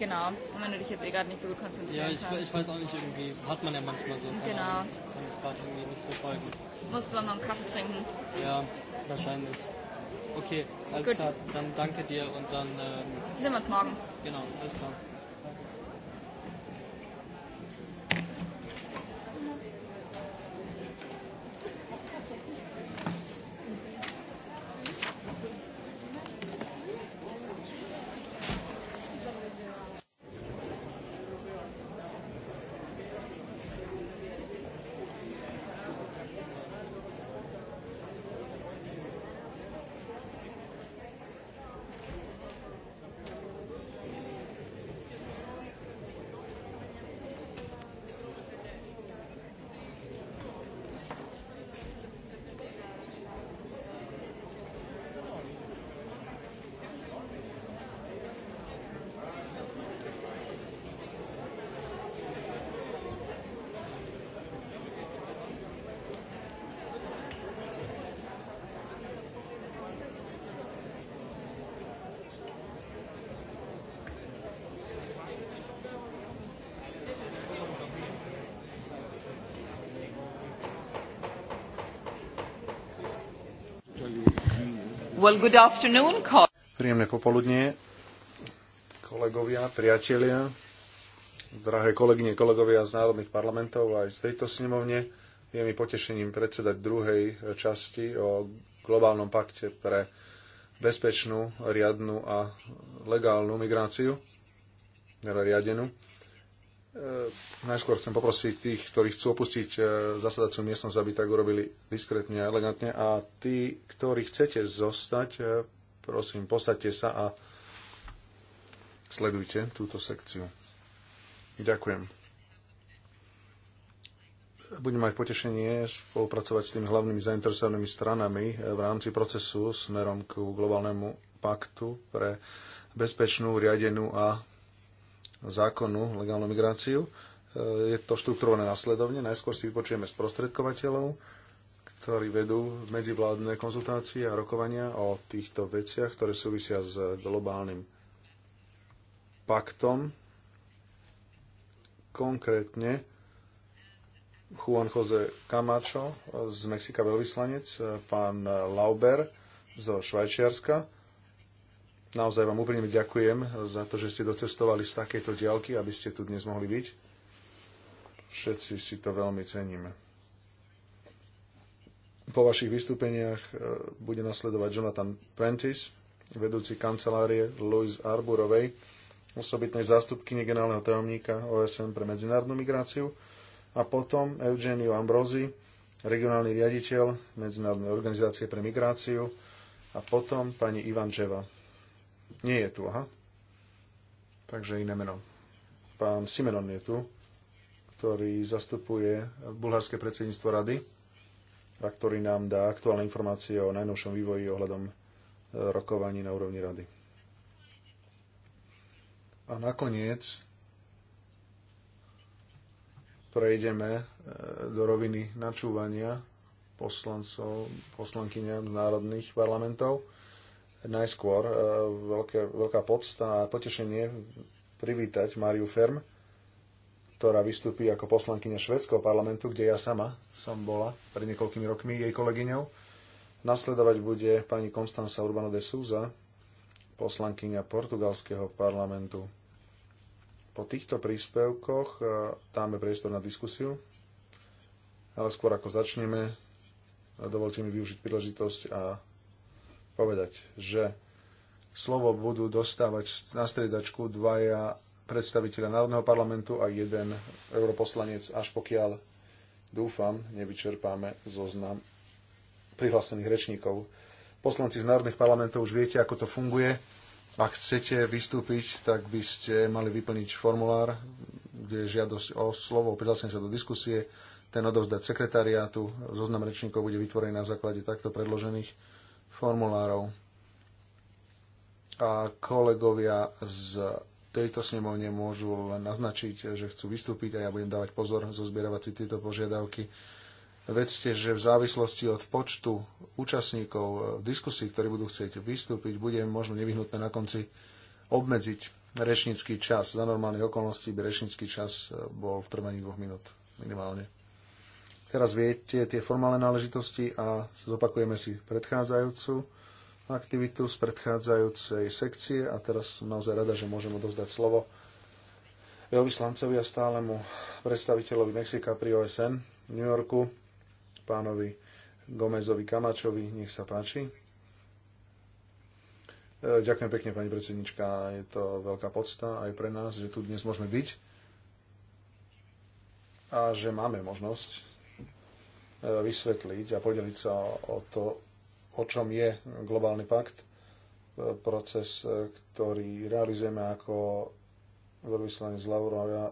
Speaker 2: Genau, und wenn du dich jetzt eh gerade nicht so gut konzentrierst. Ja, ich, ich
Speaker 1: weiß auch nicht, irgendwie hat man ja manchmal so. Keine genau. Ahnung, kann ich gerade irgendwie nicht so folgen.
Speaker 2: Musst du dann noch einen Kaffee trinken?
Speaker 1: Ja, wahrscheinlich.
Speaker 3: Okay, alles gut. klar. Dann danke dir und dann. Ähm, Sehen wir uns morgen. Genau, alles klar. Well, good afternoon,
Speaker 4: Príjemné popoludnie,
Speaker 3: kolegovia,
Speaker 4: priatelia, drahé kolegyne, kolegovia z národných parlamentov aj z tejto snemovne. Je mi potešením predsedať druhej časti o globálnom pakte pre bezpečnú, riadnu a legálnu migráciu, teda riadenú. E, najskôr chcem poprosiť tých, ktorí chcú opustiť e, zasadacú miestnosť, aby tak urobili diskrétne a elegantne. A tí, ktorí chcete zostať, e, prosím, posaďte sa a sledujte túto sekciu. Ďakujem. Budem mať potešenie spolupracovať s tými hlavnými zainteresovanými stranami v rámci procesu smerom k globálnemu paktu pre bezpečnú, riadenú a zákonnú legálnu migráciu. E, je to štruktúrované následovne. Najskôr si vypočujeme sprostredkovateľov, ktorí vedú medzivládne konzultácie a rokovania o týchto veciach, ktoré súvisia s globálnym paktom. Konkrétne Juan Jose Camacho z Mexika veľvyslanec, pán Lauber zo Švajčiarska, Naozaj vám úplne ďakujem za to, že ste docestovali z takejto diaľky, aby ste tu dnes mohli byť. Všetci si to veľmi ceníme. Po vašich vystúpeniach e, bude nasledovať Jonathan Prentice, vedúci kancelárie Louise Arburovej, osobitnej zástupkyne generálneho tajomníka OSN pre medzinárodnú migráciu a potom Eugenio Ambrosi, regionálny riaditeľ Medzinárodnej organizácie pre migráciu a potom pani Ivančeva, nie je tu, aha. Takže iné meno. Pán Simenon je tu, ktorý zastupuje bulharské predsedníctvo rady a ktorý nám dá aktuálne informácie o najnovšom vývoji ohľadom e, rokovaní na úrovni rady. A nakoniec prejdeme e, do roviny načúvania poslancov, poslankyňam z národných parlamentov najskôr e, veľké, veľká podsta a potešenie privítať Máriu Ferm, ktorá vystúpi ako poslankyňa švedského parlamentu, kde ja sama som bola pred niekoľkými rokmi jej kolegyňou. Nasledovať bude pani Konstanza Urbano de Souza, poslankyňa portugalského parlamentu. Po týchto príspevkoch e, dáme priestor na diskusiu, ale skôr ako začneme, dovolte mi využiť príležitosť a povedať, že slovo budú dostávať na striedačku dvaja predstaviteľa Národného parlamentu a jeden europoslanec, až pokiaľ, dúfam, nevyčerpáme zoznam prihlásených rečníkov. Poslanci z národných parlamentov už viete, ako to funguje. Ak chcete vystúpiť, tak by ste mali vyplniť formulár, kde je žiadosť o slovo, prihlásenie sa do diskusie, ten odovzdať sekretariátu, zoznam rečníkov bude vytvorený na základe takto predložených formulárov. A kolegovia z tejto snemovne môžu len naznačiť, že chcú vystúpiť a ja budem dávať pozor zozbieravať si tieto požiadavky. Vedzte, že v závislosti od počtu účastníkov v eh, diskusii, ktorí budú chcieť vystúpiť, bude možno nevyhnutné na konci obmedziť rečnícky čas. Za normálnych okolností by rečnícky čas eh, bol v trvaní dvoch minút minimálne. Teraz viete tie formálne náležitosti a zopakujeme si predchádzajúcu aktivitu z predchádzajúcej sekcie a teraz som naozaj rada, že môžem odovzdať slovo veľvyslancovi a stálemu predstaviteľovi Mexika pri OSN v New Yorku, pánovi Gomezovi Kamačovi. Nech sa páči. E, ďakujem pekne, pani predsednička. Je to veľká podsta aj pre nás, že tu dnes môžeme byť a že máme možnosť vysvetliť a podeliť sa o to, o čom je globálny pakt, e, proces, e, ktorý realizujeme ako veľvyslanec z a ja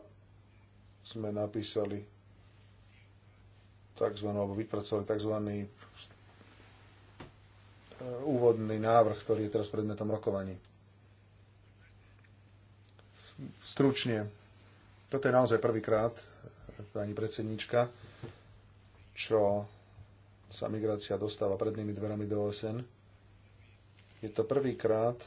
Speaker 4: sme napísali tzv. alebo vypracovali tzv. E, úvodný návrh, ktorý je teraz predmetom rokovaní. Stručne. Toto je naozaj prvýkrát, pani predsednička, čo sa migrácia dostáva prednými dverami do OSN. Je to prvýkrát,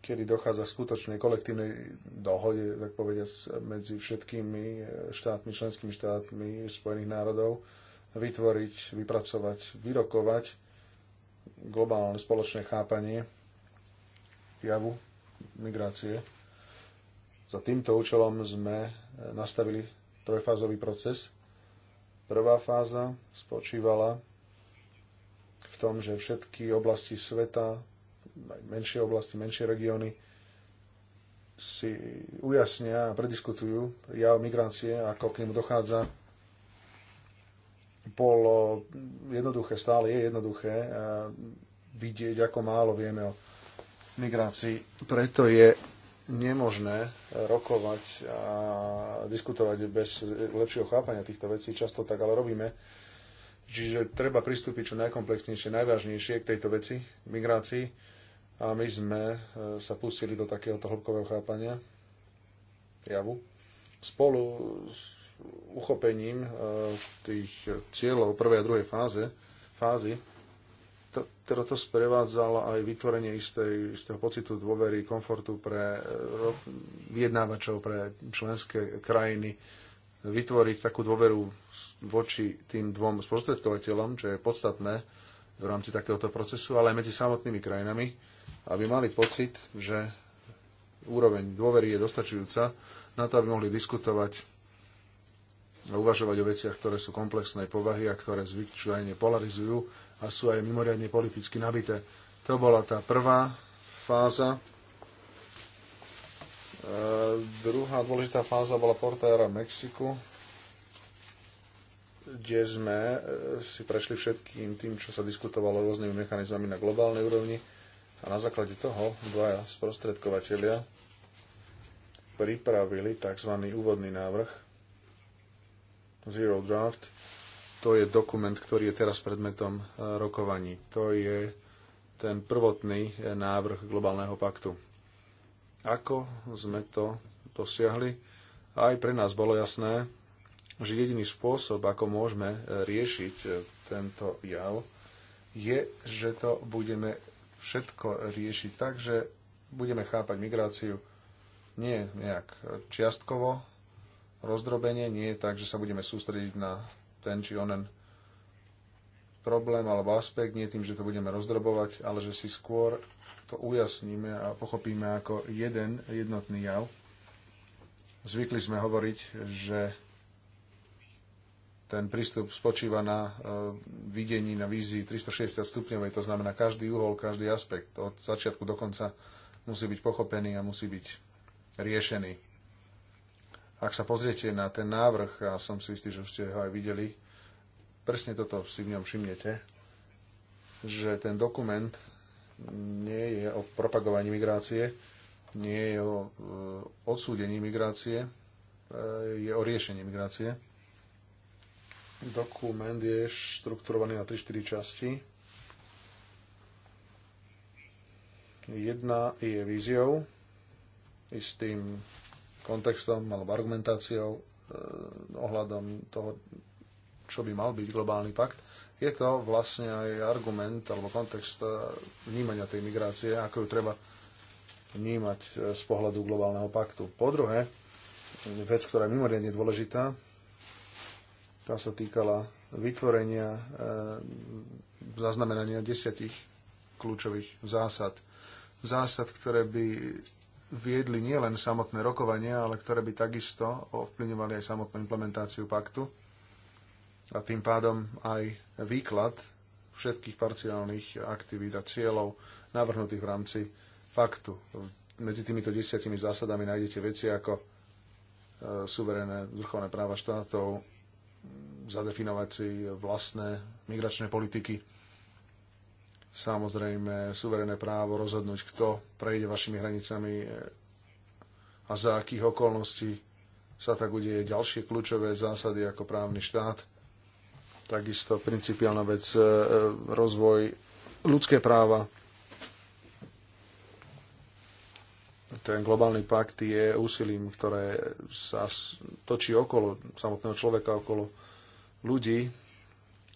Speaker 4: kedy dochádza skutočnej kolektívnej dohode, tak povediať, medzi všetkými e, štátmi, členskými štátmi Spojených národov, vytvoriť, vypracovať, vyrokovať globálne spoločné chápanie javu migrácie. Za týmto účelom sme e, nastavili trojfázový proces. Prvá fáza spočívala v tom, že všetky oblasti sveta, aj menšie oblasti, menšie regióny, si ujasnia a prediskutujú o migrácie, ako k nemu dochádza. Bolo jednoduché, stále je jednoduché eh, vidieť, ako málo vieme o migrácii. Preto je nemožné eh, rokovať a diskutovať bez lepšieho chápania týchto vecí. Často tak ale robíme. Čiže treba pristúpiť čo najkomplexnejšie, najvážnejšie k tejto veci, migrácii. A my sme eh, sa pustili do takéhoto hĺbkového chápania javu. Spolu s uchopením eh, tých cieľov prvej a druhej fáze, fázy teda to sprevádzalo aj vytvorenie istej, istého pocitu dôvery, komfortu pre e, vyjednávačov, pre členské krajiny, vytvoriť takú dôveru voči tým dvom sprostredkovateľom, čo je podstatné v rámci takéhoto procesu, ale aj medzi samotnými krajinami, aby mali pocit, že úroveň dôvery je dostačujúca na to, aby mohli diskutovať a uvažovať o veciach, ktoré sú komplexnej povahy a ktoré zvyčajne polarizujú a sú aj mimoriadne politicky nabité. To bola tá prvá fáza. E, druhá dôležitá fáza bola Portaera v Mexiku, kde sme e, si prešli všetkým tým, čo sa diskutovalo rôznymi mechanizmami na globálnej úrovni a na základe toho dvaja sprostredkovateľia pripravili tzv. úvodný návrh Zero Draft, to je dokument, ktorý je teraz predmetom e, rokovaní. To je ten prvotný e, návrh globálneho paktu. Ako sme to dosiahli? Aj pre nás bolo jasné, že jediný spôsob, ako môžeme e, riešiť tento jav, je, že to budeme všetko riešiť tak, že budeme chápať migráciu nie nejak čiastkovo, rozdrobenie, nie tak, že sa budeme sústrediť na ten či onen problém alebo aspekt, nie tým, že to budeme rozdrobovať, ale že si skôr to ujasníme a pochopíme ako jeden jednotný jav. Zvykli sme hovoriť, že ten prístup spočíva na e, videní, na vízii 360 stupňovej, to znamená každý uhol, každý aspekt od začiatku do konca musí byť pochopený a musí byť riešený ak sa pozriete na ten návrh, a som si istý, že ste ho aj videli, presne toto si v ňom všimnete, že ten dokument nie je o propagovaní migrácie, nie je o e, odsúdení migrácie, e, je o riešení migrácie. Dokument je štrukturovaný na 3-4 časti. Jedna je víziou, istým kontextom alebo argumentáciou eh, ohľadom toho, čo by mal byť globálny pakt, je to vlastne aj argument alebo kontext eh, vnímania tej migrácie, ako ju treba vnímať eh, z pohľadu globálneho paktu. Po druhé, vec, ktorá je mimoriadne dôležitá, tá sa týkala vytvorenia, zaznamenania desiatich kľúčových zásad. Zásad, ktoré by viedli nielen samotné rokovania, ale ktoré by takisto ovplyvňovali aj samotnú implementáciu paktu a tým pádom aj výklad všetkých parciálnych aktivít a cieľov navrhnutých v rámci paktu. Medzi týmito desiatimi zásadami nájdete veci ako e, suverené vrchovné práva štátov, zadefinovať si vlastné migračné politiky, samozrejme suverené právo rozhodnúť, kto prejde vašimi hranicami e, a za akých okolností sa tak udeje ďalšie kľúčové zásady ako právny štát. Takisto principiálna vec, e, e, rozvoj ľudské práva. Ten globálny pakt je úsilím, ktoré sa točí okolo samotného človeka, okolo ľudí,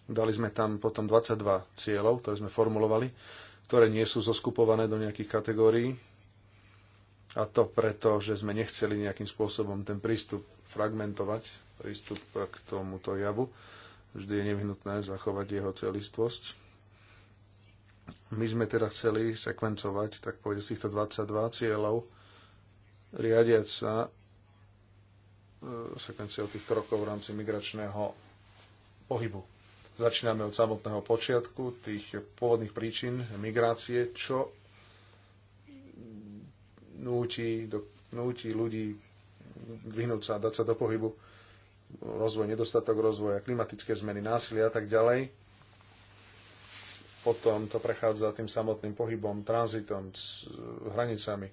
Speaker 4: Dali sme tam potom 22 cieľov, ktoré sme formulovali, ktoré nie sú zoskupované do nejakých kategórií. A to preto, že sme nechceli nejakým spôsobom ten prístup fragmentovať, prístup k tomuto javu. Vždy je nevyhnutné zachovať jeho celistvosť. My sme teda chceli sekvencovať, tak povedať, z týchto 22 cieľov, riadiať sa e, sekvenciou tých krokov v rámci migračného pohybu. Začíname od samotného počiatku tých pôvodných príčin migrácie, čo núti, do, núti ľudí vyhnúť sa, dať sa do pohybu, rozvoj, nedostatok rozvoja, klimatické zmeny, násilia a tak ďalej. Potom to prechádza tým samotným pohybom, tranzitom, hranicami,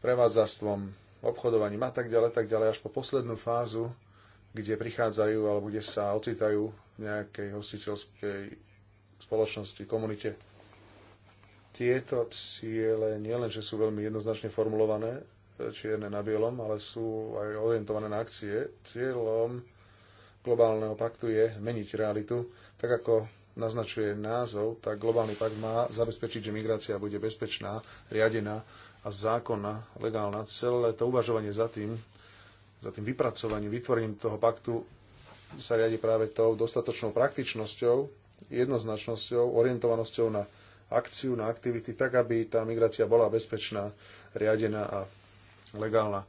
Speaker 4: prevádzastvom, obchodovaním a tak ďalej, tak ďalej, až po poslednú fázu kde prichádzajú alebo kde sa ocitajú v nejakej hostiteľskej spoločnosti, komunite. Tieto ciele len že sú veľmi jednoznačne formulované, e, čierne na bielom, ale sú aj orientované na akcie. Cieľom globálneho paktu je meniť realitu. Tak ako naznačuje názov, tak globálny pakt má zabezpečiť, že migrácia bude bezpečná, riadená a zákonná, legálna. Celé to uvažovanie za tým za tým vypracovaním, vytvorením toho paktu sa riadi práve tou dostatočnou praktičnosťou, jednoznačnosťou, orientovanosťou na akciu, na aktivity, tak aby tá migrácia bola bezpečná, riadená a legálna.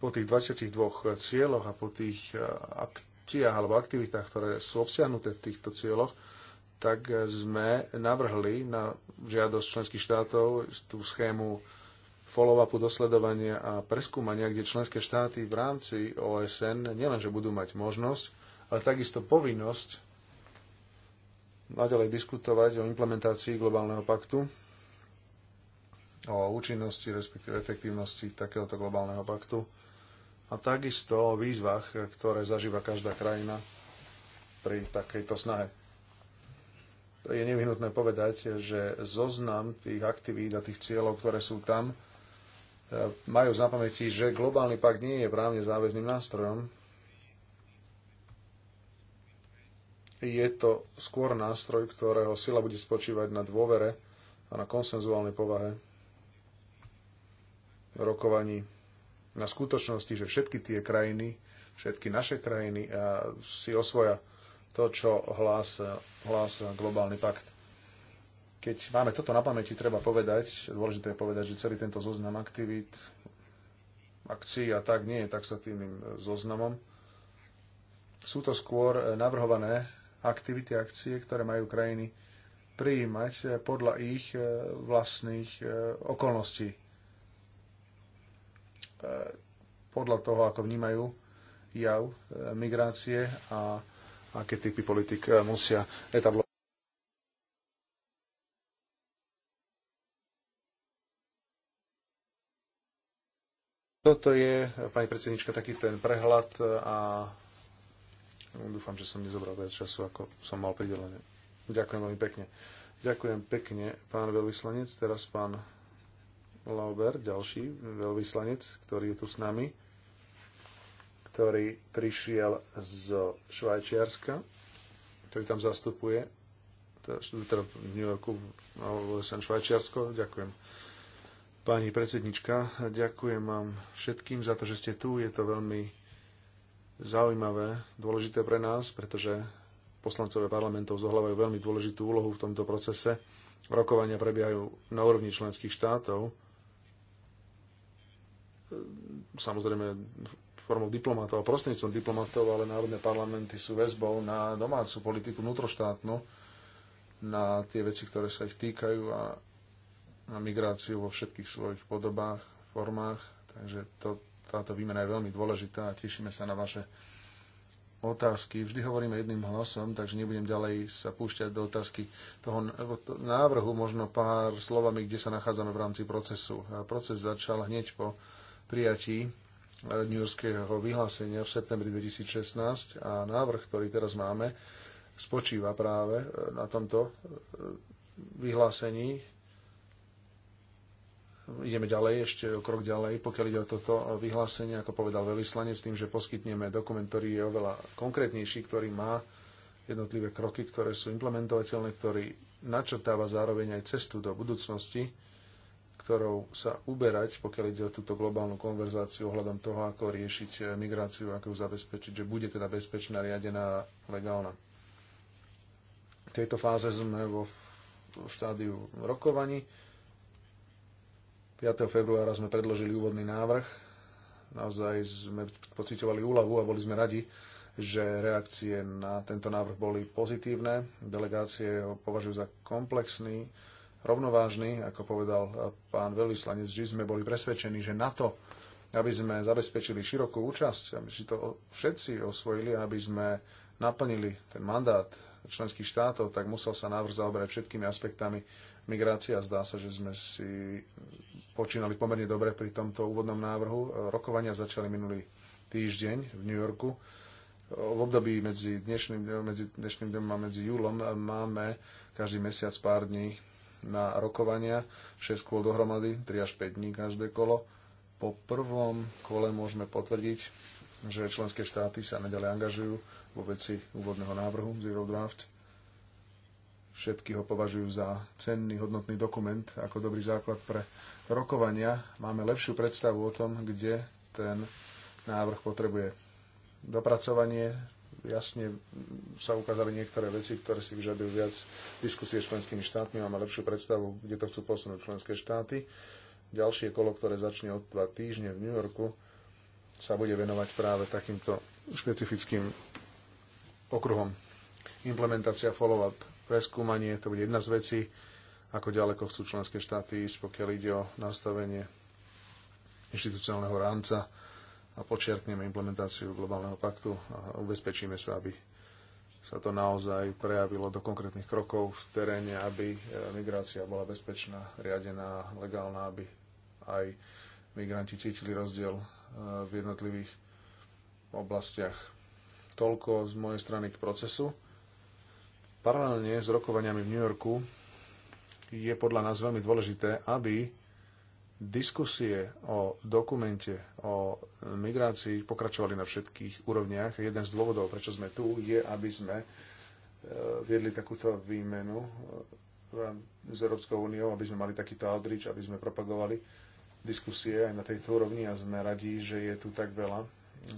Speaker 4: Po tých 22 cieľoch a po tých eh, akciách alebo aktivitách, ktoré sú obsiahnuté v týchto cieľoch, tak eh, sme navrhli na žiadosť členských štátov tú schému follow-upu dosledovania a preskúmania, kde členské štáty v rámci OSN nielenže budú mať možnosť, ale takisto povinnosť naďalej diskutovať o implementácii globálneho paktu, o účinnosti, respektíve efektívnosti takéhoto globálneho paktu a takisto o výzvach, ktoré zažíva každá krajina pri takejto snahe je nevyhnutné povedať, že zoznam tých aktivít a tých cieľov, ktoré sú tam, majú na pamäti, že globálny pakt nie je právne záväzným nástrojom. Je to skôr nástroj, ktorého sila bude spočívať na dôvere a na konsenzuálnej povahe rokovaní na skutočnosti, že všetky tie krajiny, všetky naše krajiny si osvoja to, čo hlás hlás globálny pakt. Keď máme toto na pamäti, treba povedať, dôležité je povedať, že celý tento zoznam aktivít, akcií a tak nie je taxatívnym e, zoznamom. Sú to skôr e, navrhované aktivity, akcie, ktoré majú krajiny prijímať e, podľa ich vlastných okolností. Podľa toho, ako vnímajú jav migrácie a aké typy politik musia etablovať. toto je, pani predsednička, taký ten prehľad a dúfam, že som nezobral viac času, ako som mal pridelené. Ďakujem veľmi pekne. Ďakujem pekne, pán veľvyslanec. Teraz pán Lauber, ďalší veľvyslanec, ktorý je tu s nami, ktorý prišiel zo Švajčiarska, ktorý tam zastupuje, teda v New Yorku, alebo Švajčiarsko. Ďakujem Pani predsednička, ďakujem vám všetkým za to, že ste tu. Je to veľmi zaujímavé, dôležité pre nás, pretože poslancové parlamentov zohľavajú veľmi dôležitú úlohu v tomto procese. Rokovania prebiehajú na úrovni členských štátov. Samozrejme formou diplomatov a prostredníctvom diplomatov, ale národné parlamenty sú väzbou na domácu politiku vnútroštátnu, na tie veci, ktoré sa ich týkajú a na migráciu vo všetkých svojich podobách, formách. Takže to, táto výmena je veľmi dôležitá a tešíme sa na vaše otázky. Vždy hovoríme jedným hlasom, takže nebudem ďalej sa púšťať do otázky toho návrhu, možno pár slovami, kde sa nachádzame v rámci procesu. Proces začal hneď po prijatí New Yorkského vyhlásenia v septembri 2016 a návrh, ktorý teraz máme, spočíva práve e, na tomto e, vyhlásení ideme ďalej, ešte krok ďalej, pokiaľ ide o toto vyhlásenie, ako povedal veľvyslanec, tým, že poskytneme dokument, ktorý je oveľa konkrétnejší, ktorý má jednotlivé kroky, ktoré sú implementovateľné, ktorý načrtáva zároveň aj cestu do budúcnosti, ktorou sa uberať, pokiaľ ide o túto globálnu konverzáciu ohľadom toho, ako riešiť migráciu, ako ju zabezpečiť, že bude teda bezpečná, riadená, legálna. V tejto fáze sme vo štádiu rokovaní 5. februára sme predložili úvodný návrh. Naozaj sme pocitovali úľavu a boli sme radi, že reakcie na tento návrh boli pozitívne. Delegácie ho považujú za komplexný, rovnovážny, ako povedal pán veľvyslanec, že sme boli presvedčení, že na to, aby sme zabezpečili širokú účasť, aby si to všetci osvojili, aby sme naplnili ten mandát členských štátov, tak musel sa návrh zaoberať všetkými aspektami Migrácia. zdá sa, že sme si počínali pomerne dobre pri tomto úvodnom návrhu. Rokovania začali minulý týždeň v New Yorku. V období medzi dnešným medzi dnešným dňom a medzi júlom máme každý mesiac pár dní na rokovania, 6 kôl dohromady, 3 až 5 dní každé kolo. Po prvom kole môžeme potvrdiť, že členské štáty sa nedalej angažujú vo veci úvodného návrhu Zero Draft Všetky ho považujú za cenný, hodnotný dokument ako dobrý základ pre rokovania. Máme lepšiu predstavu o tom, kde ten návrh potrebuje dopracovanie. Jasne sa ukázali niektoré veci, ktoré si vyžadujú viac diskusie s členskými štátmi. Máme lepšiu predstavu, kde to chcú posunúť členské štáty. Ďalšie kolo, ktoré začne od dva týždne v New Yorku, sa bude venovať práve takýmto špecifickým okruhom. Implementácia follow-up preskúmanie, to bude jedna z vecí, ako ďaleko chcú členské štáty ísť, pokiaľ ide o nastavenie inštitucionálneho rámca a počiarkneme implementáciu globálneho paktu a ubezpečíme sa, aby sa to naozaj prejavilo do konkrétnych krokov v teréne, aby e, migrácia bola bezpečná, riadená, legálna, aby aj migranti cítili rozdiel e, v jednotlivých oblastiach. Toľko z mojej strany k procesu. Paralelne s rokovaniami v New Yorku je podľa nás veľmi dôležité, aby diskusie o dokumente, o migrácii pokračovali na všetkých úrovniach. Jeden z dôvodov, prečo sme tu, je, aby sme e, viedli takúto výmenu e, s Európskou úniou, aby sme mali takýto outreach, aby sme propagovali diskusie aj na tejto úrovni a sme radi, že je tu tak veľa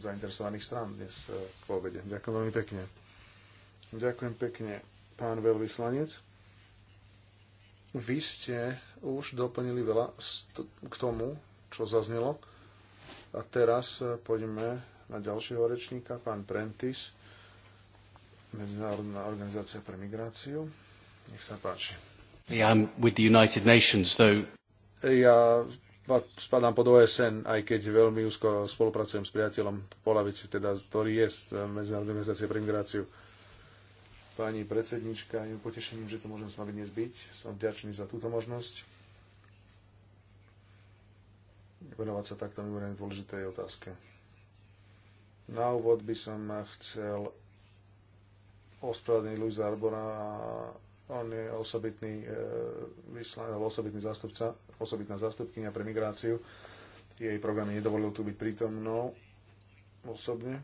Speaker 4: zainteresovaných strán dnes e, k obede. Ďakujem veľmi pekne. Ďakujem pekne pán veľvyslanec. Vy ste už doplnili veľa k tomu, čo zaznelo. A teraz eh, poďme na ďalšieho rečníka, pán Prentis, Medzinárodná organizácia pre migráciu. Nech sa páči. Yeah,
Speaker 3: I'm with the United Nations, though...
Speaker 4: Ja spadám pod OSN, aj keď veľmi úzko spolupracujem s priateľom Polavici, teda, ktorý je z eh, Medzinárodnej pre migráciu pani predsednička. Je potešením, že tu môžem s vami dnes byť. Som vďačný za túto možnosť venovať sa takto mimoriadne dôležitej otázke. Na úvod by som chcel ospravedlniť Luisa Arbora on je osobitný, e, vyslan, alebo osobitný zástupca, osobitná zástupkynia pre migráciu. Jej program nedovolil tu byť prítomnou osobne.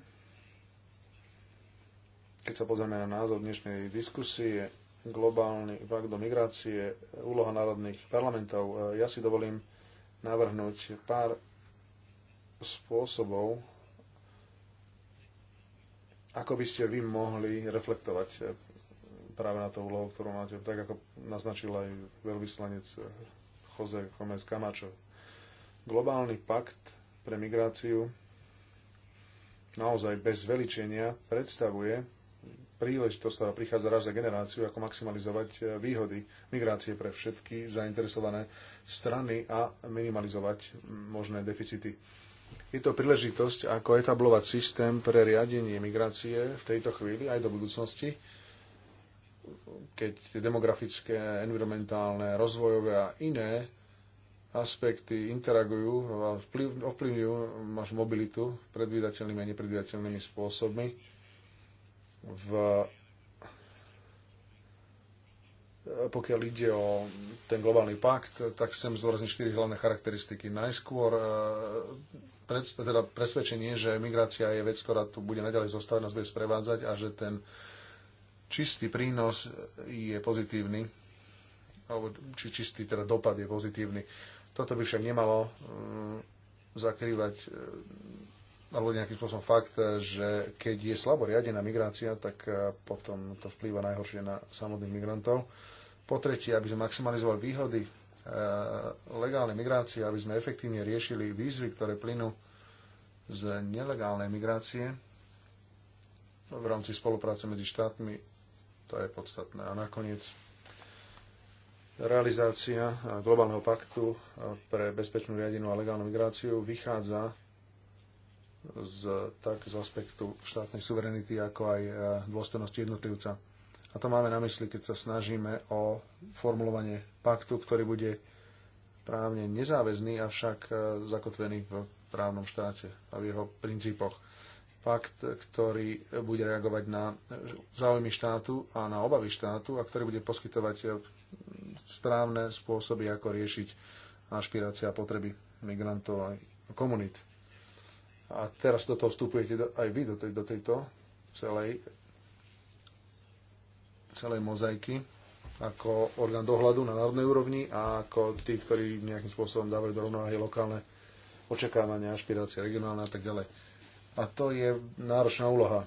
Speaker 4: Keď sa pozrieme na názov dnešnej diskusie, globálny pakt do migrácie, úloha národných parlamentov, e, ja si dovolím navrhnúť pár spôsobov, ako by ste vy mohli reflektovať e, práve na tú úlohu, ktorú máte, tak ako naznačil aj veľvyslanec e, Jose Gomez Camacho. Globálny pakt pre migráciu naozaj bez veličenia predstavuje príležitosť, ktorá prichádza raz za generáciu, ako maximalizovať e, výhody migrácie pre všetky zainteresované strany a minimalizovať možné deficity. Je to príležitosť, ako etablovať systém pre riadenie migrácie v tejto chvíli aj do budúcnosti, keď demografické, environmentálne, rozvojové a iné aspekty interagujú a ovplyvňujú našu mobilitu predvídateľnými a nepredvídateľnými spôsobmi v pokiaľ ide o ten globálny pakt, tak chcem zdôrazniť štyri hlavné charakteristiky. Najskôr e, teda presvedčenie, že migrácia je vec, ktorá tu bude naďalej zostávať, nás bude sprevádzať a že ten čistý prínos je pozitívny, alebo či čistý teda dopad je pozitívny. Toto by však nemalo mm, zakrývať e, alebo nejakým spôsobom fakt, že keď je slabo riadená migrácia, tak eh, potom to vplýva najhoršie na samotných migrantov. Po tretie, aby sme maximalizovali výhody eh, legálnej migrácie, aby sme efektívne riešili výzvy, ktoré plynú z nelegálnej migrácie v rámci spolupráce medzi štátmi, to je podstatné. A nakoniec realizácia globálneho paktu eh, pre bezpečnú riadinu a legálnu migráciu vychádza z, tak z aspektu štátnej suverenity, ako aj e, dôstojnosti jednotlivca. A to máme na mysli, keď sa snažíme o formulovanie paktu, ktorý bude právne nezáväzný, avšak e, zakotvený v právnom štáte a v jeho princípoch. Pakt, ktorý bude reagovať na záujmy štátu a na obavy štátu a ktorý bude poskytovať e, správne spôsoby, ako riešiť aspirácia a potreby migrantov a komunít. A teraz do toho vstupujete aj vy, do, tej, do tejto celej, celej mozaiky ako orgán dohľadu na národnej úrovni a ako tí, ktorí nejakým spôsobom dávajú do rovnováhy lokálne očakávania, aspirácie regionálne a tak ďalej. A to je náročná úloha.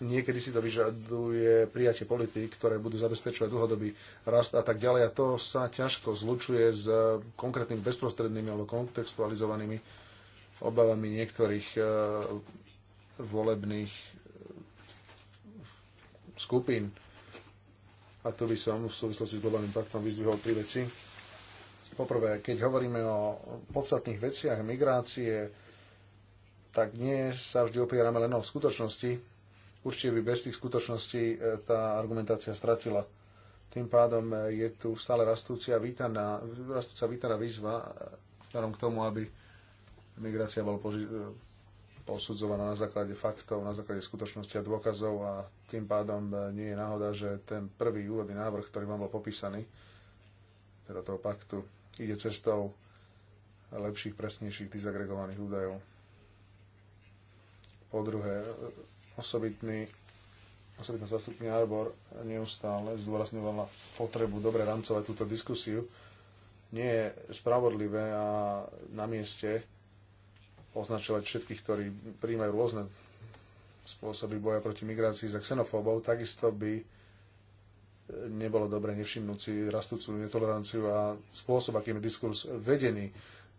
Speaker 4: Niekedy si to vyžaduje prijatie politik, ktoré budú zabezpečovať dlhodobý rast a tak ďalej. A to sa ťažko zlučuje s konkrétnymi bezprostrednými alebo kontextualizovanými obavami niektorých e, volebných e, skupín. A tu by som v súvislosti s globálnym paktom vyzdvihol tri veci. Poprvé, keď hovoríme o podstatných veciach migrácie, tak nie sa vždy opierame len o skutočnosti. Určite by bez tých skutočností e, tá argumentácia stratila. Tým pádom je tu stále rastúcia vítaná, rastúca vítaná výzva k tomu, aby migrácia bola posudzovaná na základe faktov, na základe skutočnosti a dôkazov a tým pádom e, nie je náhoda, že ten prvý úvodný návrh, ktorý vám bol popísaný, teda toho paktu, ide cestou lepších, presnejších, dizagregovaných údajov. Po druhé, e, osobitný, osobitná zastupný Arbor neustále zdôrazňovala potrebu dobre rámcovať túto diskusiu. Nie je spravodlivé a na mieste, označovať všetkých, ktorí príjmajú rôzne spôsoby boja proti migrácii za xenofóbov, takisto by nebolo dobre nevšimnúť si rastúcu netoleranciu a spôsob, akým je diskurs vedený,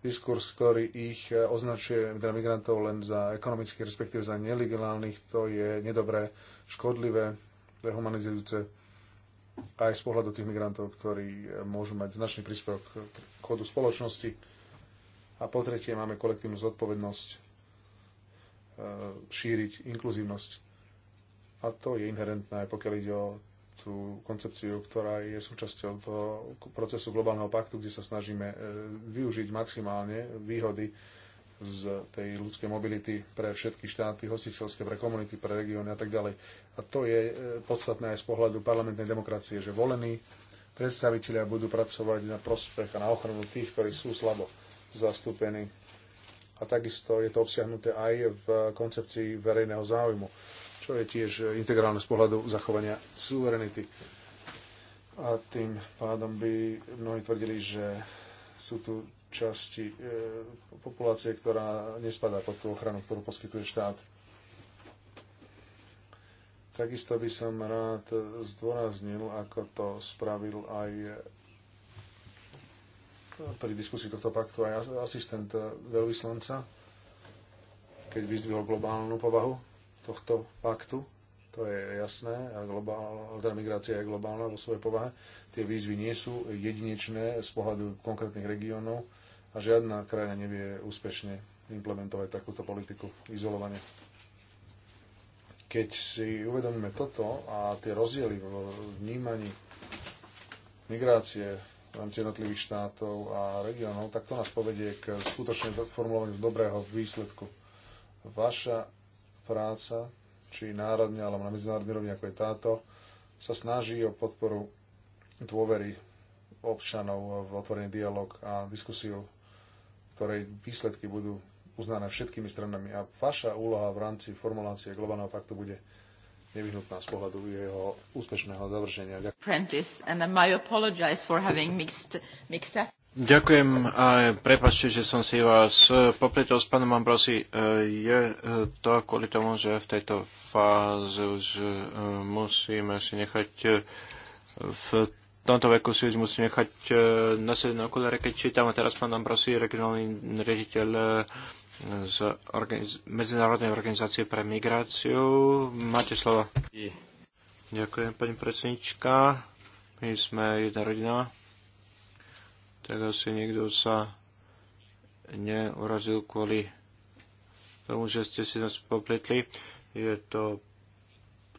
Speaker 4: diskurs, ktorý ich označuje, teda migrantov, len za ekonomicky, respektíve za nelegálnych, to je nedobré, škodlivé, dehumanizujúce aj z pohľadu tých migrantov, ktorí môžu mať značný príspevok k chodu spoločnosti a po tretie máme kolektívnu zodpovednosť e, šíriť inkluzívnosť. A to je inherentné, pokiaľ ide o tú koncepciu, ktorá je súčasťou toho procesu globálneho paktu, kde sa snažíme e, využiť maximálne výhody z tej ľudskej mobility pre všetky štáty, hostiteľské, pre komunity, pre regióny a tak ďalej. A to je e, podstatné aj z pohľadu parlamentnej demokracie, že volení predstavitelia budú pracovať na prospech a na ochranu tých, ktorí sú slabo zastúpení. A takisto je to obsiahnuté aj v koncepcii verejného záujmu, čo je tiež integrálne z pohľadu zachovania suverenity. A tým pádom by mnohí tvrdili, že sú tu časti e, populácie, ktorá nespadá pod tú ochranu, ktorú poskytuje štát. Takisto by som rád zdôraznil, ako to spravil aj pri diskusii tohto paktu aj asistent eh, veľvyslanca, keď vyzdvihol globálnu povahu tohto paktu, to je jasné, a globál, teda migrácia je globálna vo svojej povahe. Tie výzvy nie sú jedinečné z pohľadu konkrétnych regiónov a žiadna krajina nevie úspešne implementovať takúto politiku izolovania. Keď si uvedomíme toto a tie rozdiely v vnímaní migrácie v rámci jednotlivých štátov a regionov, tak to nás povedie k skutočne formulovaniu dobrého výsledku. Vaša práca, či národne alebo na medzinárodnej rovni ako je táto, sa snaží o podporu dôvery občanov v otvorený dialog a diskusiu, ktorej výsledky budú uznané všetkými stranami. A vaša úloha v rámci formulácie globálneho faktu bude nevyhnutná z pohľadu jeho úspešného završenia.
Speaker 2: Ďakujem.
Speaker 1: Ďakujem a prepačte, že som si vás e, popletol s pánom Ambrosi. E, je e, to kvôli tomu, že v tejto fáze už musíme si nechať v tomto veku si už musím nechať na na okolo keď čítame a teraz pán Ambrosi, regionálny riaditeľ z organiz- Medzinárodnej organizácie pre migráciu. Máte slovo. Ďakujem, pani predsednička. My sme jedna rodina. Tak asi niekto sa neurazil kvôli tomu, že ste si nás popletli. Je to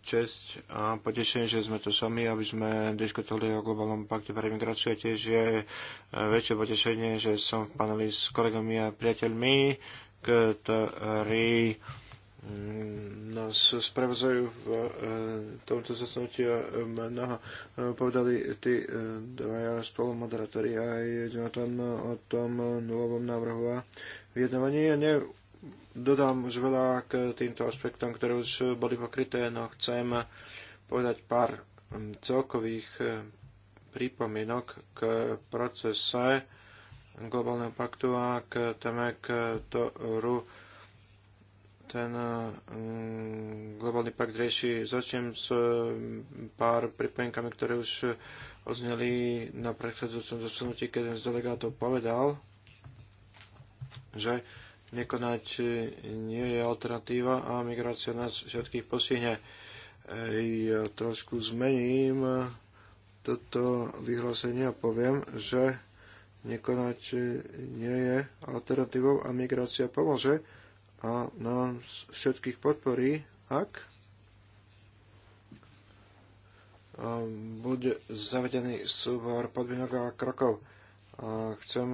Speaker 1: čest a potešenie, že sme tu sami, aby sme diskutovali o globálnom pakte pre migráciu. A tiež je e, väčšie potešenie, že som v paneli s kolegami a priateľmi, ktorí mm, nás sprevozujú v e, tomto zasnutí a mnoho e, povedali tí dvaja spolumoderátori aj Jonathan o tom nulovom návrhu a vyjednávaní. Ja ne, dodám už veľa k týmto aspektom, ktoré už boli pokryté, no chcem povedať pár mm, celkových e, pripomienok k procese globálneho paktu a k téme, ktorú ten e, mm, globálny pakt rieši. Začnem s e, pár pripomienkami, ktoré už ozneli na predchádzajúcom zasunutí, keď jeden z delegátov povedal, že Nekonať e, nie je alternatíva a migrácia nás všetkých postihne. E, ja trošku zmením toto vyhlásenie a poviem, že nekonať e, nie je alternatívou a migrácia pomôže a nám všetkých podporí, ak bude zavedený súbor podmienok a krokov. A chcem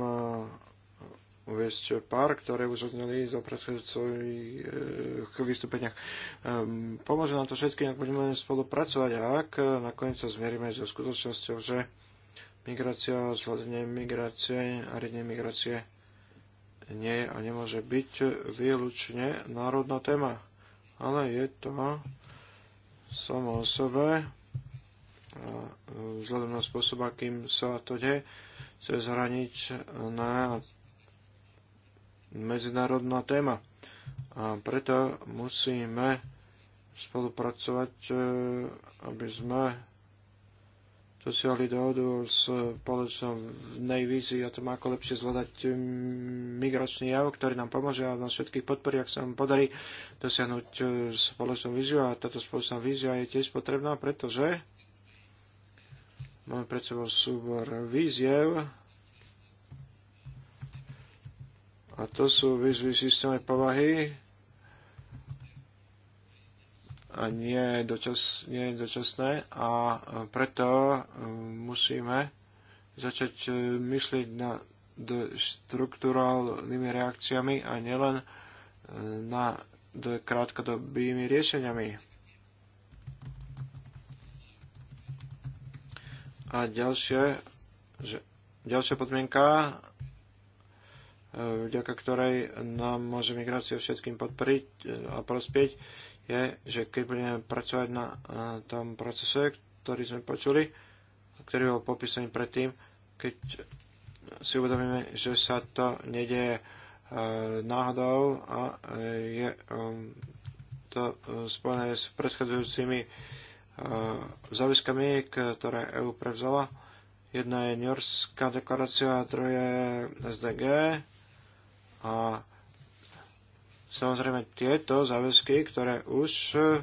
Speaker 1: uviesť pár, ktoré už odzneli za predchádzajúcich vystúpeniach. Ehm, pomôže nám to všetkým, ak budeme spolupracovať a ak nakoniec sa zmierime so skutočnosťou, že migrácia, zvládanie migrácie a riadenie migrácie nie a nemôže byť výlučne národná téma. Ale je to samo o sebe, a vzhľadom na spôsob, akým sa to deje, cez na medzinárodná téma. A preto musíme spolupracovať, e, aby sme dosiahli dohodu o spoločnej a o tom, ako lepšie zvládať migračný jav, ktorý nám pomôže a nás všetkých podporí, ak sa nám podarí dosiahnuť e, spoločnú víziu. A táto spoločná vízia je tiež potrebná, pretože máme pred sebou súbor víziev, A to sú výzvy systémnej povahy a nie, dočas, nie dočasné a preto um, musíme začať uh, myslieť na štruktúralnými reakciami a nielen uh, na krátkodobými riešeniami. A ďalšie, že, ďalšia podmienka vďaka ktorej nám môže migrácia všetkým podporiť eh, a prospieť, je, že keď budeme pracovať na tom procese, ktorý sme počuli, ktorý bol popísaný predtým, keď si uvedomíme, že sa to nedeje eh, náhodou a eh, je um, to spojené s predchádzajúcimi záviskami, ktoré EU prevzala. Jedna je New Yorkská deklarácia, druhá je SDG, a samozrejme tieto záväzky, ktoré už eh,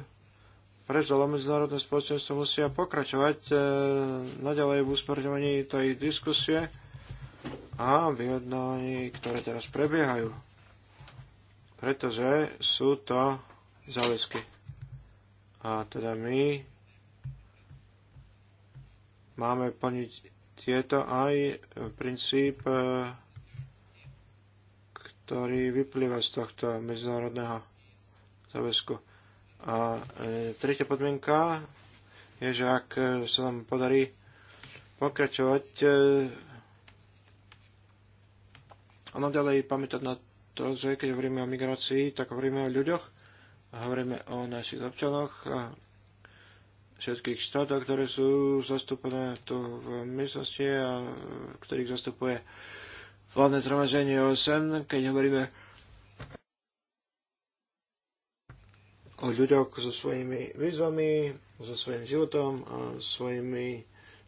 Speaker 1: prevzalo medzinárodné spoločenstvo, musia pokračovať eh, naďalej v usmerňovaní tej diskusie a vyjednávaní, ktoré teraz prebiehajú. Pretože sú to záväzky. A teda my máme plniť tieto aj princíp eh, ktorý vyplýva z tohto medzinárodného záväzku. A e, tretia podmienka je, že ak sa nám podarí pokračovať e, a naďalej pamätať na to, že keď hovoríme o migrácii, tak hovoríme o ľuďoch, hovoríme o našich občanoch a všetkých štátoch, ktoré sú zastúpené tu v miestnosti a ktorých zastupuje vládne zhromaženie OSN, keď hovoríme o ľuďoch so svojimi výzvami, so svojím životom a svojimi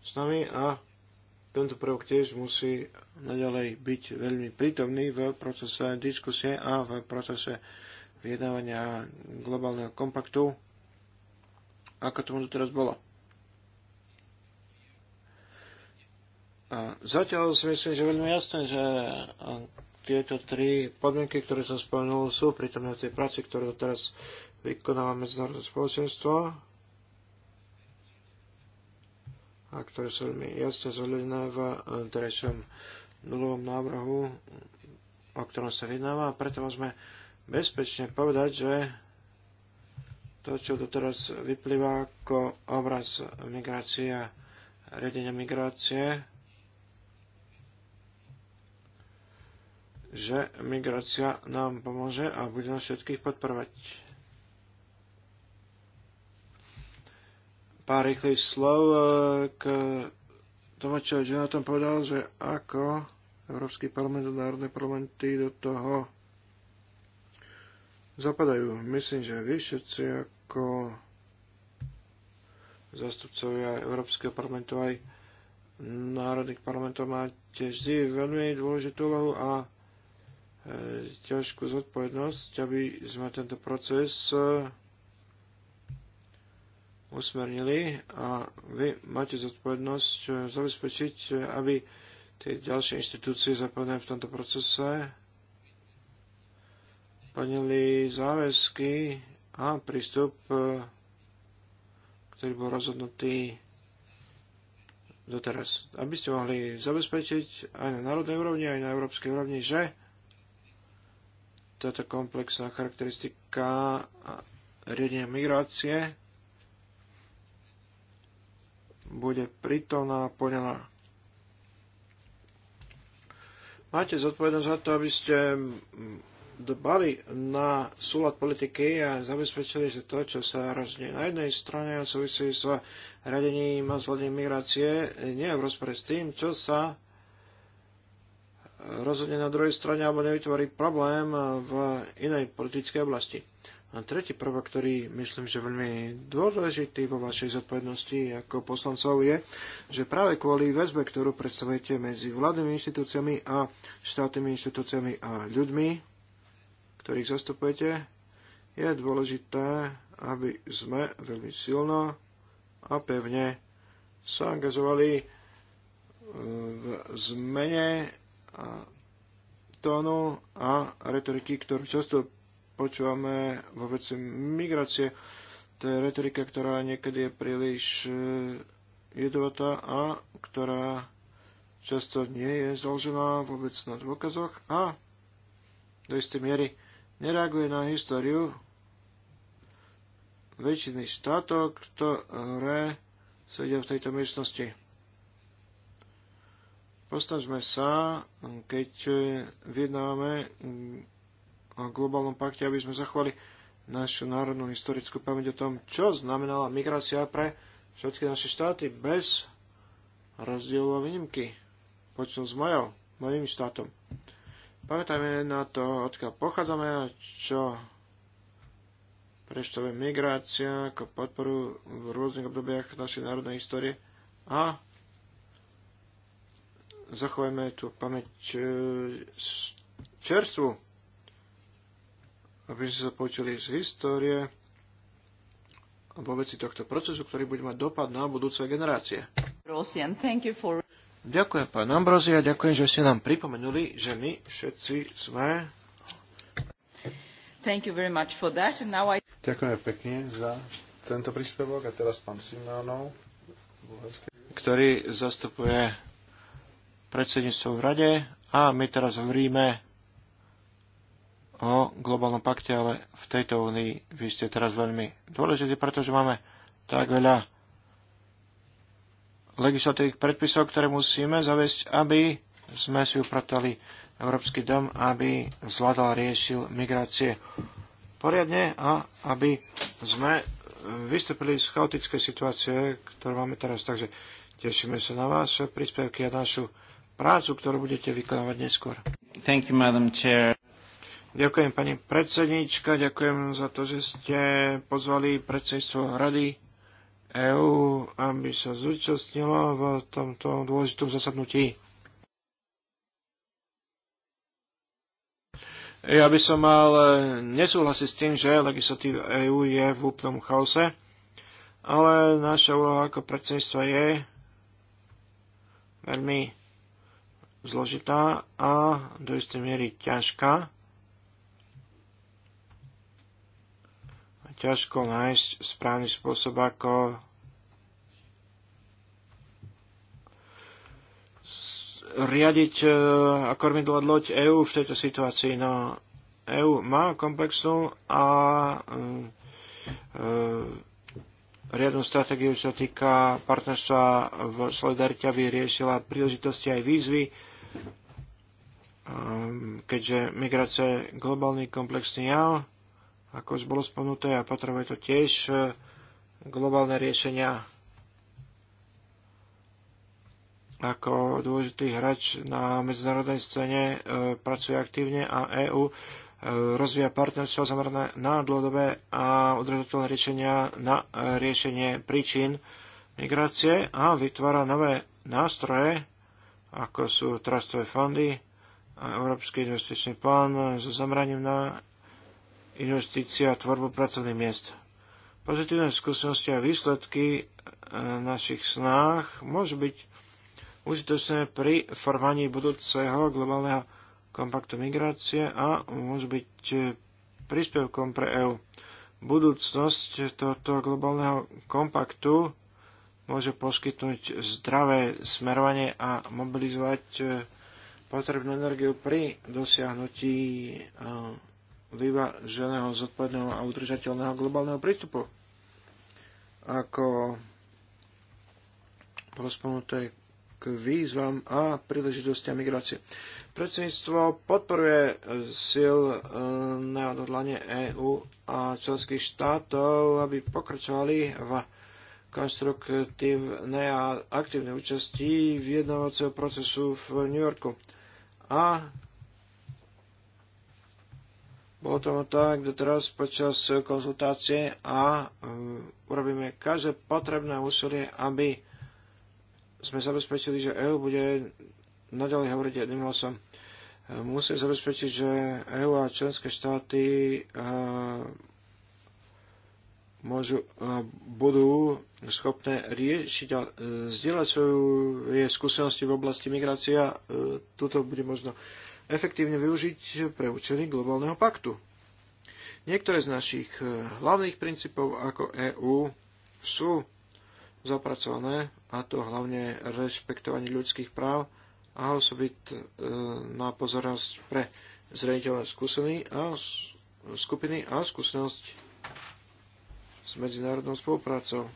Speaker 1: snami a tento prvok tiež musí naďalej byť veľmi prítomný v procese diskusie a v procese vyjednávania globálneho kompaktu, ako tomu teraz bolo. Zatiaľ si myslím, že veľmi jasné, že tieto tri podmienky, ktoré som spomenul, sú prítomné v tej práci, ktorú teraz vykonáva medzinárodné spoločenstvo a ktoré sú veľmi jasne zvolené v e, terajšom nulovom návrhu, o ktorom sa vyjednáva a preto môžeme bezpečne povedať, že to, čo doteraz vyplýva ako obraz migrácie a riadenia migrácie, že migrácia nám pomôže a bude nás všetkých podporovať. Pár rýchlych slov e, k tomu, čo Jonathan povedal, že ako Európsky parlament a národné parlamenty do toho zapadajú. Myslím, že vy všetci ako zastupcovia Európskeho parlamentu aj národných parlamentov máte vždy veľmi dôležitú úlohu a ťažkú zodpovednosť, aby sme tento proces e, usmernili a vy máte zodpovednosť e, zabezpečiť, e, aby tie ďalšie inštitúcie zapojené v tomto procese plnili záväzky a prístup, ktorý bol rozhodnutý doteraz. Aby ste mohli zabezpečiť aj na národnej úrovni, aj na európskej úrovni, že táto komplexná charakteristika riadenia migrácie bude prítomná a poňaná. Máte zodpovednosť za to, aby ste dbali na súlad politiky a zabezpečili, že to, čo sa rozdeje na jednej strane a súvisí sa radením a zvládaním migrácie, nie je v rozpore s tým, čo sa rozhodne na druhej strane alebo nevytvorí problém v inej politickej oblasti. A tretí prvok, ktorý myslím, že veľmi dôležitý vo vašej zodpovednosti ako poslancov je, že práve kvôli väzbe, ktorú predstavujete medzi vládnymi inštitúciami a štátnymi inštitúciami a ľuďmi, ktorých zastupujete, je dôležité, aby sme veľmi silno a pevne sa angažovali v zmene tónu a retoriky, ktorú často počúvame vo veci migrácie. To je retorika, ktorá niekedy je príliš e, jedovatá a ktorá často nie je založená vôbec na dôkazoch a do istej miery nereaguje na históriu väčšiny štátov, ktoré sedia v tejto miestnosti. Postažme sa, keď e, vyjednávame mm, o globálnom pakte, aby sme zachovali našu národnú historickú pamäť o tom, čo znamenala migrácia pre všetky naše štáty bez rozdielu a výnimky. Počnú s mojou, mojim štátom. Pamätajme na to, odkiaľ pochádzame a čo predstavuje migrácia ako podporu v rôznych obdobiach našej národnej histórie a zachovajme tú pamäť e, čerstvu, aby sme sa poučili z histórie a vo veci tohto procesu, ktorý bude mať dopad na budúce generácie. Ďakujem, pán Ambrozia, ďakujem, že ste nám pripomenuli, že my všetci sme...
Speaker 2: Thank you very much for that. And now I...
Speaker 4: Ďakujem pekne za tento príspevok a teraz pán Simonov,
Speaker 1: ktorý zastupuje Predsedníctvo v rade a my teraz hovoríme o globálnom pakte, ale v tejto únii vy ste teraz veľmi dôležití, pretože máme tak veľa legislatívnych predpisov, ktoré musíme zaviesť, aby sme si upratali Európsky dom, aby zvládal riešil migrácie poriadne a aby sme vystúpili z chaotickej situácie, ktorú máme teraz. Takže tešíme sa na vaše príspevky a našu prácu, ktorú budete vykonávať neskôr. Thank you, Madam Chair. Ďakujem pani predsednička, ďakujem za to, že ste pozvali predsedstvo Rady EÚ, aby sa zúčastnilo v tomto dôležitom zasadnutí. Ja by som mal nesúhlasiť s tým, že legislatíva EÚ je v úplnom chaose, ale naša úloha ako predsedníctva je veľmi zložitá a do istej miery ťažká. Ťažko nájsť správny spôsob, ako riadiť e, a kormidlať loď EÚ v tejto situácii. No, EÚ má komplexnú a e, e, riadnu stratégiu, čo sa týka partnerstva v Solidarite, aby riešila príležitosti aj výzvy, Ehm, keďže migrácia je globálny komplexný jav, ako už bolo spomenuté, a potrebuje to tiež e, globálne riešenia ako dôležitý hráč na medzinárodnej scéne e, pracuje aktívne a EÚ e, rozvíja partnerstvo zamerané na dlhodobé a udržateľné riešenia na riešenie príčin migrácie a vytvára nové nástroje ako sú trustové fondy a Európsky investičný plán so zamraním na investície a tvorbu pracovných miest. Pozitívne skúsenosti a výsledky e, našich snách môžu byť užitočné pri formovaní budúceho globálneho kompaktu migrácie a môžu byť e, príspevkom pre EÚ. Budúcnosť tohto globálneho kompaktu môže poskytnúť zdravé smerovanie a mobilizovať e, potrebnú energiu pri dosiahnutí e, vyváženého, zodpovedného a udržateľného globálneho prístupu. Ako prospomnuté k výzvam a príležitostiam migrácie. Predsedníctvo podporuje sil na odhodlanie EÚ a členských štátov, aby pokračovali v konstruktívnej a aktívnej účasti vyjednávacieho procesu v New Yorku. A bolo tomu tak teraz počas konzultácie a e, urobíme každé potrebné úsilie, aby sme zabezpečili, že EU bude naďalej hovoriť jedným hlasom. E, musí zabezpečiť, že EU a členské štáty e, môžu, budú schopné riešiť a e, zdieľať svoje skúsenosti v oblasti migrácie a e, toto bude možno efektívne využiť pre účely globálneho paktu. Niektoré z našich e, hlavných princípov ako EÚ sú zapracované, a to hlavne rešpektovanie ľudských práv a osobitná pozornosť pre zreniteľné skúsení a skupiny a skúsenosť s medzinárodnou spoluprácou.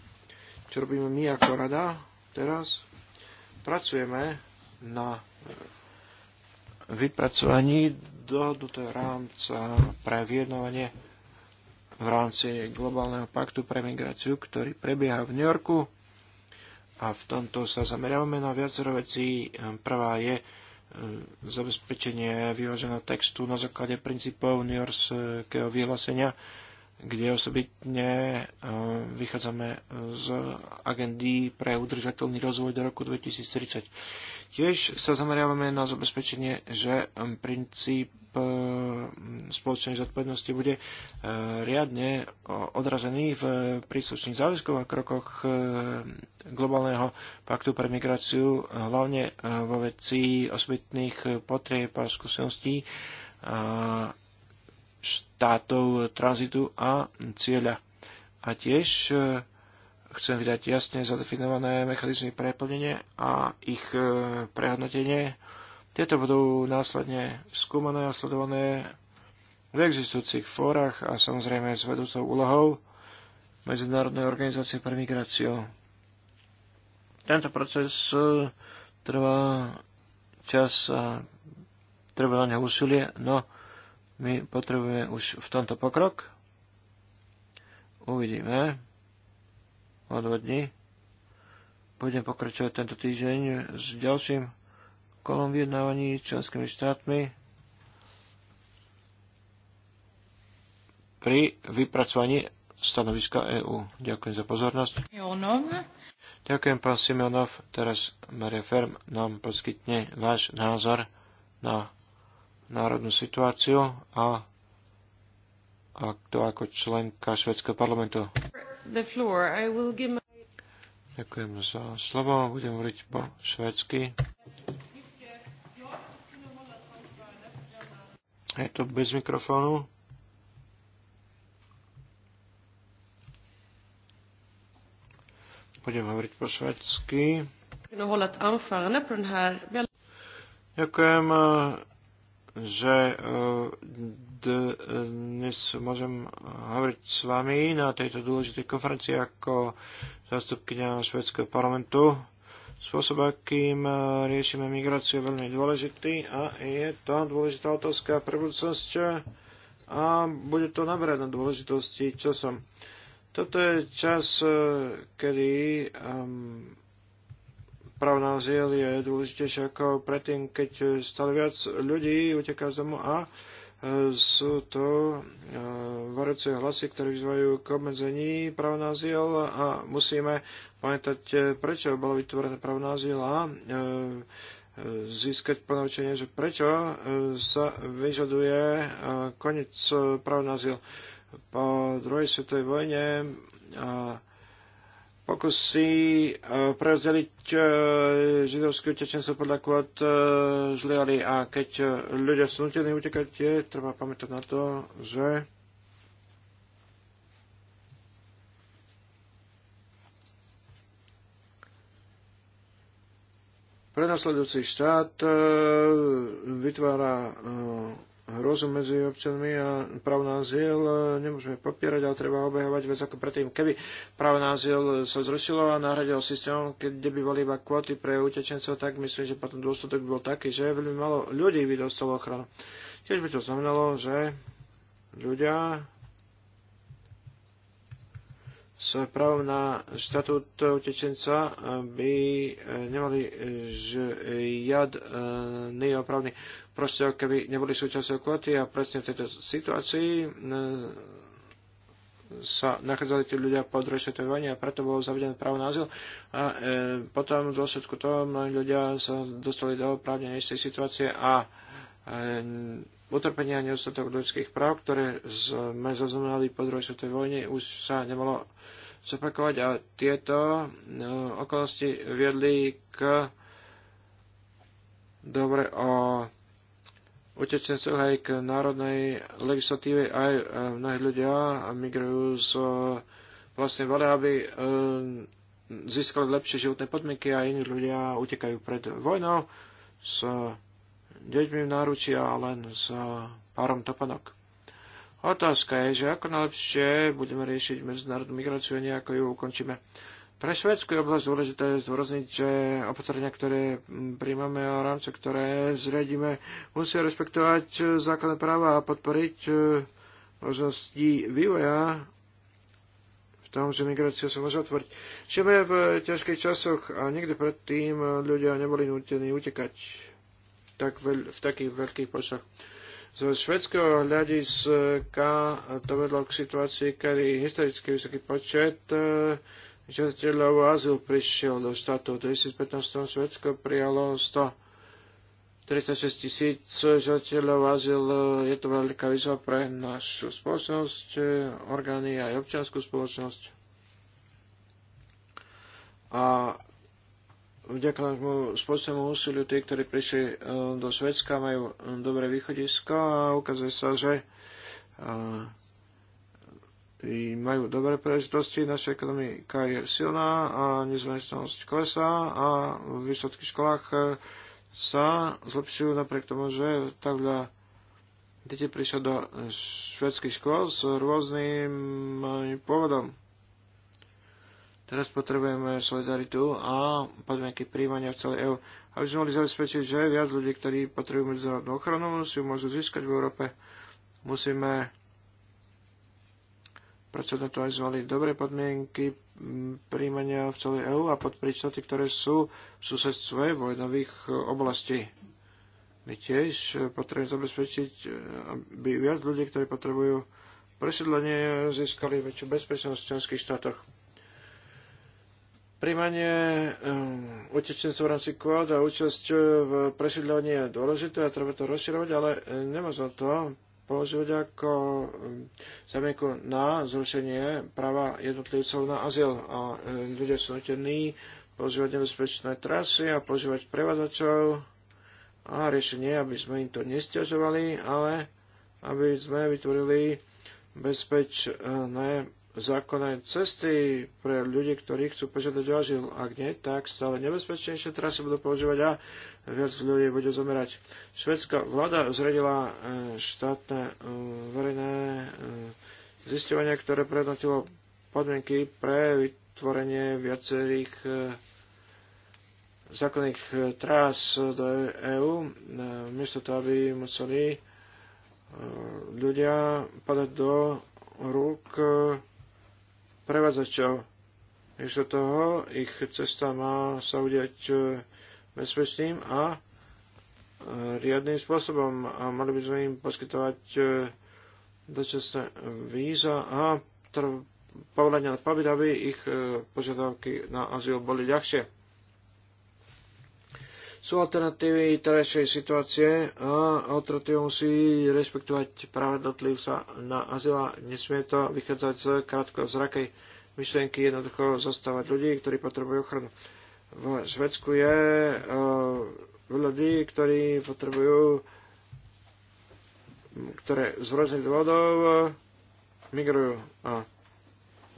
Speaker 1: Čo robíme my ako rada teraz? Pracujeme na e, vypracovaní dohodnutého rámca pre vyjednávanie v rámci globálneho paktu pre migráciu, ktorý prebieha v New Yorku. A v tomto sa zameriavame na viacero vecí. Prvá je e, zabezpečenie vyváženého textu na základe princípov New Yorkského vyhlásenia kde osobitne e, vychádzame z agendy pre udržateľný rozvoj do roku 2030. Tiež sa zameriavame na zabezpečenie, že princíp e, spoločnej zodpovednosti bude e, riadne odrazený v príslušných záväzkoch a krokoch globálneho paktu pre migráciu, hlavne vo veci osobitných potrieb a skúseností a štátov tranzitu a cieľa. A tiež e, chcem vydať jasne zadefinované mechanizmy preplnenie a ich e, prehodnotenie. Tieto budú následne skúmané a sledované v existujúcich fórach a samozrejme s vedúcou úlohou Medzinárodnej organizácie pre migráciu. Tento proces e, trvá čas a treba na neho úsilie, no my potrebujeme už v tomto pokrok. Uvidíme o dva dní. Budem pokračovať tento týždeň s ďalším kolom vyjednávaní členskými štátmi pri vypracovaní stanoviska EÚ. Ďakujem za pozornosť. Simeonov. Ďakujem, pán Simeonov. Teraz Maria Ferm nám poskytne váš názor na národnú situáciu a, a to ako členka švedského parlamentu. Ďakujem za slovo, budem hovoriť po švedsky. Je to bez mikrofónu. Budem hovoriť po švedsky. Ďakujem že eh, dnes môžem hovoriť s vami na tejto dôležitej konferencii ako zastupkynia švedského parlamentu. Spôsob, akým eh, riešime migráciu, je veľmi dôležitý a je to dôležitá otázka pre budúcnosť a bude to naberať na dôležitosti časom. Toto je čas, eh, kedy um, právo na azyl je dôležitejšie ako predtým, keď e, stále viac ľudí uteká z domu a e, sú to e, varujúce hlasy, ktoré vyzvajú k obmedzení práva na azyl a musíme pamätať, prečo bolo vytvorené právo na azyl a získať ponaučenie, že prečo sa vyžaduje koniec práva na azyl. Po druhej svetovej vojne a pokusy e, prerozdeliť e, židovské utečenstvo podľa kvót e, zliali a keď ľudia sú nutení utekať, je treba pamätať na to, že prenasledujúci štát vytvára hrozu medzi občanmi a právo na azyl e, nemôžeme popierať, ale treba obehovať vec ako predtým. Keby právo na azyl sa zrušilo a nahradilo systémom, kde by boli iba kvóty pre utečencov, tak myslím, že potom dôsledok by bol taký, že veľmi malo ľudí by dostalo ochranu. Tiež by to znamenalo, že ľudia s právom na štatút utečenca by e, nemali e, žiadny e, opravný Prostor keby neboli súčasťou kvoty a presne v tejto situácii sa nachádzali tí ľudia po druhej svetovej vojne a preto bolo zavedené právo na azyl. A e, potom v dôsledku toho mnohí ľudia sa dostali do právne neistej situácie a e, utrpenie a nedostatok ľudských práv, ktoré sme zaznamenali po druhej svetovej vojne, už sa nemalo zopakovať a tieto no, okolnosti viedli k dobre o utečencoch aj k národnej legislatíve aj e, mnohí ľudia migrujú z vlastne vole, aby e, získali lepšie životné podmienky a iní ľudia utekajú pred vojnou z deťmi v náručí a len s eh, párom topanok. Otázka je, že ako najlepšie budeme riešiť medzinárodnú migráciu a nejako ju ukončíme. Pre Švedskú oblasť dôležité zdôrazniť, že opatrenia, ktoré mm, príjmame a rámce, ktoré zriadíme, musia rešpektovať eh, základné práva a podporiť eh, možnosti vývoja v tom, že migrácia sa môže otvoriť. Žijeme v ťažkých časoch a nikdy predtým ľudia neboli nutení utekať tak veľ, v takých veľkých počtoch. Z švedského hľadiska to vedlo k situácii, kedy historicky vysoký počet e, žiadateľov o azyl prišiel do štátu. V 2015 Švedsko prijalo 136 tisíc žiadateľov o azyl. Je to veľká výzva pre našu spoločnosť, e, orgány aj občianskú spoločnosť. A vďaka nášmu spoločnému úsiliu tí, ktorí prišli eh, do Švedska, majú eh, dobré východisko a ukazuje sa, že eh, majú dobré príležitosti, naša ekonomika je silná a nezamestnanosť klesá a v vysokých školách sa zlepšujú napriek tomu, že takhle deti prišlo do švedských škôl s rôznym pôvodom. Teraz potrebujeme solidaritu a podmienky príjmania v celej EÚ. Aby sme mohli zabezpečiť, že viac ľudí, ktorí potrebujú medzinárodnú ochranu, si ju môžu získať v Európe, musíme pracovať na to, aby sme mali dobré podmienky príjmania v celej EÚ a podporiť štáty, ktoré sú v susedstve vojnových e, oblastí. My tiež e, potrebujeme zabezpečiť, e, aby viac ľudí, ktorí potrebujú presídlenie, získali väčšiu bezpečnosť v členských štátoch Príjmanie um, utečencov v rámci kvót a účasť v presídľovaní je dôležité a treba to rozširovať, ale eh, nemôžem to používať ako um, zamienku na zrušenie práva jednotlivcov na azyl. A eh, ľudia sú nutení používať nebezpečné trasy a používať prevádzačov a riešenie, aby sme im to nestiažovali, ale aby sme vytvorili bezpečné zákonné cesty pre ľudí, ktorí chcú požiadať o azyl. Ak nie, tak stále nebezpečnejšie trasy budú používať a viac ľudí bude zomerať. Švedská vláda zredila e, štátne e, verejné e, zistovania, ktoré prednotilo podmienky pre vytvorenie viacerých zákonných trás do EÚ, miesto toho, aby museli ľudia padať do rúk prevádzačov. Miesto toho ich cesta má sa udiať e, bezpečným a e, riadným spôsobom a mali by sme im poskytovať e, dočasné víza a povolenia na pobyt, aby ich požiadavky na azyl boli ľahšie sú alternatívy terajšej situácie a alternatívy musí rešpektovať práve dotlivca na azyla. Nesmie to vychádzať z krátkozrakej myšlienky, jednoducho zastávať ľudí, ktorí potrebujú ochranu. V Švedsku je uh, ľudí, ktorí potrebujú ktoré z rôznych dôvodov eh, migrujú. A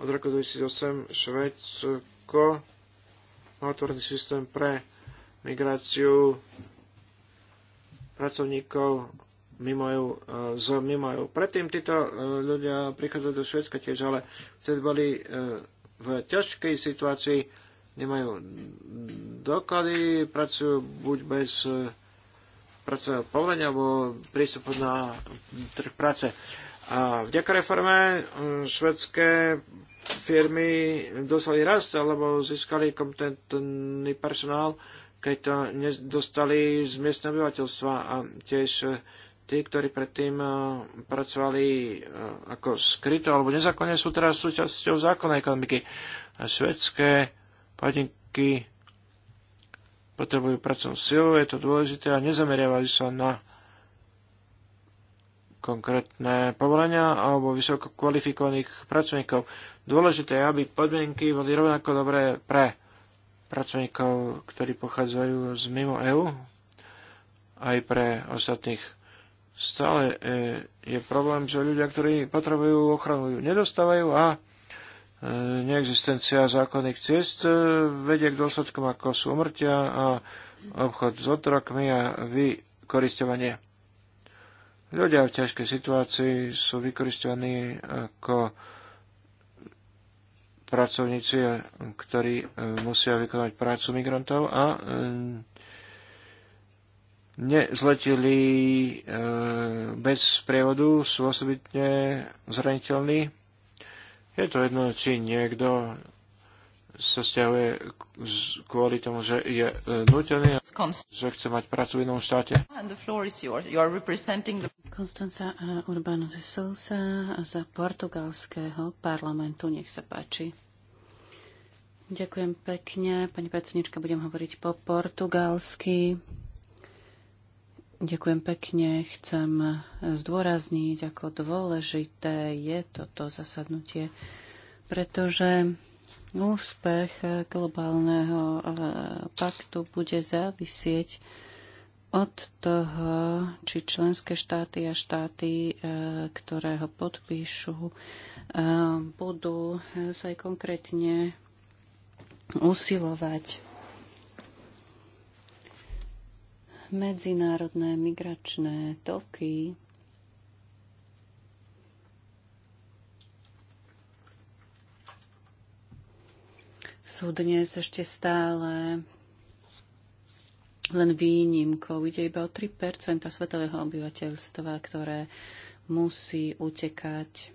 Speaker 1: od roku 2008 Švedsko má otvorený systém pre migráciu pracovníkov mimo EU, e, z mimo EU. Predtým títo e, ľudia prichádzajú do Švedska tiež, ale vtedy boli e, v ťažkej situácii, nemajú doklady, pracujú buď bez pracovného povolenia alebo prístupu na trh práce. A vďaka reforme švedské firmy dostali rast alebo získali kompetentný personál keď to nedostali z miestneho obyvateľstva a tiež eh, tí, ktorí predtým eh, pracovali eh, ako skryto alebo nezákonne, sú teraz súčasťou zákonnej ekonomiky. A švedské podniky potrebujú pracovnú silu, je to dôležité a nezameriavajú sa na konkrétne povolenia alebo vysoko kvalifikovaných pracovníkov. Dôležité je, aby podmienky boli rovnako dobré pre pracovníkov, ktorí pochádzajú z mimo EÚ, aj pre ostatných. Stále e, je problém, že ľudia, ktorí potrebujú ochranu, ju nedostávajú a e, neexistencia zákonných ciest e, vedie k dôsledkom ako sú umrtia a obchod s otrokmi a vykoristovanie. Ľudia v ťažkej situácii sú vykoristovaní ako pracovníci, eh, ktorí eh, musia vykonať prácu migrantov a eh, nezletili bez prievodu, sú osobitne zraniteľní. Je to jedno, či niekto sa stiahuje kvôli tomu, že je e, nutený, že chce mať prácu v inom štáte.
Speaker 3: Konstanca e, Urbano de Sousa za portugalského parlamentu. Nech sa páči. Ďakujem pekne. Pani predsednička, budem hovoriť po portugalsky. Ďakujem pekne. Chcem zdôrazniť, ako dôležité je toto zasadnutie, pretože úspech eh, globálneho eh, paktu bude závisieť od toho, či členské štáty a štáty, eh, ktoré ho podpíšu, budú sa aj konkrétne usilovať. Medzinárodné migračné toky sú dnes ešte stále len výnimkou. Ide iba o 3 svetového obyvateľstva, ktoré musí utekať.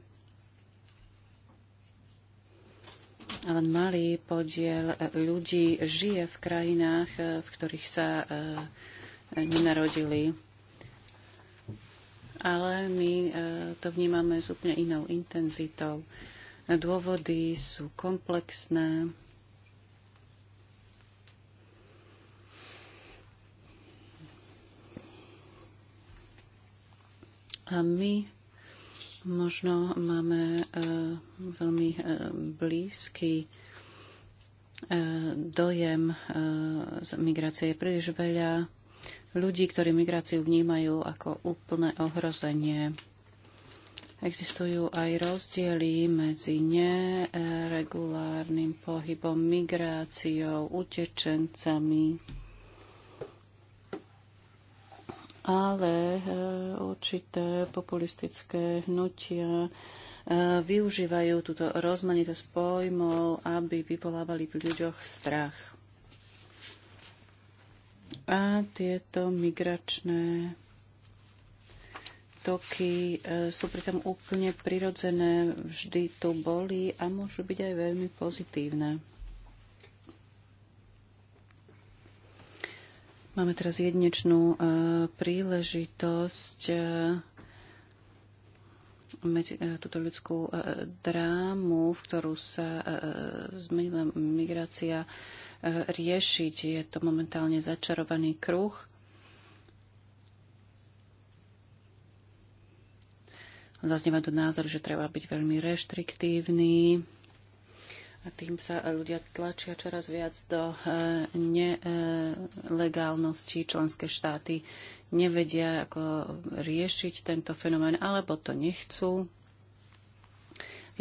Speaker 3: A len malý podiel ľudí žije v krajinách, v ktorých sa eh, nenarodili. Ale my eh, to vnímame s úplne inou intenzitou. Dôvody sú komplexné A my možno máme e, veľmi e, blízky e, dojem z migrácie. Je príliš veľa ľudí, ktorí migráciu vnímajú ako úplné ohrozenie. Existujú aj rozdiely medzi neregulárnym pohybom, migráciou, utečencami ale e, určité populistické hnutia e, využívajú túto rozmanitosť pojmov, aby vyvolávali v ľuďoch strach. A tieto migračné toky e, sú pritom úplne prirodzené, vždy tu boli a môžu byť aj veľmi pozitívne. Máme teraz jedinečnú e, príležitosť e, medzi túto ľudskú e, drámu, v ktorú sa zmenila migrácia, riešiť. Je to momentálne začarovaný kruh. Zaznieva tu názor, že treba byť veľmi reštriktívny, a tým sa ľudia tlačia čoraz viac do e, nelegálnosti. Členské štáty nevedia, ako riešiť tento fenomén, alebo to nechcú.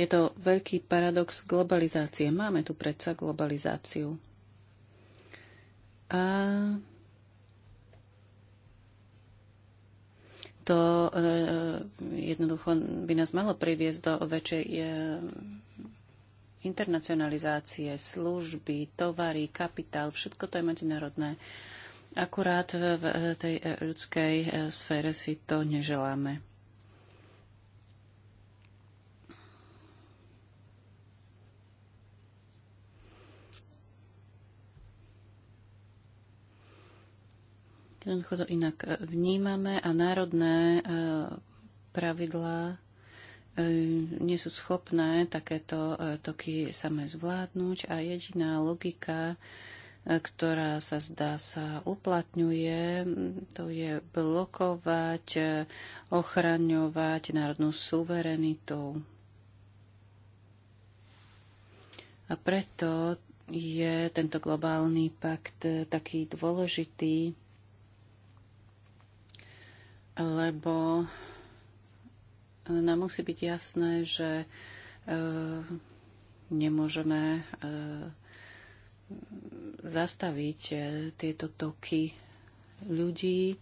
Speaker 3: Je to veľký paradox globalizácie. Máme tu predsa globalizáciu. A to e, jednoducho by nás malo priviesť do väčšej e, internacionalizácie, služby, tovary, kapitál, všetko to je medzinárodné. Akurát v tej ľudskej e, sfére si to neželáme. Jednoducho to inak e, vnímame a národné e, pravidlá E, nie sú schopné takéto e, toky samé zvládnuť a jediná logika, e, ktorá sa zdá sa uplatňuje, to je blokovať, ochraňovať národnú suverenitu. A preto je tento globálny pakt taký dôležitý, lebo nám musí byť jasné, že eh, nemôžeme eh, zastaviť eh, tieto toky ľudí.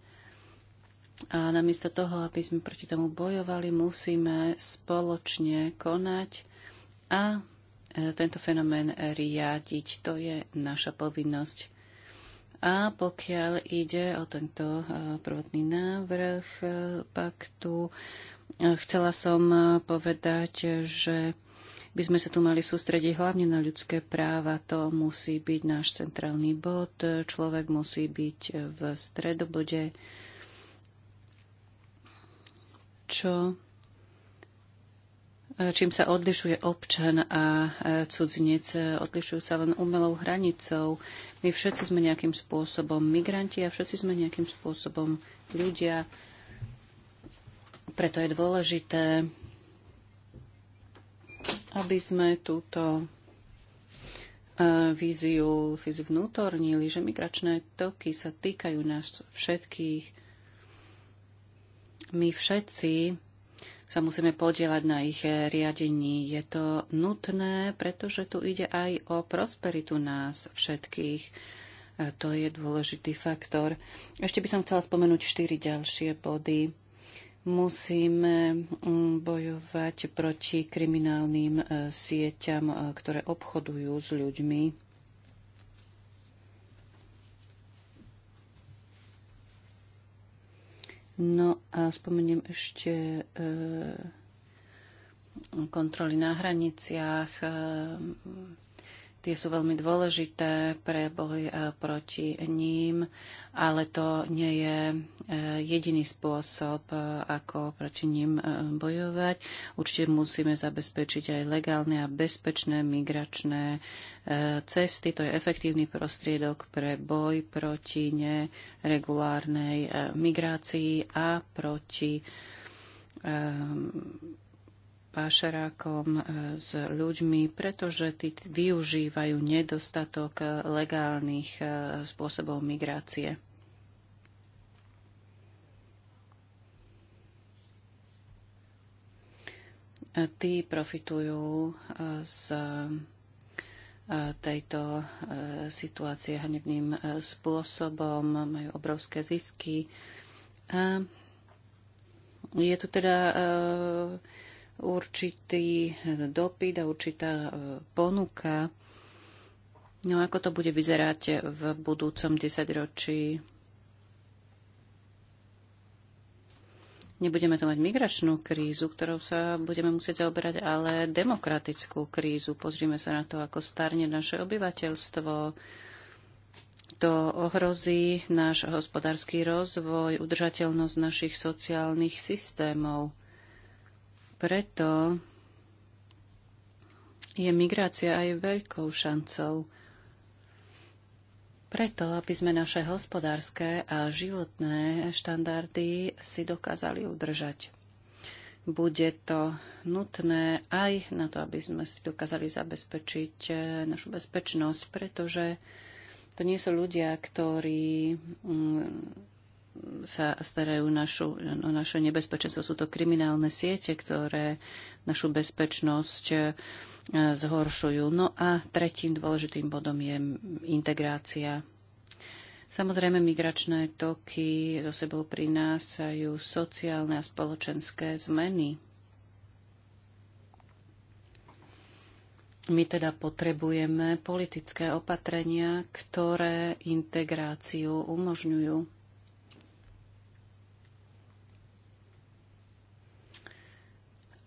Speaker 3: A namiesto toho, aby sme proti tomu bojovali, musíme spoločne konať a tento fenomén riadiť. To je naša povinnosť. A pokiaľ ide o tento prvotný návrh paktu, Chcela som eh, povedať, že by sme sa tu mali sústrediť hlavne na ľudské práva. To musí byť náš centrálny bod. Človek musí byť v stredobode. Čo eh, čím sa odlišuje občan a eh, cudzinec. Odlišujú sa len umelou hranicou. My všetci sme nejakým spôsobom migranti a všetci sme nejakým spôsobom ľudia. Preto je dôležité, aby sme túto e, víziu si zvnútornili, že migračné toky sa týkajú nás všetkých. My všetci sa musíme podielať na ich riadení. Je to nutné, pretože tu ide aj o prosperitu nás všetkých. E, to je dôležitý faktor. Ešte by som chcela spomenúť štyri ďalšie body Musíme mm, bojovať proti kriminálnym e, sieťam, e, ktoré obchodujú s ľuďmi. No a spomeniem ešte e, kontroly na hraniciach, Tie sú veľmi dôležité pre boj e, proti ním, ale to nie je e, jediný spôsob, e, ako proti ním bojovať. Určite musíme zabezpečiť aj legálne a bezpečné migračné cesty. To je efektívny prostriedok pre boj proti neregulárnej migrácii a proti pášerákom, e, s ľuďmi, pretože tí využívajú nedostatok e, legálnych e, spôsobov migrácie. Tí profitujú z tejto situácie hnebným spôsobom, majú obrovské zisky. A je tu teda určitý dopyt a určitá e, ponuka. No ako to bude vyzerať v budúcom desaťročí? Nebudeme to mať migračnú krízu, ktorou sa budeme musieť zaoberať, ale demokratickú krízu. Pozrime sa na to, ako starne naše obyvateľstvo. To ohrozí náš hospodársky rozvoj, udržateľnosť našich sociálnych systémov. Preto je migrácia aj veľkou šancou preto, aby sme naše hospodárske a životné štandardy si dokázali udržať. Bude to nutné aj na to, aby sme si dokázali zabezpečiť eh, našu bezpečnosť, pretože to nie sú ľudia, ktorí mm, sa starajú našu, o naše nebezpečenstvo. Sú to kriminálne siete, ktoré našu bezpečnosť e, zhoršujú. No a tretím dôležitým bodom je integrácia. Samozrejme, migračné toky do sebou prinášajú sociálne a spoločenské zmeny. My teda potrebujeme politické opatrenia, ktoré integráciu umožňujú.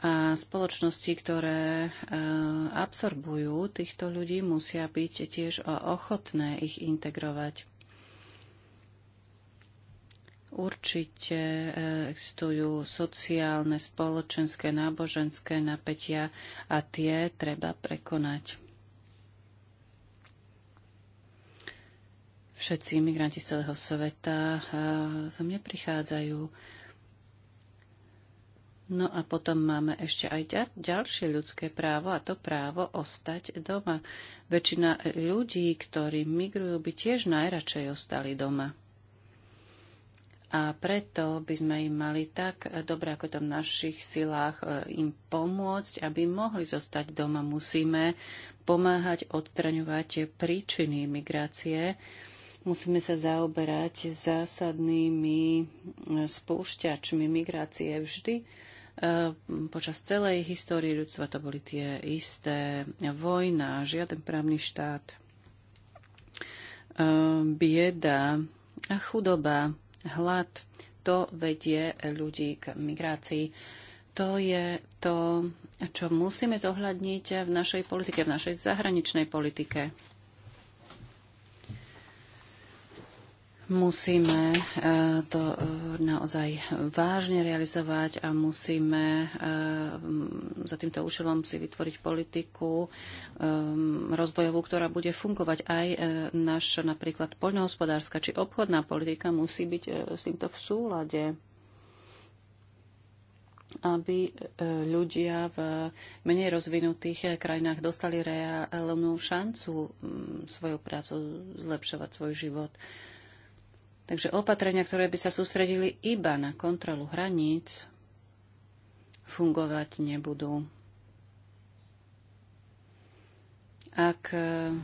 Speaker 3: A spoločnosti, ktoré e, absorbujú týchto ľudí, musia byť tiež ochotné ich integrovať. Určite e, existujú sociálne, spoločenské, náboženské napätia a tie treba prekonať. Všetci imigranti z celého sveta za e, mne prichádzajú No a potom máme ešte aj ďalšie ľudské právo a to právo ostať doma. Väčšina e, ľudí, ktorí migrujú, by tiež najradšej ostali doma. A preto by sme im mali tak dobre, ako to v našich silách, e, im pomôcť, aby mohli zostať doma. Musíme pomáhať odstraňovať príčiny migrácie. Musíme sa zaoberať zásadnými e, spúšťačmi migrácie vždy Ehm, počas celej histórie ľudstva to boli tie isté vojna, žiaden právny štát, ehm, bieda a chudoba, hlad. To vedie ľudí k migrácii. To je to, čo musíme zohľadniť v našej politike, v našej zahraničnej politike. musíme eh, to eh, naozaj vážne realizovať a musíme eh, za týmto účelom si vytvoriť politiku rozvojovú, ktorá bude fungovať. Aj naša napríklad poľnohospodárska či obchodná politika musí byť s týmto v súlade aby ľudia v menej rozvinutých krajinách dostali reálnu šancu mm, svoju prácu zlepšovať svoj život. Takže opatrenia, ktoré by sa sústredili iba na kontrolu hraníc, fungovať nebudú. Ak e,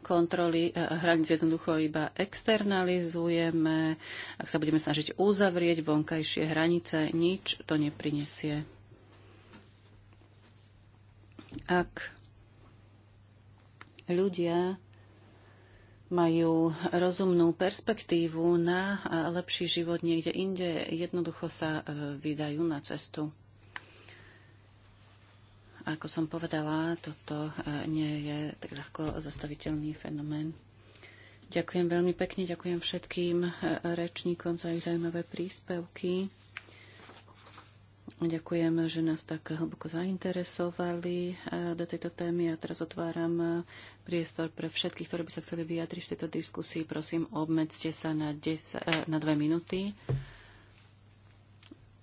Speaker 3: kontroly e, hraníc jednoducho iba externalizujeme, ak sa budeme snažiť uzavrieť vonkajšie hranice, nič to neprinesie. Ak ľudia majú rozumnú perspektívu na lepší život niekde inde, jednoducho sa e, vydajú na cestu. Ako som povedala, toto e, nie je tak ľahko zastaviteľný fenomén. Ďakujem veľmi pekne, ďakujem všetkým e, rečníkom za ich zaujímavé príspevky. Ďakujem, že nás tak hlboko zainteresovali eh, do tejto témy a teraz otváram eh, priestor pre všetkých, ktorí by sa chceli vyjadriť v tejto diskusii. Prosím, obmedzte sa na, 10, eh, na dve minúty.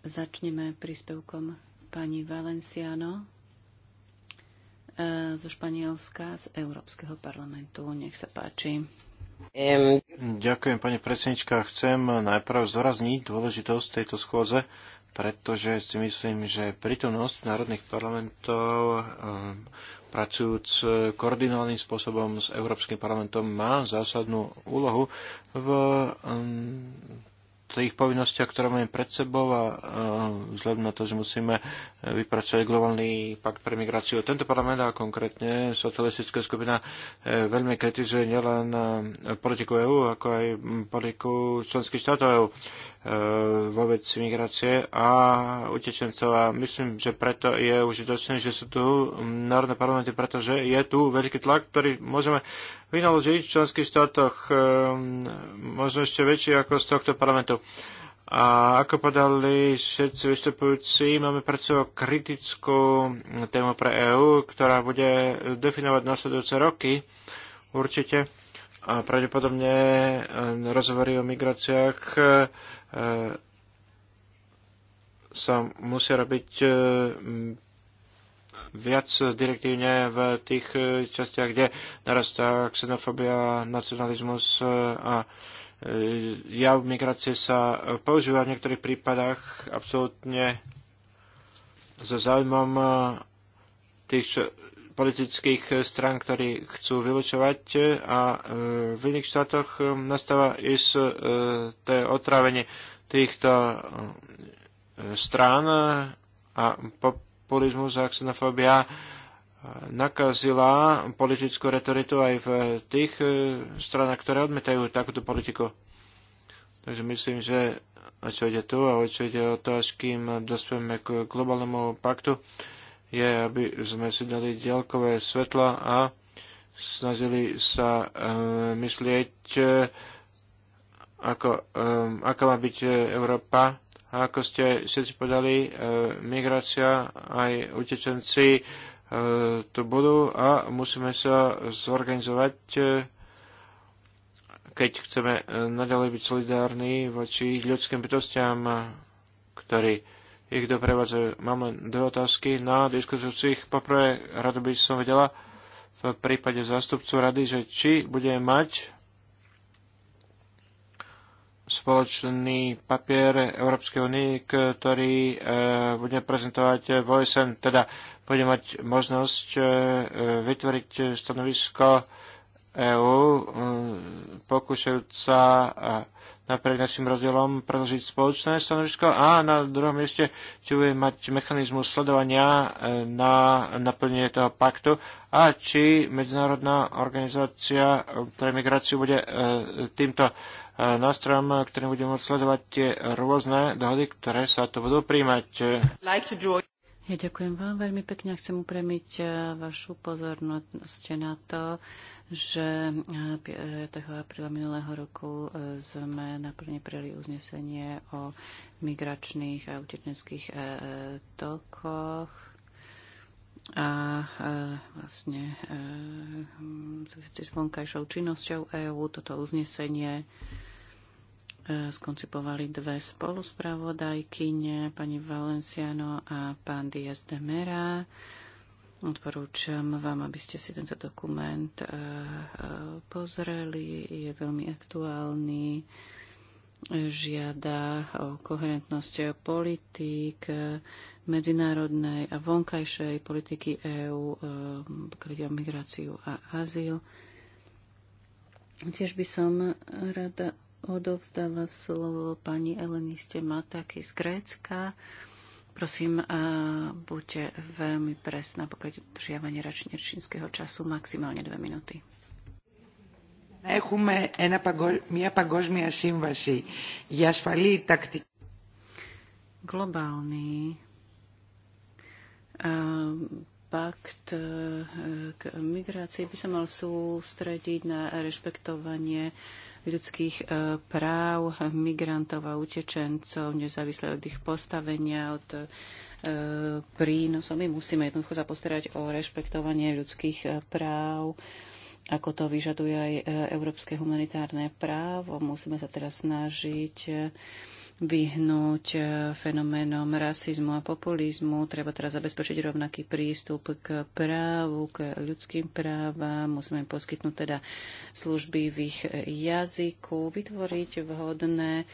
Speaker 3: Začneme príspevkom pani Valenciano zo Španielska, z Európskeho parlamentu. Nech sa páči.
Speaker 1: Ďakujem, pani predsednička. Chcem najprv zdôrazniť dôležitosť tejto schôdze, pretože si myslím, že prítomnosť národných parlamentov eh, pracujúc koordinovaným spôsobom s Európskym parlamentom má zásadnú úlohu v eh, tých povinnostiach, ktoré máme pred sebou a vzhľadom na to, že musíme vypracovať globálny pakt pre migráciu. Tento parlament a konkrétne socialistická skupina e, veľmi kritizuje nielen e, politiku EÚ, ako aj politiku členských štátov EÚ vo e, veci migrácie a utečencov. A myslím, že preto je užitočné, že sú tu národné parlamenty, pretože je tu veľký tlak, ktorý môžeme vynaložiť v členských štátoch možno ešte väčší ako z tohto parlamentu. A ako podali všetci vystupujúci, máme pred sebou kritickú tému pre EÚ, ktorá bude definovať nasledujúce roky určite. A pravdepodobne e, rozhovory o migráciách e, e, sa musia robiť viac direktívne v tých častiach, kde narastá xenofobia, nacionalizmus a E, jav migrácie sa používa v niektorých prípadách absolútne za záujmom e, tých politických strán, ktorí chcú vylučovať e, a v iných štátoch nastáva is to otrávenie týchto strán a populizmus a xenofóbia nakazila politickú retoritu aj v tých e, stranách, ktoré odmetajú takúto politiku. Takže myslím, že o čo ide tu a o čo ide o to, až kým dospieme k globálnemu paktu, je, aby sme si dali diaľkové svetla a snažili sa e, myslieť, e, ako, e, aká má byť Európa. A ako ste všetci podali, e, migrácia aj utečenci e, tu budú a musíme sa zorganizovať, e, keď chceme e, naďalej byť solidárni voči ľudským bytostiam, ktorí ich doprevádzajú. Mám len dve otázky na diskutujúcich. Poprvé, rado by som vedela v prípade zástupcu rady, že či bude mať spoločný papier Európskej únie, ktorý e, bude prezentovať v OSN, teda bude mať možnosť e, e, vytvoriť stanovisko EÚ, e, sa napriek našim rozdielom predložiť spoločné stanovisko a na druhom mieste, či bude mať mechanizmus sledovania na naplnenie toho paktu a či Medzinárodná organizácia pre migráciu bude týmto nástrojom, ktorým budeme môcť sledovať tie rôzne dohody, ktoré sa tu budú príjmať.
Speaker 3: Like ja ďakujem vám veľmi pekne a chcem upremiť eh, vašu pozornosť na to, že 5. Eh, apríla minulého roku eh, sme naplne prijali uznesenie o migračných a utečenských tokoch a vlastne hm, s vonkajšou činnosťou EÚ toto uznesenie skoncipovali dve spoluspravodajkyne, pani Valenciano a pán Diaz de Mera. Odporúčam vám, aby ste si tento dokument eh, pozreli. Je veľmi aktuálny. Žiada o koherentnosť politík medzinárodnej a vonkajšej politiky EÚ, eh, pokiaľ migráciu a azyl. Tiež by som rada odovzdala slovo pani Eleniste Mataky z Grécka. Prosím, buďte veľmi presná, pokiaľ držiavanie čínskeho času maximálne dve minúty. Έχουμε ένα, μια παγκόσμια σύμβαση για ασφαλή τακτική. Globálny pakt k migrácii by sa mal sústrediť na rešpektovanie uh, ľudských e, práv migrantov a utečencov, nezávisle od ich postavenia, od e, prínosov. My musíme jednoducho zapostarať o rešpektovanie ľudských e, práv, ako to vyžaduje aj európske humanitárne právo. Musíme sa teraz snažiť vyhnúť e, fenoménom rasizmu a populizmu. Treba teraz zabezpečiť rovnaký prístup k právu, k ľudským právam. Musíme poskytnúť teda služby v ich jazyku, vytvoriť vhodné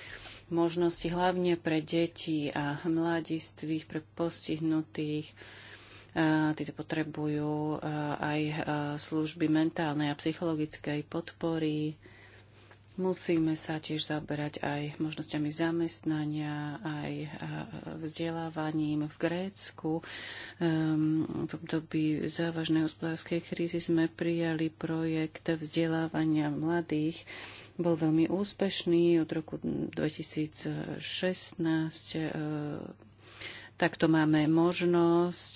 Speaker 3: možnosti hlavne pre deti a mladistvých, pre postihnutých. Títo potrebujú e, aj e, služby mentálnej a psychologickej podpory Musíme sa tiež zaberať aj možnosťami zamestnania, aj vzdelávaním. V Grécku ehm, v období závažnej hospodárskej krízy sme prijali projekt vzdelávania mladých. Bol veľmi úspešný od roku 2016. Ehm, takto máme možnosť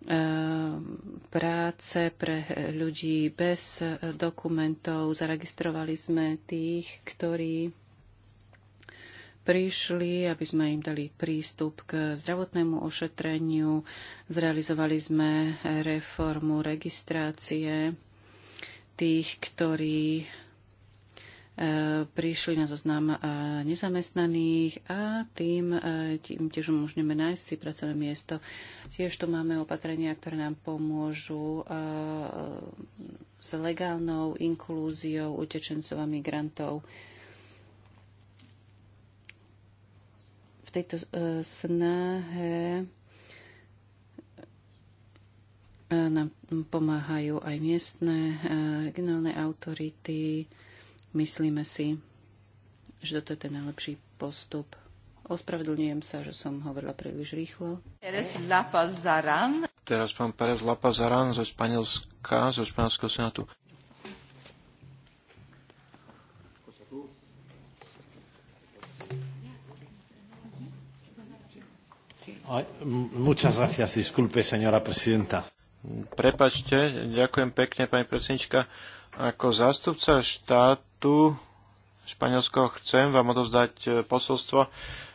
Speaker 3: Ehm, práce pre ľudí bez dokumentov. Zaregistrovali sme tých, ktorí prišli, aby sme im dali prístup k zdravotnému ošetreniu. Zrealizovali sme reformu registrácie tých, ktorí Eh, prišli na zoznam eh, nezamestnaných a tým, eh, tým tiež umožníme nájsť si pracovné miesto. Tiež tu máme opatrenia, ktoré nám pomôžu s legálnou inklúziou utečencov a migrantov. V tejto snahe nám pomáhajú aj miestne, regionálne autority, Myslíme si, že toto je ten najlepší postup. Ospravedlňujem sa, že som hovorila príliš rýchlo.
Speaker 1: Teraz pán Pérez Lapazaran zo Španielska, zo Španielského senátu. Muchas gracias, disculpe, señora presidenta. Prepačte, ďakujem pekne, pani predsednička. Ako zástupca štát tu Španielsko chcem vám odozdať e, posolstvo.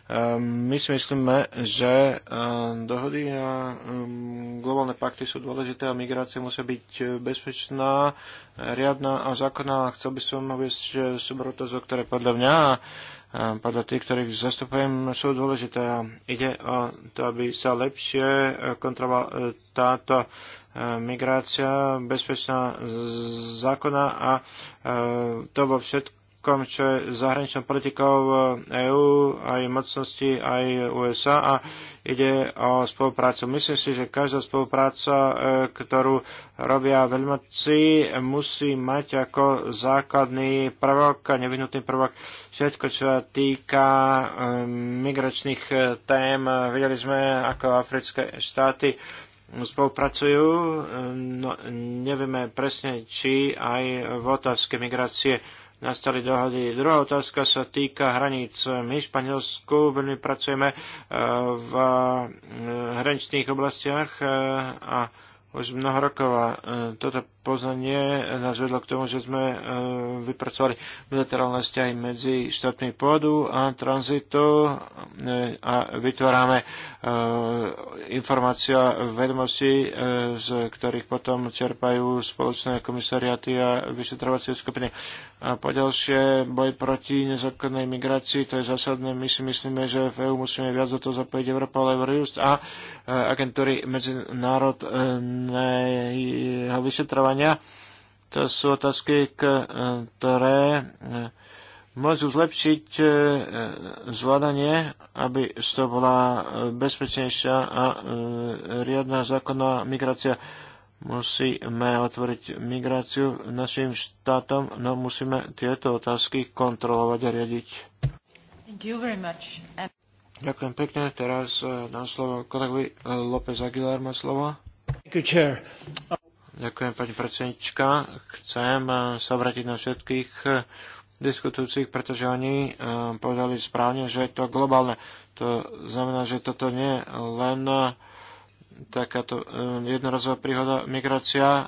Speaker 1: Ehm, my si myslíme, že ehm, dohody a ehm, globálne pakty sú dôležité a migrácia musí byť e, bezpečná, riadna a zákonná. Chcel by som uvieť súbrotozov, e, ktoré podľa mňa podľa tých, ktorých zastupujem, sú dôležité. Ide o to, aby sa lepšie e, kontrolovala e, táto e, migrácia bezpečná zákona a to vo všetkých všetkom, čo je zahraničnou politikou EÚ, aj mocnosti, aj USA a ide o spoluprácu. Myslím si, že každá spolupráca, e, ktorú robia veľmoci, musí mať ako základný prvok a nevyhnutný prvok všetko, čo sa týka e, migračných e, tém. Videli sme, ako africké štáty spolupracujú. No, nevieme presne, či aj v otázke migrácie nastali dohody. Druhá otázka sa týka hraníc. My v Španielsku veľmi pracujeme eh, v eh, hraničných oblastiach eh, a už mnoho rokov a toto poznanie nás vedlo k tomu, že sme e, vypracovali bilaterálne vzťahy medzi štátmi pôdu a tranzitu e, a vytvárame e, informácia vedomosti, z ktorých potom čerpajú spoločné komisariaty a vyšetrovacie skupiny. A poďalšie, boj proti nezákonnej migrácii, to je zásadné. My si myslíme, že v EU musíme viac do toho zapojiť Európa, ale Eurojust a agentúry medzinárodného vyšetrovania vzdelávania. To sú otázky, ktoré e, môžu zlepšiť e, zvládanie, aby to bola bezpečnejšia a e, riadna zákonná migrácia. Musíme otvoriť migráciu našim štátom, no musíme tieto otázky kontrolovať a riadiť. Ďakujem pekne. Teraz dám slovo kolegovi López Aguilar má slovo. Ďakujem, pani predsednička. Chcem eh, sa vrátiť na všetkých eh, diskutujúcich, pretože oni eh, povedali správne, že je to globálne. To znamená, že toto nie je len takáto jednorazová príhoda. Migrácia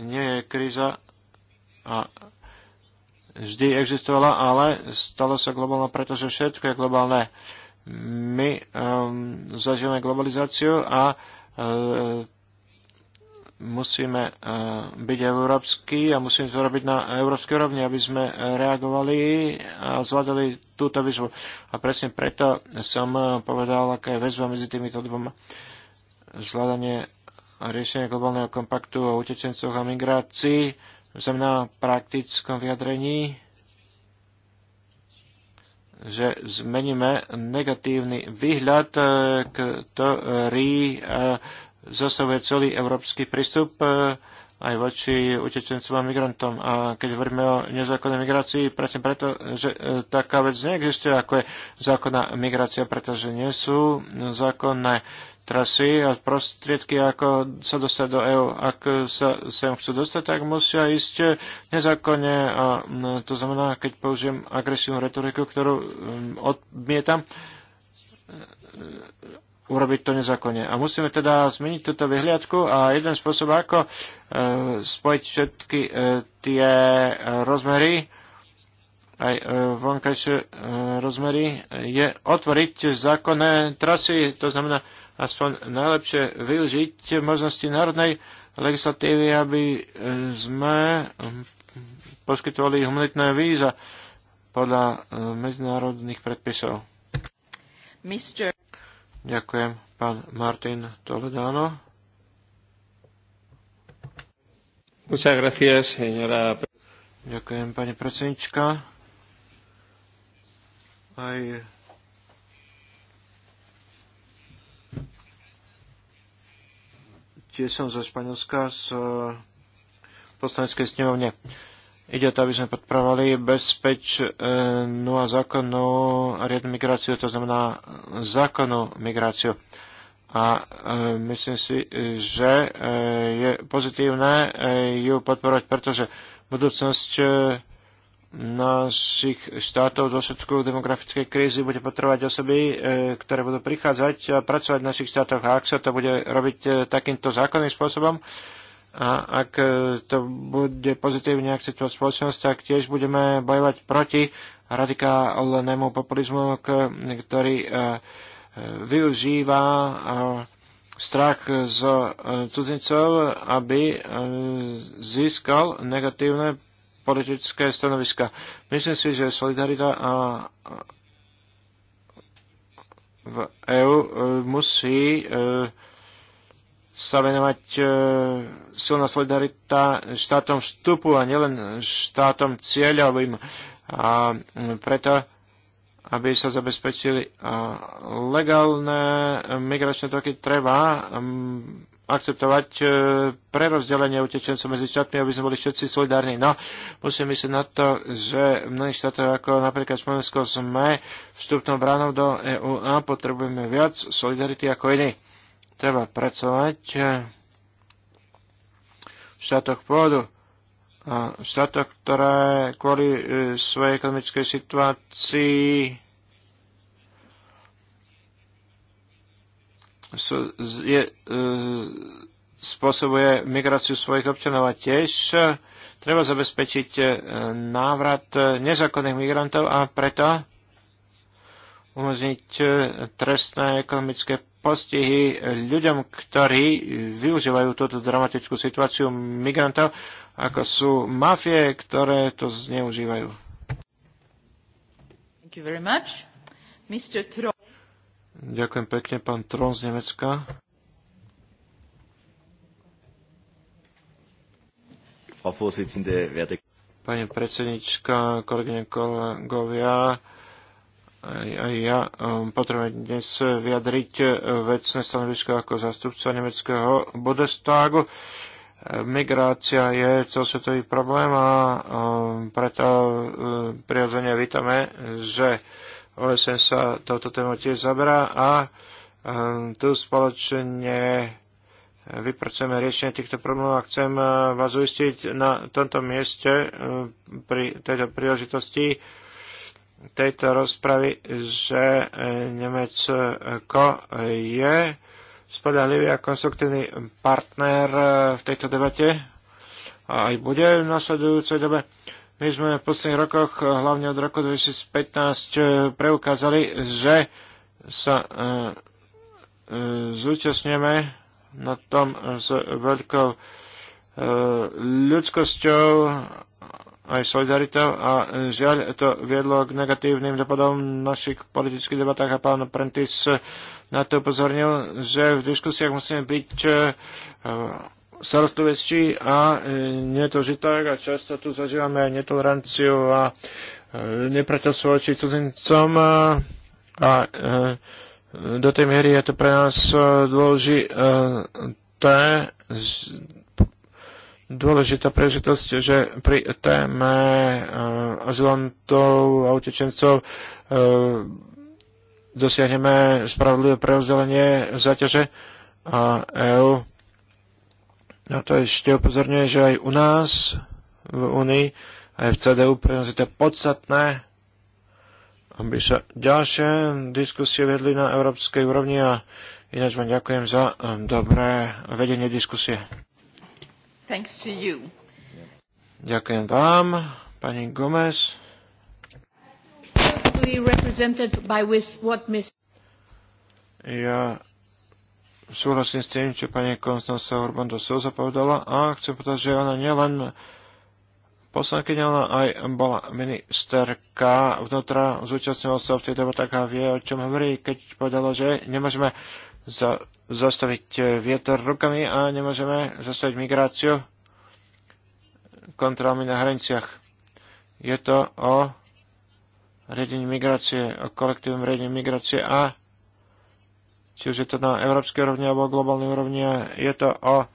Speaker 1: nie je kríza a vždy existovala, ale stalo sa globálne, pretože všetko je globálne. My um, zažívame globalizáciu a uh, musíme eh, byť európsky a musíme to robiť na európskej rovni, aby sme eh, reagovali a zvládali túto výzvu. A presne preto som eh, povedal, aká je väzba medzi týmito dvoma. Zvládanie a riešenie globálneho kompaktu o utečencoch a migrácii znamená praktickom vyjadrení, že zmeníme negatívny výhľad, ktorý zasahuje celý európsky prístup e, aj voči utečencom a migrantom. A keď hovoríme o nezákonnej migrácii, presne preto, že e, taká vec neexistuje, ako je zákonná migrácia, pretože nie sú zákonné trasy a prostriedky, ako sa dostať do EÚ. Ak sa sem chcú dostať, tak musia ísť nezákonne. A to znamená, keď použijem agresívnu retoriku, ktorú odmietam, urobiť to nezákonne. A musíme teda zmeniť túto vyhliadku a jeden spôsob, ako e, spojiť všetky e, tie e, rozmery, aj e, vonkajšie e, rozmery, je otvoriť zákonné trasy, to znamená aspoň najlepšie využiť možnosti národnej legislatívy, aby e, sme poskytovali humanitné víza podľa e, medzinárodných predpisov. Mr. Ďakujem, pán Martin Toledano. Muchas gracias, señora. Ďakujem, pani predsednička. Aj tiež som zo Španielska z eh, poslaneckej snemovne. Ide o to, aby sme podporovali bezpečnú a zákonnú a riadnu migráciu, to znamená zákonnú migráciu. A e, myslím si, že e, je pozitívne e, ju podporovať, pretože budúcnosť e, našich štátov v dôsledku demografickej krízy bude potrebovať osoby, e, ktoré budú prichádzať a pracovať v našich štátoch. A ak sa to bude robiť e, takýmto zákonným spôsobom, e, a ak e, to bude pozitívne akceptovať spoločnosť, tak tiež budeme bojovať proti radikálnemu populizmu, ktorý e, e, využíva strach z cudzincov, aby získal negatívne politické stanoviska. Myslím si, že solidarita a v EÚ musí uh, sa venovať e, silná solidarita štátom vstupu a nielen štátom cieľovým. A preto, aby sa zabezpečili legálne migračné toky, treba akceptovať e, prerozdelenie utečencov medzi štátmi, aby sme boli všetci solidárni. No, musím myslieť na to, že v mnohých štátoch, ako napríklad Slovensko, sme vstupnou bránou do EU a potrebujeme viac solidarity ako iní treba pracovať eh, v štátoch pôvodu. A v štátoch, ktoré kvôli eh, svojej ekonomickej situácii sú, je, eh, spôsobuje migráciu svojich občanov a tiež treba zabezpečiť návrat nezákonných migrantov a preto umožniť trestné ekonomické postihy ľuďom, ktorí využívajú túto dramatickú situáciu migrantov, ako sú mafie, ktoré to zneužívajú. Ďakujem pekne, pán Tron z Nemecka. Pani predsednička, kolegyne, kolegovia, ja um, potrebujem dnes vyjadriť uh, vecné stanovisko ako zastupca nemeckého Bodestágu. Migrácia je celosvetový problém a um, preto uh, prirodzene vítame, že OSN sa touto tému tiež zaberá a um, tu spoločne vypracujeme riešenie týchto problémov a chcem uh, vás uistiť na tomto mieste pri tejto príležitosti, tejto rozpravy, že e, Nemecko je spodahlivý a konstruktívny partner e, v tejto debate a aj bude v nasledujúcej dobe. My sme v posledných rokoch, e, hlavne od roku 2015, preukázali, že sa zúčastňujeme na tom s veľkou ľudskosťou aj solidaritou a žiaľ to viedlo k negatívnym dopadom v našich politických debatách a pán Prentis na to upozornil, že v diskusiách musíme byť e, starostlivejší a je to tak, a často tu zažívame aj netoleranciu a e, nepratelstvo voči cudzincom a, a e, do tej miery je to pre nás dôležité dôležitá prežitosť, že pri téme eh, azylantov a utečencov eh, dosiahneme spravodlivé preozdelenie zaťaže a EU na to ešte upozorňuje, že aj u nás v Unii aj v CDU pre nás je to podstatné, aby sa ďalšie diskusie vedli na európskej úrovni a ináč vám ďakujem za eh, dobré vedenie diskusie.
Speaker 2: Thanks to you.
Speaker 1: Ďakujem vám, pani Gomez. Ja súhlasím s tým, čo pani Konstanca Urban do Souza povedala a chcem povedať, že ona nielen poslankyňa, ale aj bola ministerka vnútra, zúčastnila sa v tej debatách a vie, o čom hovorí, keď povedala, že nemôžeme za zastaviť eh, vietor rukami a nemôžeme zastaviť migráciu kontrolami na hraniciach. Je to o riadení migrácie, o kolektívnom riadení migrácie a či už je to na európskej úrovni alebo globálnej úrovni, je to o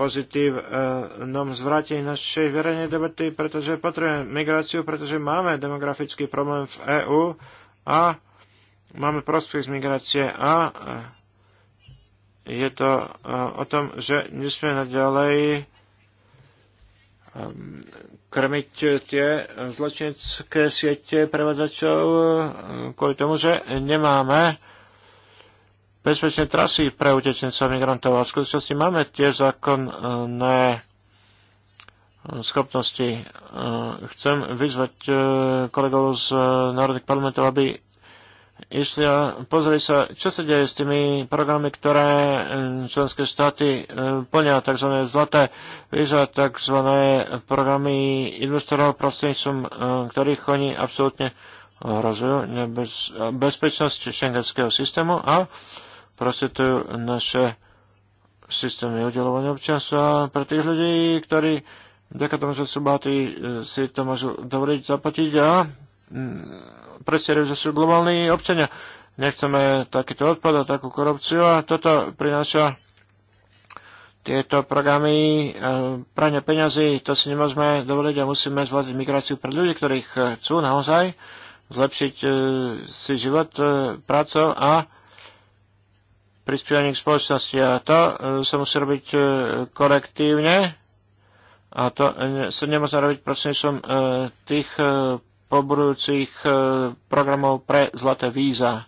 Speaker 1: pozitívnom eh, zvrate našej verejnej debaty, pretože potrebujeme migráciu, pretože máme demografický problém v EÚ a máme prospech z migrácie a eh, je to e, o tom, že nesmie naďalej e, krmiť tie zločinecké siete prevádzačov e, kvôli tomu, že nemáme bezpečné trasy pre utečencov migrantov. A v skutočnosti máme tie zákonné schopnosti. Chcem vyzvať kolegov z národných parlamentov, aby išli a pozrieť sa, čo sa deje s tými programy, ktoré e, členské štáty e, plnia tzv. zlaté víza, tzv. programy investorov prostredníctvom, e, ktorých oni absolútne rozvoju nebez, bezpečnosť šengenského systému a prostitujú naše systémy udelovania občanstva pre tých ľudí, ktorí vďaka tomu, že sú bohatí, si to môžu dovoliť zaplatiť a mm, presierajú, že sú globálni občania. Nechceme takýto odpad a takú korupciu a toto prináša tieto programy e, prania peňazí, to si nemôžeme dovoliť a musíme zvládať migráciu pre ľudí, ktorých chcú naozaj zlepšiť e, si život e, prácu prácou a prispievaním k spoločnosti. A to sa musí robiť korektívne a to sa nemôže robiť prostredníctvom som tých pobudujúcich e, programov pre zlaté víza.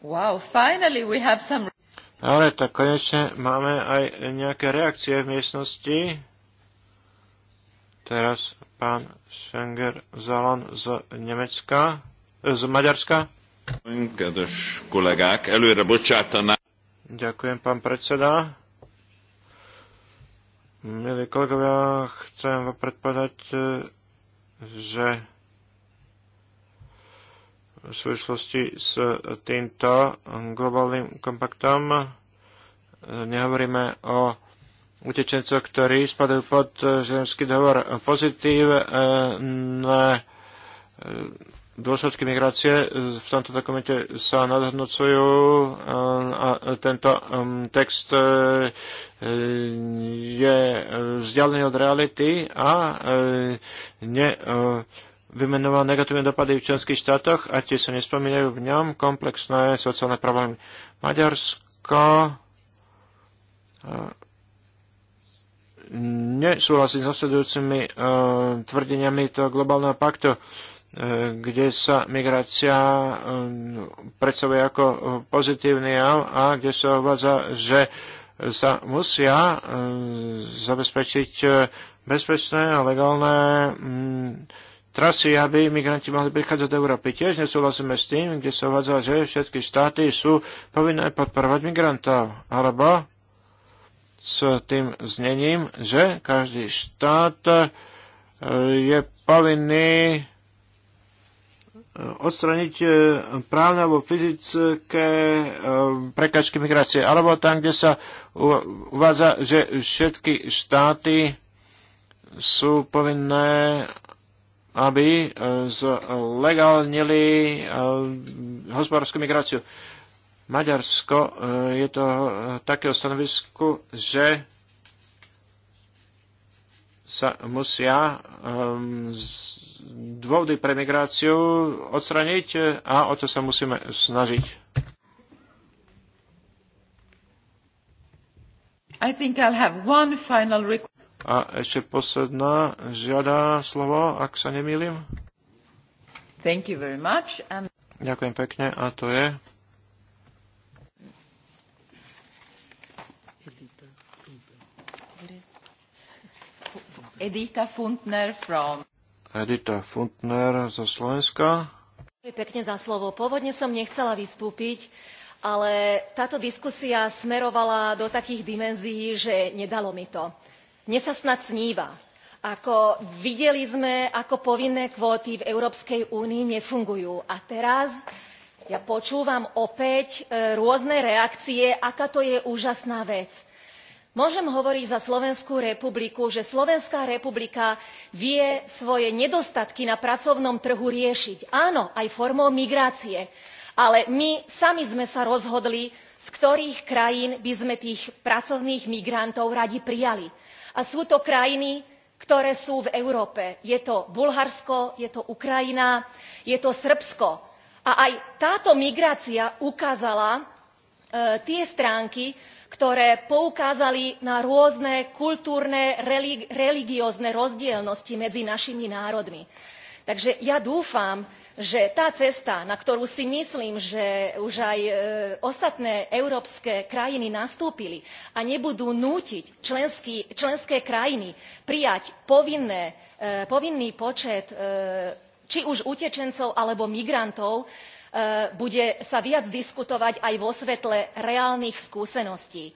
Speaker 3: Wow, finally we have some...
Speaker 1: Ale tak konečne máme aj nejaké reakcie v miestnosti. Teraz pán Schenger Zalan z Nemecka, e, z Maďarska. Ďakujem, pán predseda. Milí kolegovia, chcem vám predpovedať, e, že v súvislosti s týmto globálnym kompaktom. Nehovoríme o utečencov, ktorí spadajú pod ženský dohovor. na e, dôsledky migrácie v tomto dokumente sa nadhodnocujú e, a tento text e, je vzdialený od reality a ne vymenoval negatívne dopady v členských štátoch a tie sa nespomínajú v ňom komplexné sociálne problémy. Maďarsko eh, nesúhlasí s nasledujúcimi eh, tvrdeniami toho globálneho paktu eh, kde sa migrácia predstavuje ako pozitívny jav a kde sa uvádza, že sa musia zabezpečiť bezpečné a legálne mm, trasy, aby imigranti mohli prichádzať do Európy. Tiež nesúhlasíme s tým, kde sa uvádza, že všetky štáty sú povinné podporovať migrantov. Alebo s tým znením, že každý štát e, je povinný e, odstraniť e, právne alebo fyzické prekažky migrácie. Alebo tam, kde sa uvádza, že všetky štáty sú povinné aby e, zlegálnili e, hospodárskú migráciu. Maďarsko e, je to takého stanovisku, že sa musia dôvody pre migráciu odstraniť a o to sa musíme snažiť.
Speaker 3: I think I'll have one final
Speaker 1: a ešte posledná žiada slovo, ak sa nemýlim.
Speaker 2: Thank you very much. And...
Speaker 1: Ďakujem pekne a to je...
Speaker 2: Edita Funtner from...
Speaker 1: Edita Funtner zo Slovenska.
Speaker 2: Pekne za slovo. Pôvodne som nechcela vystúpiť, ale táto diskusia smerovala do takých dimenzií, že nedalo mi to mne sa snad sníva ako videli sme ako povinné kvóty v európskej únii nefungujú a teraz ja počúvam opäť e, rôzne reakcie aká to je úžasná vec. môžem hovoriť za slovenskú republiku že slovenská republika vie svoje nedostatky na pracovnom trhu riešiť áno aj formou migrácie ale my sami sme sa rozhodli z ktorých krajín by sme tých pracovných migrantov radi prijali a sú to krajiny ktoré sú v európe je to bulharsko je to ukrajina je to srbsko a aj táto migrácia ukázala e, tie stránky ktoré poukázali na rôzne kultúrne religiózne rozdielnosti medzi našimi národmi. takže ja dúfam že tá cesta na ktorú si myslím že už aj e, ostatné európske krajiny nastúpili a nebudú nútiť členské krajiny prijať povinné, e, povinný počet e, či už utečencov alebo migrantov bude sa viac diskutovať aj vo svetle reálnych skúseností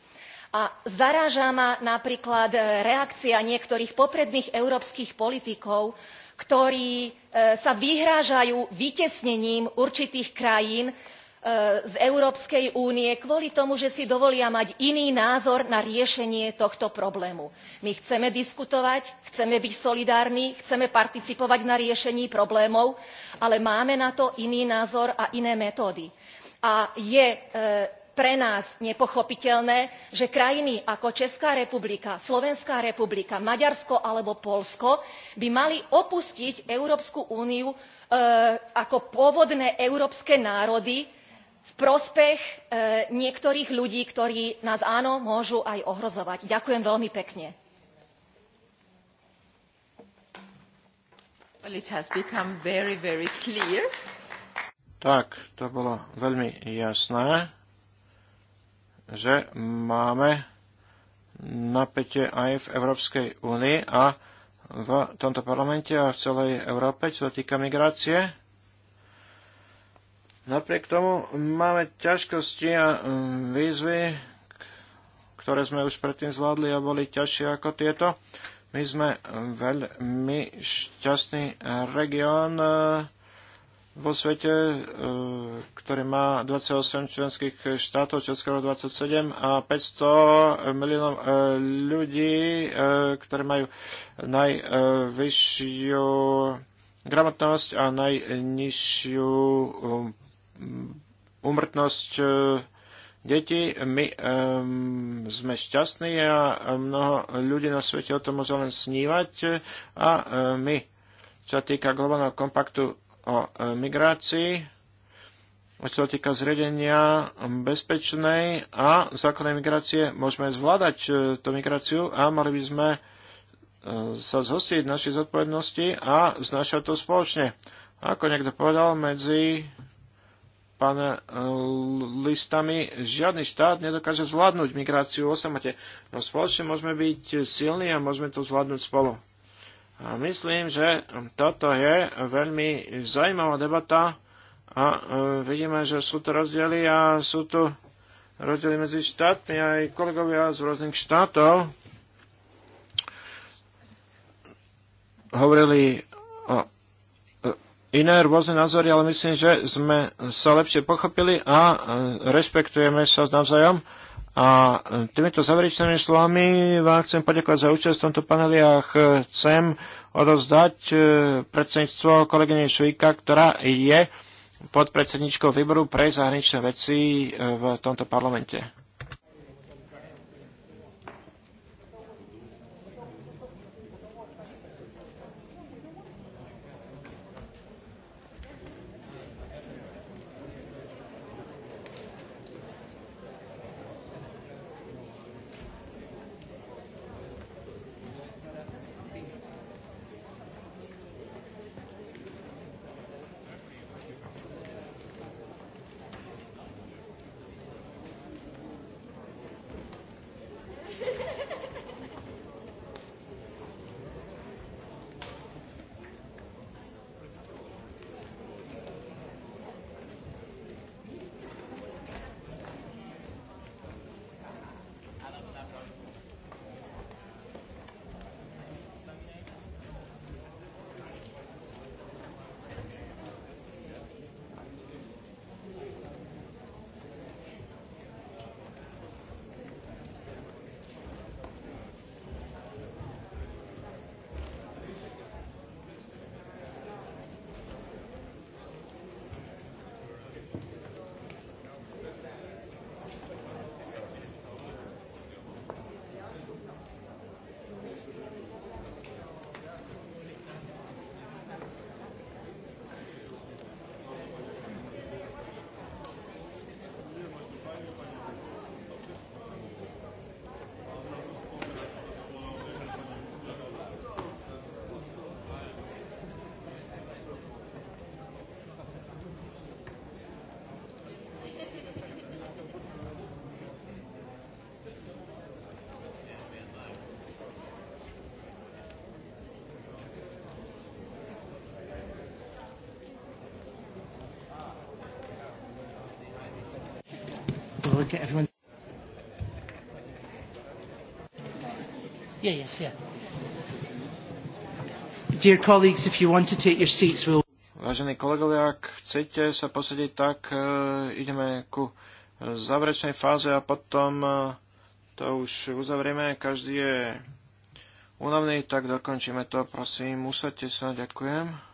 Speaker 2: a zaráža ma napríklad reakcia niektorých popredných európskych politikov ktorí ktorí e, sa vyhrážajú vytesnením určitých krajín e, z európskej únie kvôli tomu že si dovolia mať iný názor na riešenie tohto problému. my chceme diskutovať chceme byť solidárni chceme participovať na riešení problémov ale máme na to iný názor a iné metódy. a je e, pre nás nepochopiteľné že krajiny ako česká republika slovenská republika maďarsko alebo poľsko by mali opustiť európsku úniu e, ako pôvodné európske národy v prospech e, niektorých ľudí ktorí nás áno môžu aj ohrozovať. ďakujem veľmi pekne. it has become very, very clear.
Speaker 1: Tak, to bolo veľmi jasné že máme napätie aj v Európskej únii a v tomto parlamente a v celej Európe, čo sa týka migrácie. Napriek tomu máme ťažkosti a mm, výzvy, ktoré sme už predtým zvládli a boli ťažšie ako tieto. My sme veľmi šťastný región, vo svete, e, ktorý má 28 členských štátov, Českého 27 a 500 miliónov e, ľudí, e, ktorí majú najvyššiu gramotnosť a najnižšiu umrtnosť detí. My sme šťastní a mnoho ľudí na svete o tom môže len snívať a my, čo týka globálneho kompaktu o e, migrácii, čo sa týka zriadenia bezpečnej a zákonnej migrácie, môžeme zvládať e, tú migráciu a mali by sme e, sa zhostiť našej zodpovednosti a znašať to spoločne. Ako niekto povedal, medzi pán listami, žiadny štát nedokáže zvládnuť migráciu osamate. No spoločne môžeme byť silní a môžeme to zvládnuť spolu. Myslím, že toto je veľmi zaujímavá debata a e, vidíme, že sú tu rozdiely a sú tu rozdiely medzi štátmi aj kolegovia z rôznych štátov hovorili o e, iné rôzne názory, ale myslím, že sme sa lepšie pochopili a e, rešpektujeme sa navzájom. A týmito záverečnými slovami vám chcem poďakovať za účasť v tomto paneli a chcem odozdať e, predsedníctvo kolegyne Šujka, ktorá je podpredsedničkou výboru pre zahraničné veci e, v tomto parlamente.
Speaker 3: get everyone. Yeah, yes, yeah.
Speaker 2: Dear colleagues, if you want to take your seats, we'll...
Speaker 1: Vážení kolegovia, ak chcete sa posadiť, tak uh, ideme ku e, záverečnej fáze a potom uh, to už uzavrieme. Každý je únavný, tak dokončíme to. Prosím, usadte sa. Ďakujem.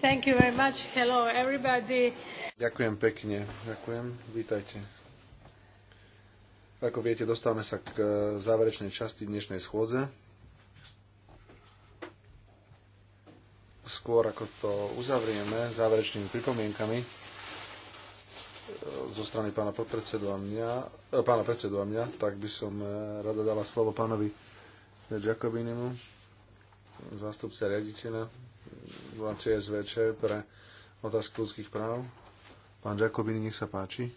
Speaker 3: Thank you very much. Hello everybody.
Speaker 4: Ďakujem pekne. Ďakujem. Vítajte. Ako viete, dostávame sa k eh, záverečnej časti dnešnej schôdze. Skôr ako to uzavrieme záverečnými pripomienkami eh, zo strany pána podpredsedu a mňa, eh, pána predsedu a mňa, tak by som rada dala slovo pánovi Jacobinimu, zástupca riaditeľa v rámci SVČ pre otázku ľudských práv. Pán Žakobiny, nech sa páči.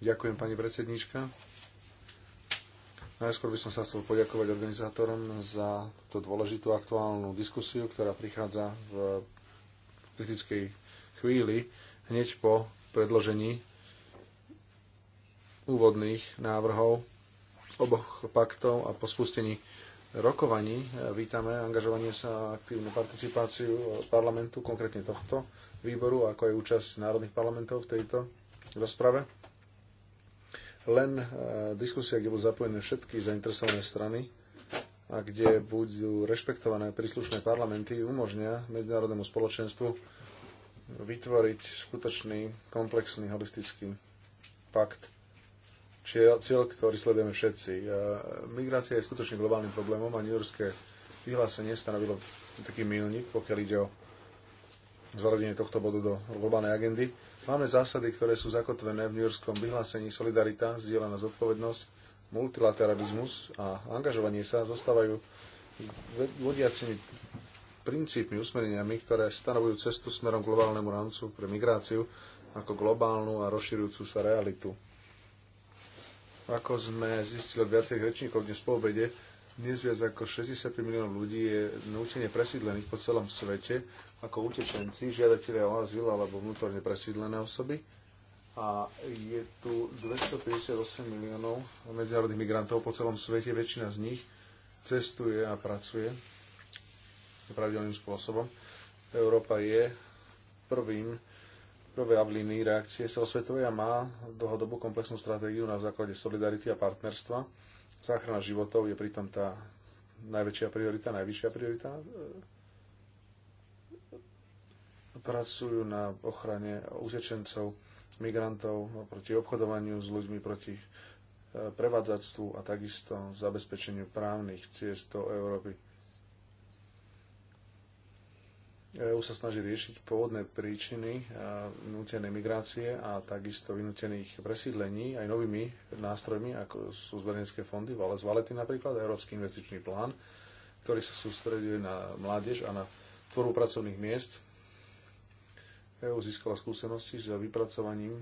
Speaker 4: Ďakujem, pani predsednička. Najskôr by som sa chcel poďakovať organizátorom za túto dôležitú aktuálnu diskusiu, ktorá prichádza v kritickej chvíli hneď po predložení úvodných návrhov oboch paktov a po spustení rokovaní e, vítame angažovanie sa a aktívnu participáciu parlamentu, konkrétne tohto výboru, ako aj účasť národných parlamentov v tejto rozprave. Len e, diskusia, kde budú zapojené všetky zainteresované strany a kde budú rešpektované príslušné parlamenty, umožnia medzinárodnému spoločenstvu vytvoriť skutočný, komplexný, holistický pakt cieľ, cieľ ktorý sledujeme všetci. Migrácia je skutočne globálnym problémom a New Yorkské vyhlásenie stanovilo taký milník, pokiaľ ide o zaradenie tohto bodu do globálnej agendy. Máme zásady, ktoré sú zakotvené v New Yorkskom vyhlásení Solidarita, zdieľaná zodpovednosť, multilateralizmus a angažovanie sa zostávajú vodiacimi princípmi, usmereniami, ktoré stanovujú cestu smerom globálnemu rámcu pre migráciu ako globálnu a rozširujúcu sa realitu. Ako sme zistili od viacerých rečníkov dnes po obede, dnes viac ako 65 miliónov ľudí je nútene presídlených po celom svete ako utečenci, žiadatelia o azyl alebo vnútorne presídlené osoby. A je tu 258 miliónov medzinárodných migrantov po celom svete. Väčšina z nich cestuje a pracuje pravidelným spôsobom. Európa je prvým prvé avliny reakcie sa osvetuje a má dlhodobú komplexnú stratégiu na základe solidarity a partnerstva. Záchrana životov je pritom tá najväčšia priorita, najvyššia priorita. Pracujú na ochrane utečencov, migrantov no, proti obchodovaniu s ľuďmi, proti e, prevádzactvu a takisto zabezpečeniu právnych ciest do Európy EU sa snaží riešiť pôvodné príčiny e, nútenej migrácie a takisto vynútených presídlení aj novými nástrojmi, ako sú zverejnecké fondy, ale z Valety napríklad, Európsky investičný plán, ktorý sa sústreduje na mládež a na tvorbu pracovných miest. EU získala skúsenosti s vypracovaním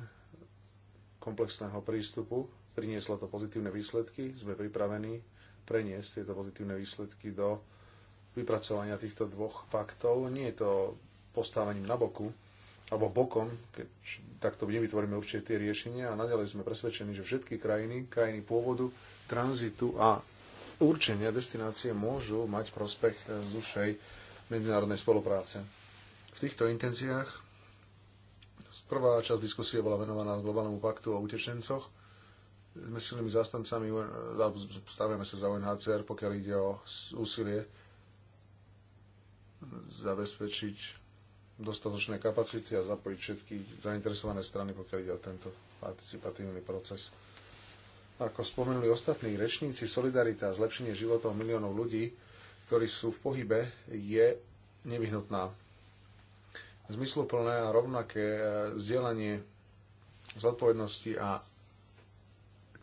Speaker 4: komplexného prístupu, priniesla to pozitívne výsledky, sme pripravení preniesť tieto pozitívne výsledky do vypracovania týchto dvoch paktov. Nie je to postávaním na boku, alebo bokom, keď takto nevytvoríme určite tie riešenia a naďalej sme presvedčení, že všetky krajiny, krajiny pôvodu, tranzitu a určenia destinácie môžu mať prospech eh, z ušej medzinárodnej spolupráce. V týchto intenciách prvá časť diskusie bola venovaná globálnemu paktu o utečencoch. Sme silnými zástancami, stavíme sa za UNHCR, pokiaľ ide o úsilie zabezpečiť dostatočné kapacity a zapojiť všetky zainteresované strany, pokiaľ ide o tento participatívny proces. Ako spomenuli ostatní rečníci, solidarita a zlepšenie životov miliónov ľudí, ktorí sú v pohybe, je nevyhnutná. Zmysluplné a rovnaké e, vzdielanie zodpovednosti a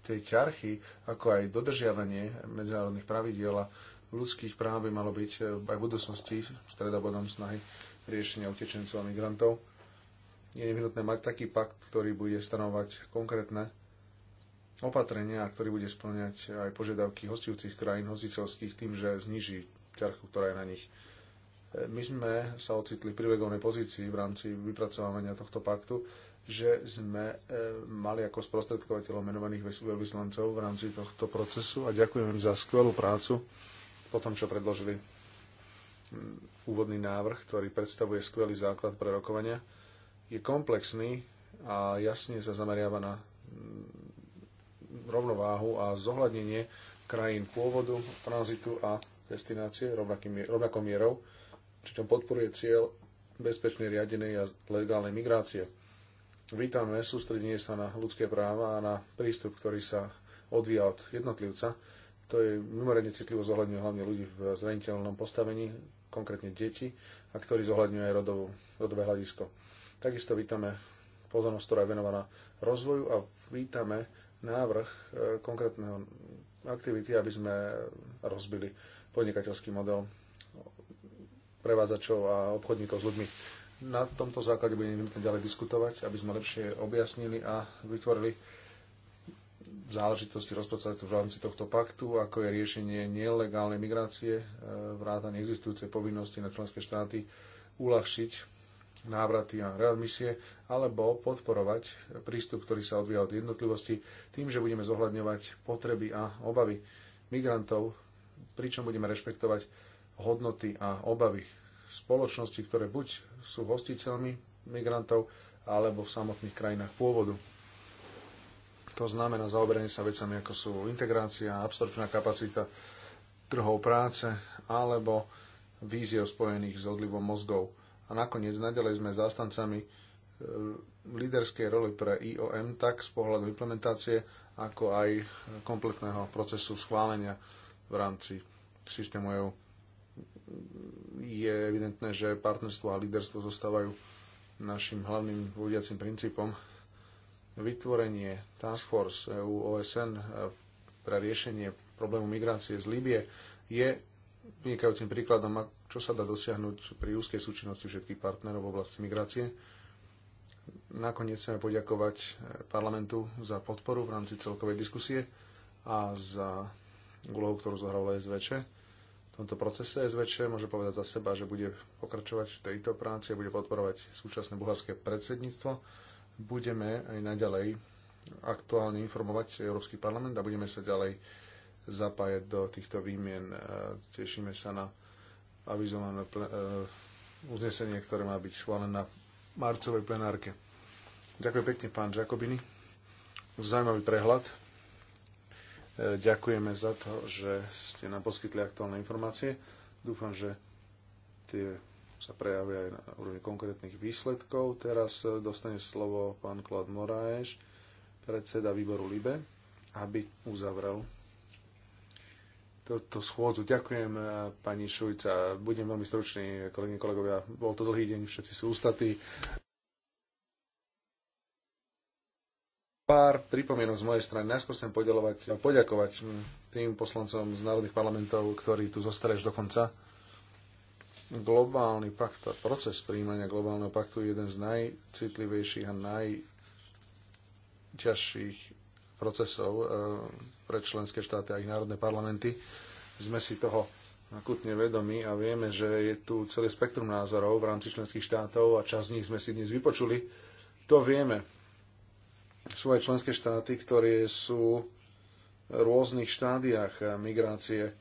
Speaker 4: tej ťarchy, ako aj dodržiavanie medzinárodných pravidiel a ľudských práv by malo byť eh, aj v budúcnosti stredobodom snahy riešenia utečencov a migrantov. Je nevyhnutné mať taký pakt, ktorý bude stanovať konkrétne opatrenia a ktorý bude splňať aj požiadavky hostujúcich krajín, hostiteľských tým, že zniží ťarchu, ktorá je na nich. Eh, my sme sa ocitli v vegovnej pozícii v rámci vypracovania tohto paktu, že sme eh, mali ako sprostredkovateľov menovaných veľvyslancov v rámci tohto procesu a ďakujem im za skvelú prácu po tom, čo predložili mm, úvodný návrh, ktorý predstavuje skvelý základ pre rokovania, je komplexný a jasne sa zameriava na mm, rovnováhu a zohľadnenie krajín pôvodu, tranzitu a destinácie rovnakou mierou, pričom podporuje cieľ bezpečnej, riadenej a legálnej migrácie. Vítame sústredenie sa na ľudské práva a na prístup, ktorý sa odvíja od jednotlivca, to je mimoriadne citlivo zohľadňuje hlavne ľudí v zraniteľnom postavení, konkrétne deti, a ktorý zohľadňuje aj rodovú, rodové hľadisko. Takisto vítame pozornosť, ktorá je venovaná rozvoju a vítame návrh e, konkrétneho aktivity, aby sme rozbili podnikateľský model prevádzačov a obchodníkov s ľuďmi. Na tomto základe budeme ďalej diskutovať, aby sme lepšie objasnili a vytvorili záležitosti rozpracovať v rámci tohto paktu, ako je riešenie nelegálnej migrácie, e, vrátanie existujúcej povinnosti na členské štáty uľahčiť návraty a readmisie, alebo podporovať prístup, ktorý sa odvíja od jednotlivosti tým, že budeme zohľadňovať potreby a obavy migrantov, pričom budeme rešpektovať hodnoty a obavy spoločnosti, ktoré buď sú hostiteľmi migrantov, alebo v samotných krajinách pôvodu. To znamená zaoberanie sa vecami, ako sú integrácia, absorpčná kapacita trhov práce alebo víziev spojených s odlivom mozgov. A nakoniec nadalej sme zástancami e, líderskej roli pre IOM tak z pohľadu implementácie, ako aj kompletného procesu schválenia v rámci systému EU. Je evidentné, že partnerstvo a líderstvo zostávajú našim hlavným vodiacim princípom vytvorenie Task Force EU OSN e, pre riešenie problému migrácie z Líbie je vynikajúcim príkladom, čo sa dá dosiahnuť pri úzkej súčinnosti všetkých partnerov v oblasti migrácie. Nakoniec chceme poďakovať e, parlamentu za podporu v rámci celkovej diskusie a za úlohu, ktorú zohralo SVČ. V tomto procese SVČ môže povedať za seba, že bude pokračovať v tejto práci a bude podporovať súčasné bulharské predsedníctvo budeme aj naďalej aktuálne informovať Európsky parlament a budeme sa ďalej zapájať do týchto výmien. E, tešíme sa na avizované e, uznesenie, ktoré má byť schválené na marcovej plenárke. Ďakujem pekne, pán Jakobiny. Zaujímavý prehľad. E, ďakujeme za to, že ste nám poskytli aktuálne informácie. Dúfam, že tie sa prejavia aj na úrovni konkrétnych výsledkov. Teraz e, dostane slovo pán Claude Moraes, predseda výboru LIBE, aby uzavrel túto schôdzu. Ďakujem, e, pani Šujca. Budem veľmi stručný, kolegyne, kolegovia. Bol to dlhý deň, všetci sú ústatí. pár pripomienok z mojej strany. Najskôr chcem poďakovať tým poslancom z národných parlamentov, ktorí tu zostali až do konca globálny pakt a proces príjmania globálneho paktu je jeden z najcitlivejších a najťažších procesov eh, pre členské štáty a ich národné parlamenty. Sme si toho akutne vedomi a vieme, že je tu celé spektrum názorov v rámci členských štátov a čas z nich sme si dnes vypočuli. To vieme. Sú aj členské štáty, ktoré sú v rôznych štádiách migrácie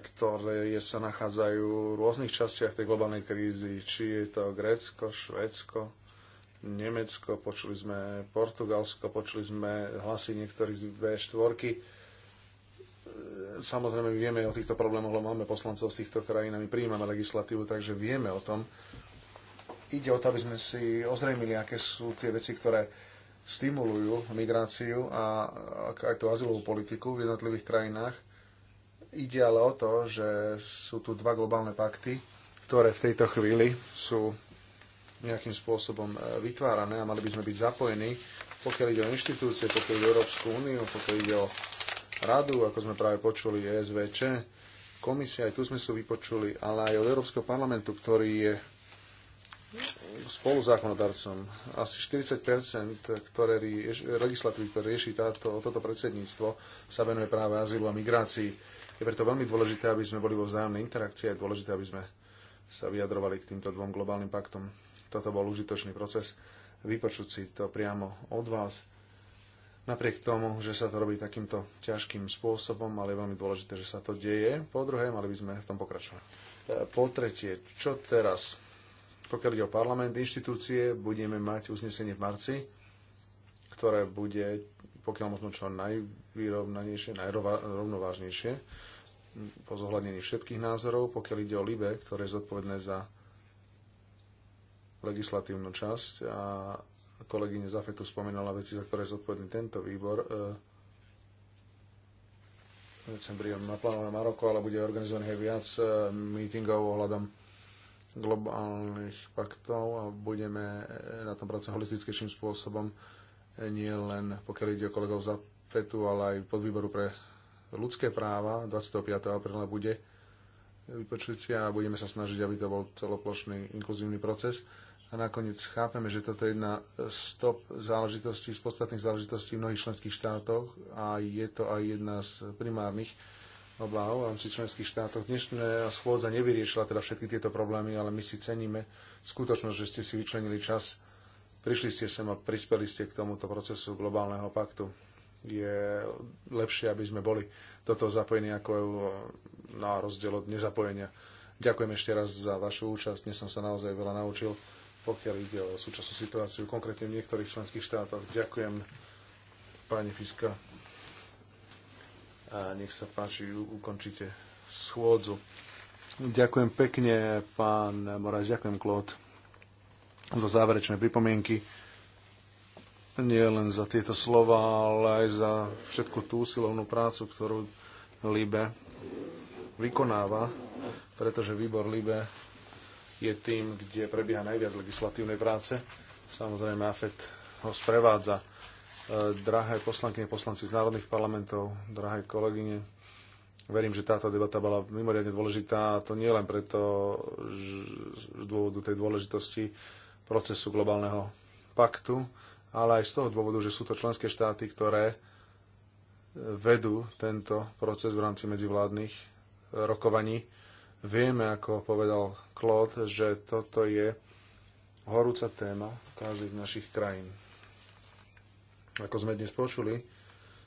Speaker 4: ktoré sa nachádzajú v rôznych častiach tej globálnej krízy, či je to Grécko, Švédsko, Nemecko, počuli sme Portugalsko, počuli sme hlasy niektorých z V4. E, samozrejme vieme o týchto problémoch, lebo máme poslancov z týchto krajín a my prijímame legislatívu, takže vieme o tom. Ide o to, aby sme si ozrejmili, aké sú tie veci, ktoré stimulujú migráciu a aj tú azylovú politiku v jednotlivých krajinách Ide ale o to, že sú tu dva globálne pakty, ktoré v tejto chvíli sú nejakým spôsobom e, vytvárané a mali by sme byť zapojení, pokiaľ ide o inštitúcie, pokiaľ ide o Európsku úniu, pokiaľ ide o radu, ako sme práve počuli, ESVČ, komisia, aj tu sme sú vypočuli, ale aj od Európskeho parlamentu, ktorý je spoluzákonodarcom. Asi 40 ktoré rieš, legislatívy, ktoré rieši táto, toto predsedníctvo, sa venuje práve azylu a migrácii je preto veľmi dôležité, aby sme boli vo vzájomnej interakcii a je dôležité, aby sme sa vyjadrovali k týmto dvom globálnym paktom. Toto bol užitočný proces. Vypočuť si to priamo od vás. Napriek tomu, že sa to robí takýmto ťažkým spôsobom, ale je veľmi dôležité, že sa to deje. Po druhé, mali by sme v tom pokračovať. E, po tretie, čo teraz? Pokiaľ ide o parlament, inštitúcie, budeme mať uznesenie v marci, ktoré bude pokiaľ možno čo najvýrovnanejšie, najrovnovážnejšie po zohľadnení všetkých názorov, pokiaľ ide o LIBE, ktoré je zodpovedné za legislatívnu časť a kolegyne Zafetu spomenala veci, za ktoré je zodpovedný tento výbor. V e, decembri naplánované Maroko, ale bude organizovaný aj viac e, meetingov ohľadom globálnych paktov a budeme e, na tom pracovať holistickejším spôsobom, nie len pokiaľ ide o kolegov za FETu, ale aj podvýboru pre ľudské práva 25. apríla bude vypočutia a budeme sa snažiť, aby to bol celoplošný inkluzívny proces. A nakoniec chápeme, že toto je jedna z top záležitostí, z podstatných záležitostí v mnohých členských štátoch a je to aj jedna z primárnych obáv v rámci členských štátoch. Dnešná schôdza nevyriešila teda všetky tieto problémy, ale my si ceníme skutočnosť, že ste si vyčlenili čas, prišli ste sem a prispeli ste k tomuto procesu globálneho paktu je lepšie, aby sme boli toto zapojení ako na rozdiel od nezapojenia. Ďakujem ešte raz za vašu účasť. Dnes som sa naozaj veľa naučil, pokiaľ ide o súčasnú situáciu, konkrétne v niektorých členských štátoch. Ďakujem, pani Fiska. A nech sa páči, ukončite schôdzu. Ďakujem pekne, pán Moraz, ďakujem, Klód, za záverečné pripomienky nie len za tieto slova, ale aj za všetku tú silovnú prácu, ktorú Libe vykonáva, pretože výbor Libe je tým, kde prebieha najviac legislatívnej práce. Samozrejme, AFET ho sprevádza. E, drahé poslankyne, poslanci z národných parlamentov, drahé kolegyne, verím, že táto debata bola mimoriadne dôležitá. A to nie len preto, z dôvodu tej dôležitosti procesu globálneho paktu, ale aj z toho dôvodu, že sú to členské štáty, ktoré vedú tento proces v rámci medzivládnych rokovaní. Vieme, ako povedal Claude, že toto je horúca téma v každej z našich krajín. Ako sme dnes počuli,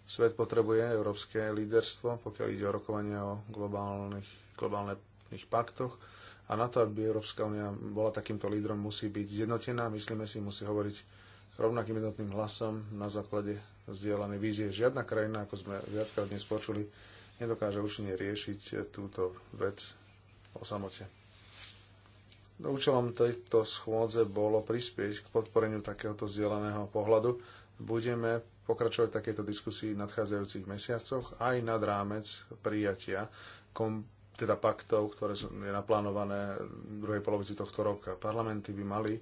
Speaker 4: svet potrebuje európske líderstvo, pokiaľ ide o rokovanie o globálnych, globálnych paktoch. A na to, aby Európska únia bola takýmto lídrom, musí byť zjednotená. Myslíme si, musí hovoriť rovnakým jednotným hlasom na základe vzdielanej vízie. Žiadna krajina, ako sme viackrát dnes počuli, nedokáže nie riešiť túto vec o samote. No, účelom tejto schôdze bolo prispieť k podporeniu takéhoto vzdielaného pohľadu. Budeme pokračovať takéto diskusii v nadchádzajúcich mesiacoch aj nad rámec prijatia kom, teda paktov, ktoré sú, je naplánované v druhej polovici tohto roka. Parlamenty by mali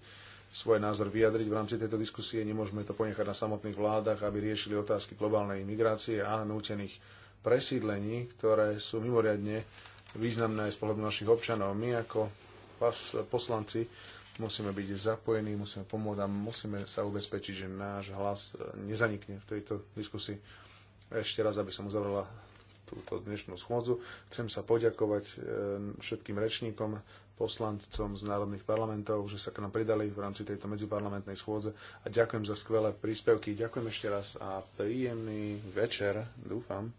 Speaker 4: svoj názor vyjadriť v rámci tejto diskusie. Nemôžeme to ponechať na samotných vládach, aby riešili otázky globálnej migrácie a nútených presídlení, ktoré sú mimoriadne významné aj z pohľadu našich občanov. My ako poslanci musíme byť zapojení, musíme pomôcť a musíme sa ubezpečiť, že náš hlas e, nezanikne v tejto diskusii. Ešte raz, aby som uzavrela túto dnešnú schôdzu. Chcem sa poďakovať e, všetkým rečníkom poslancom z národných parlamentov, že sa k nám pridali v rámci tejto medziparlamentnej schôdze a ďakujem za skvelé príspevky. Ďakujem ešte raz a príjemný večer, dúfam.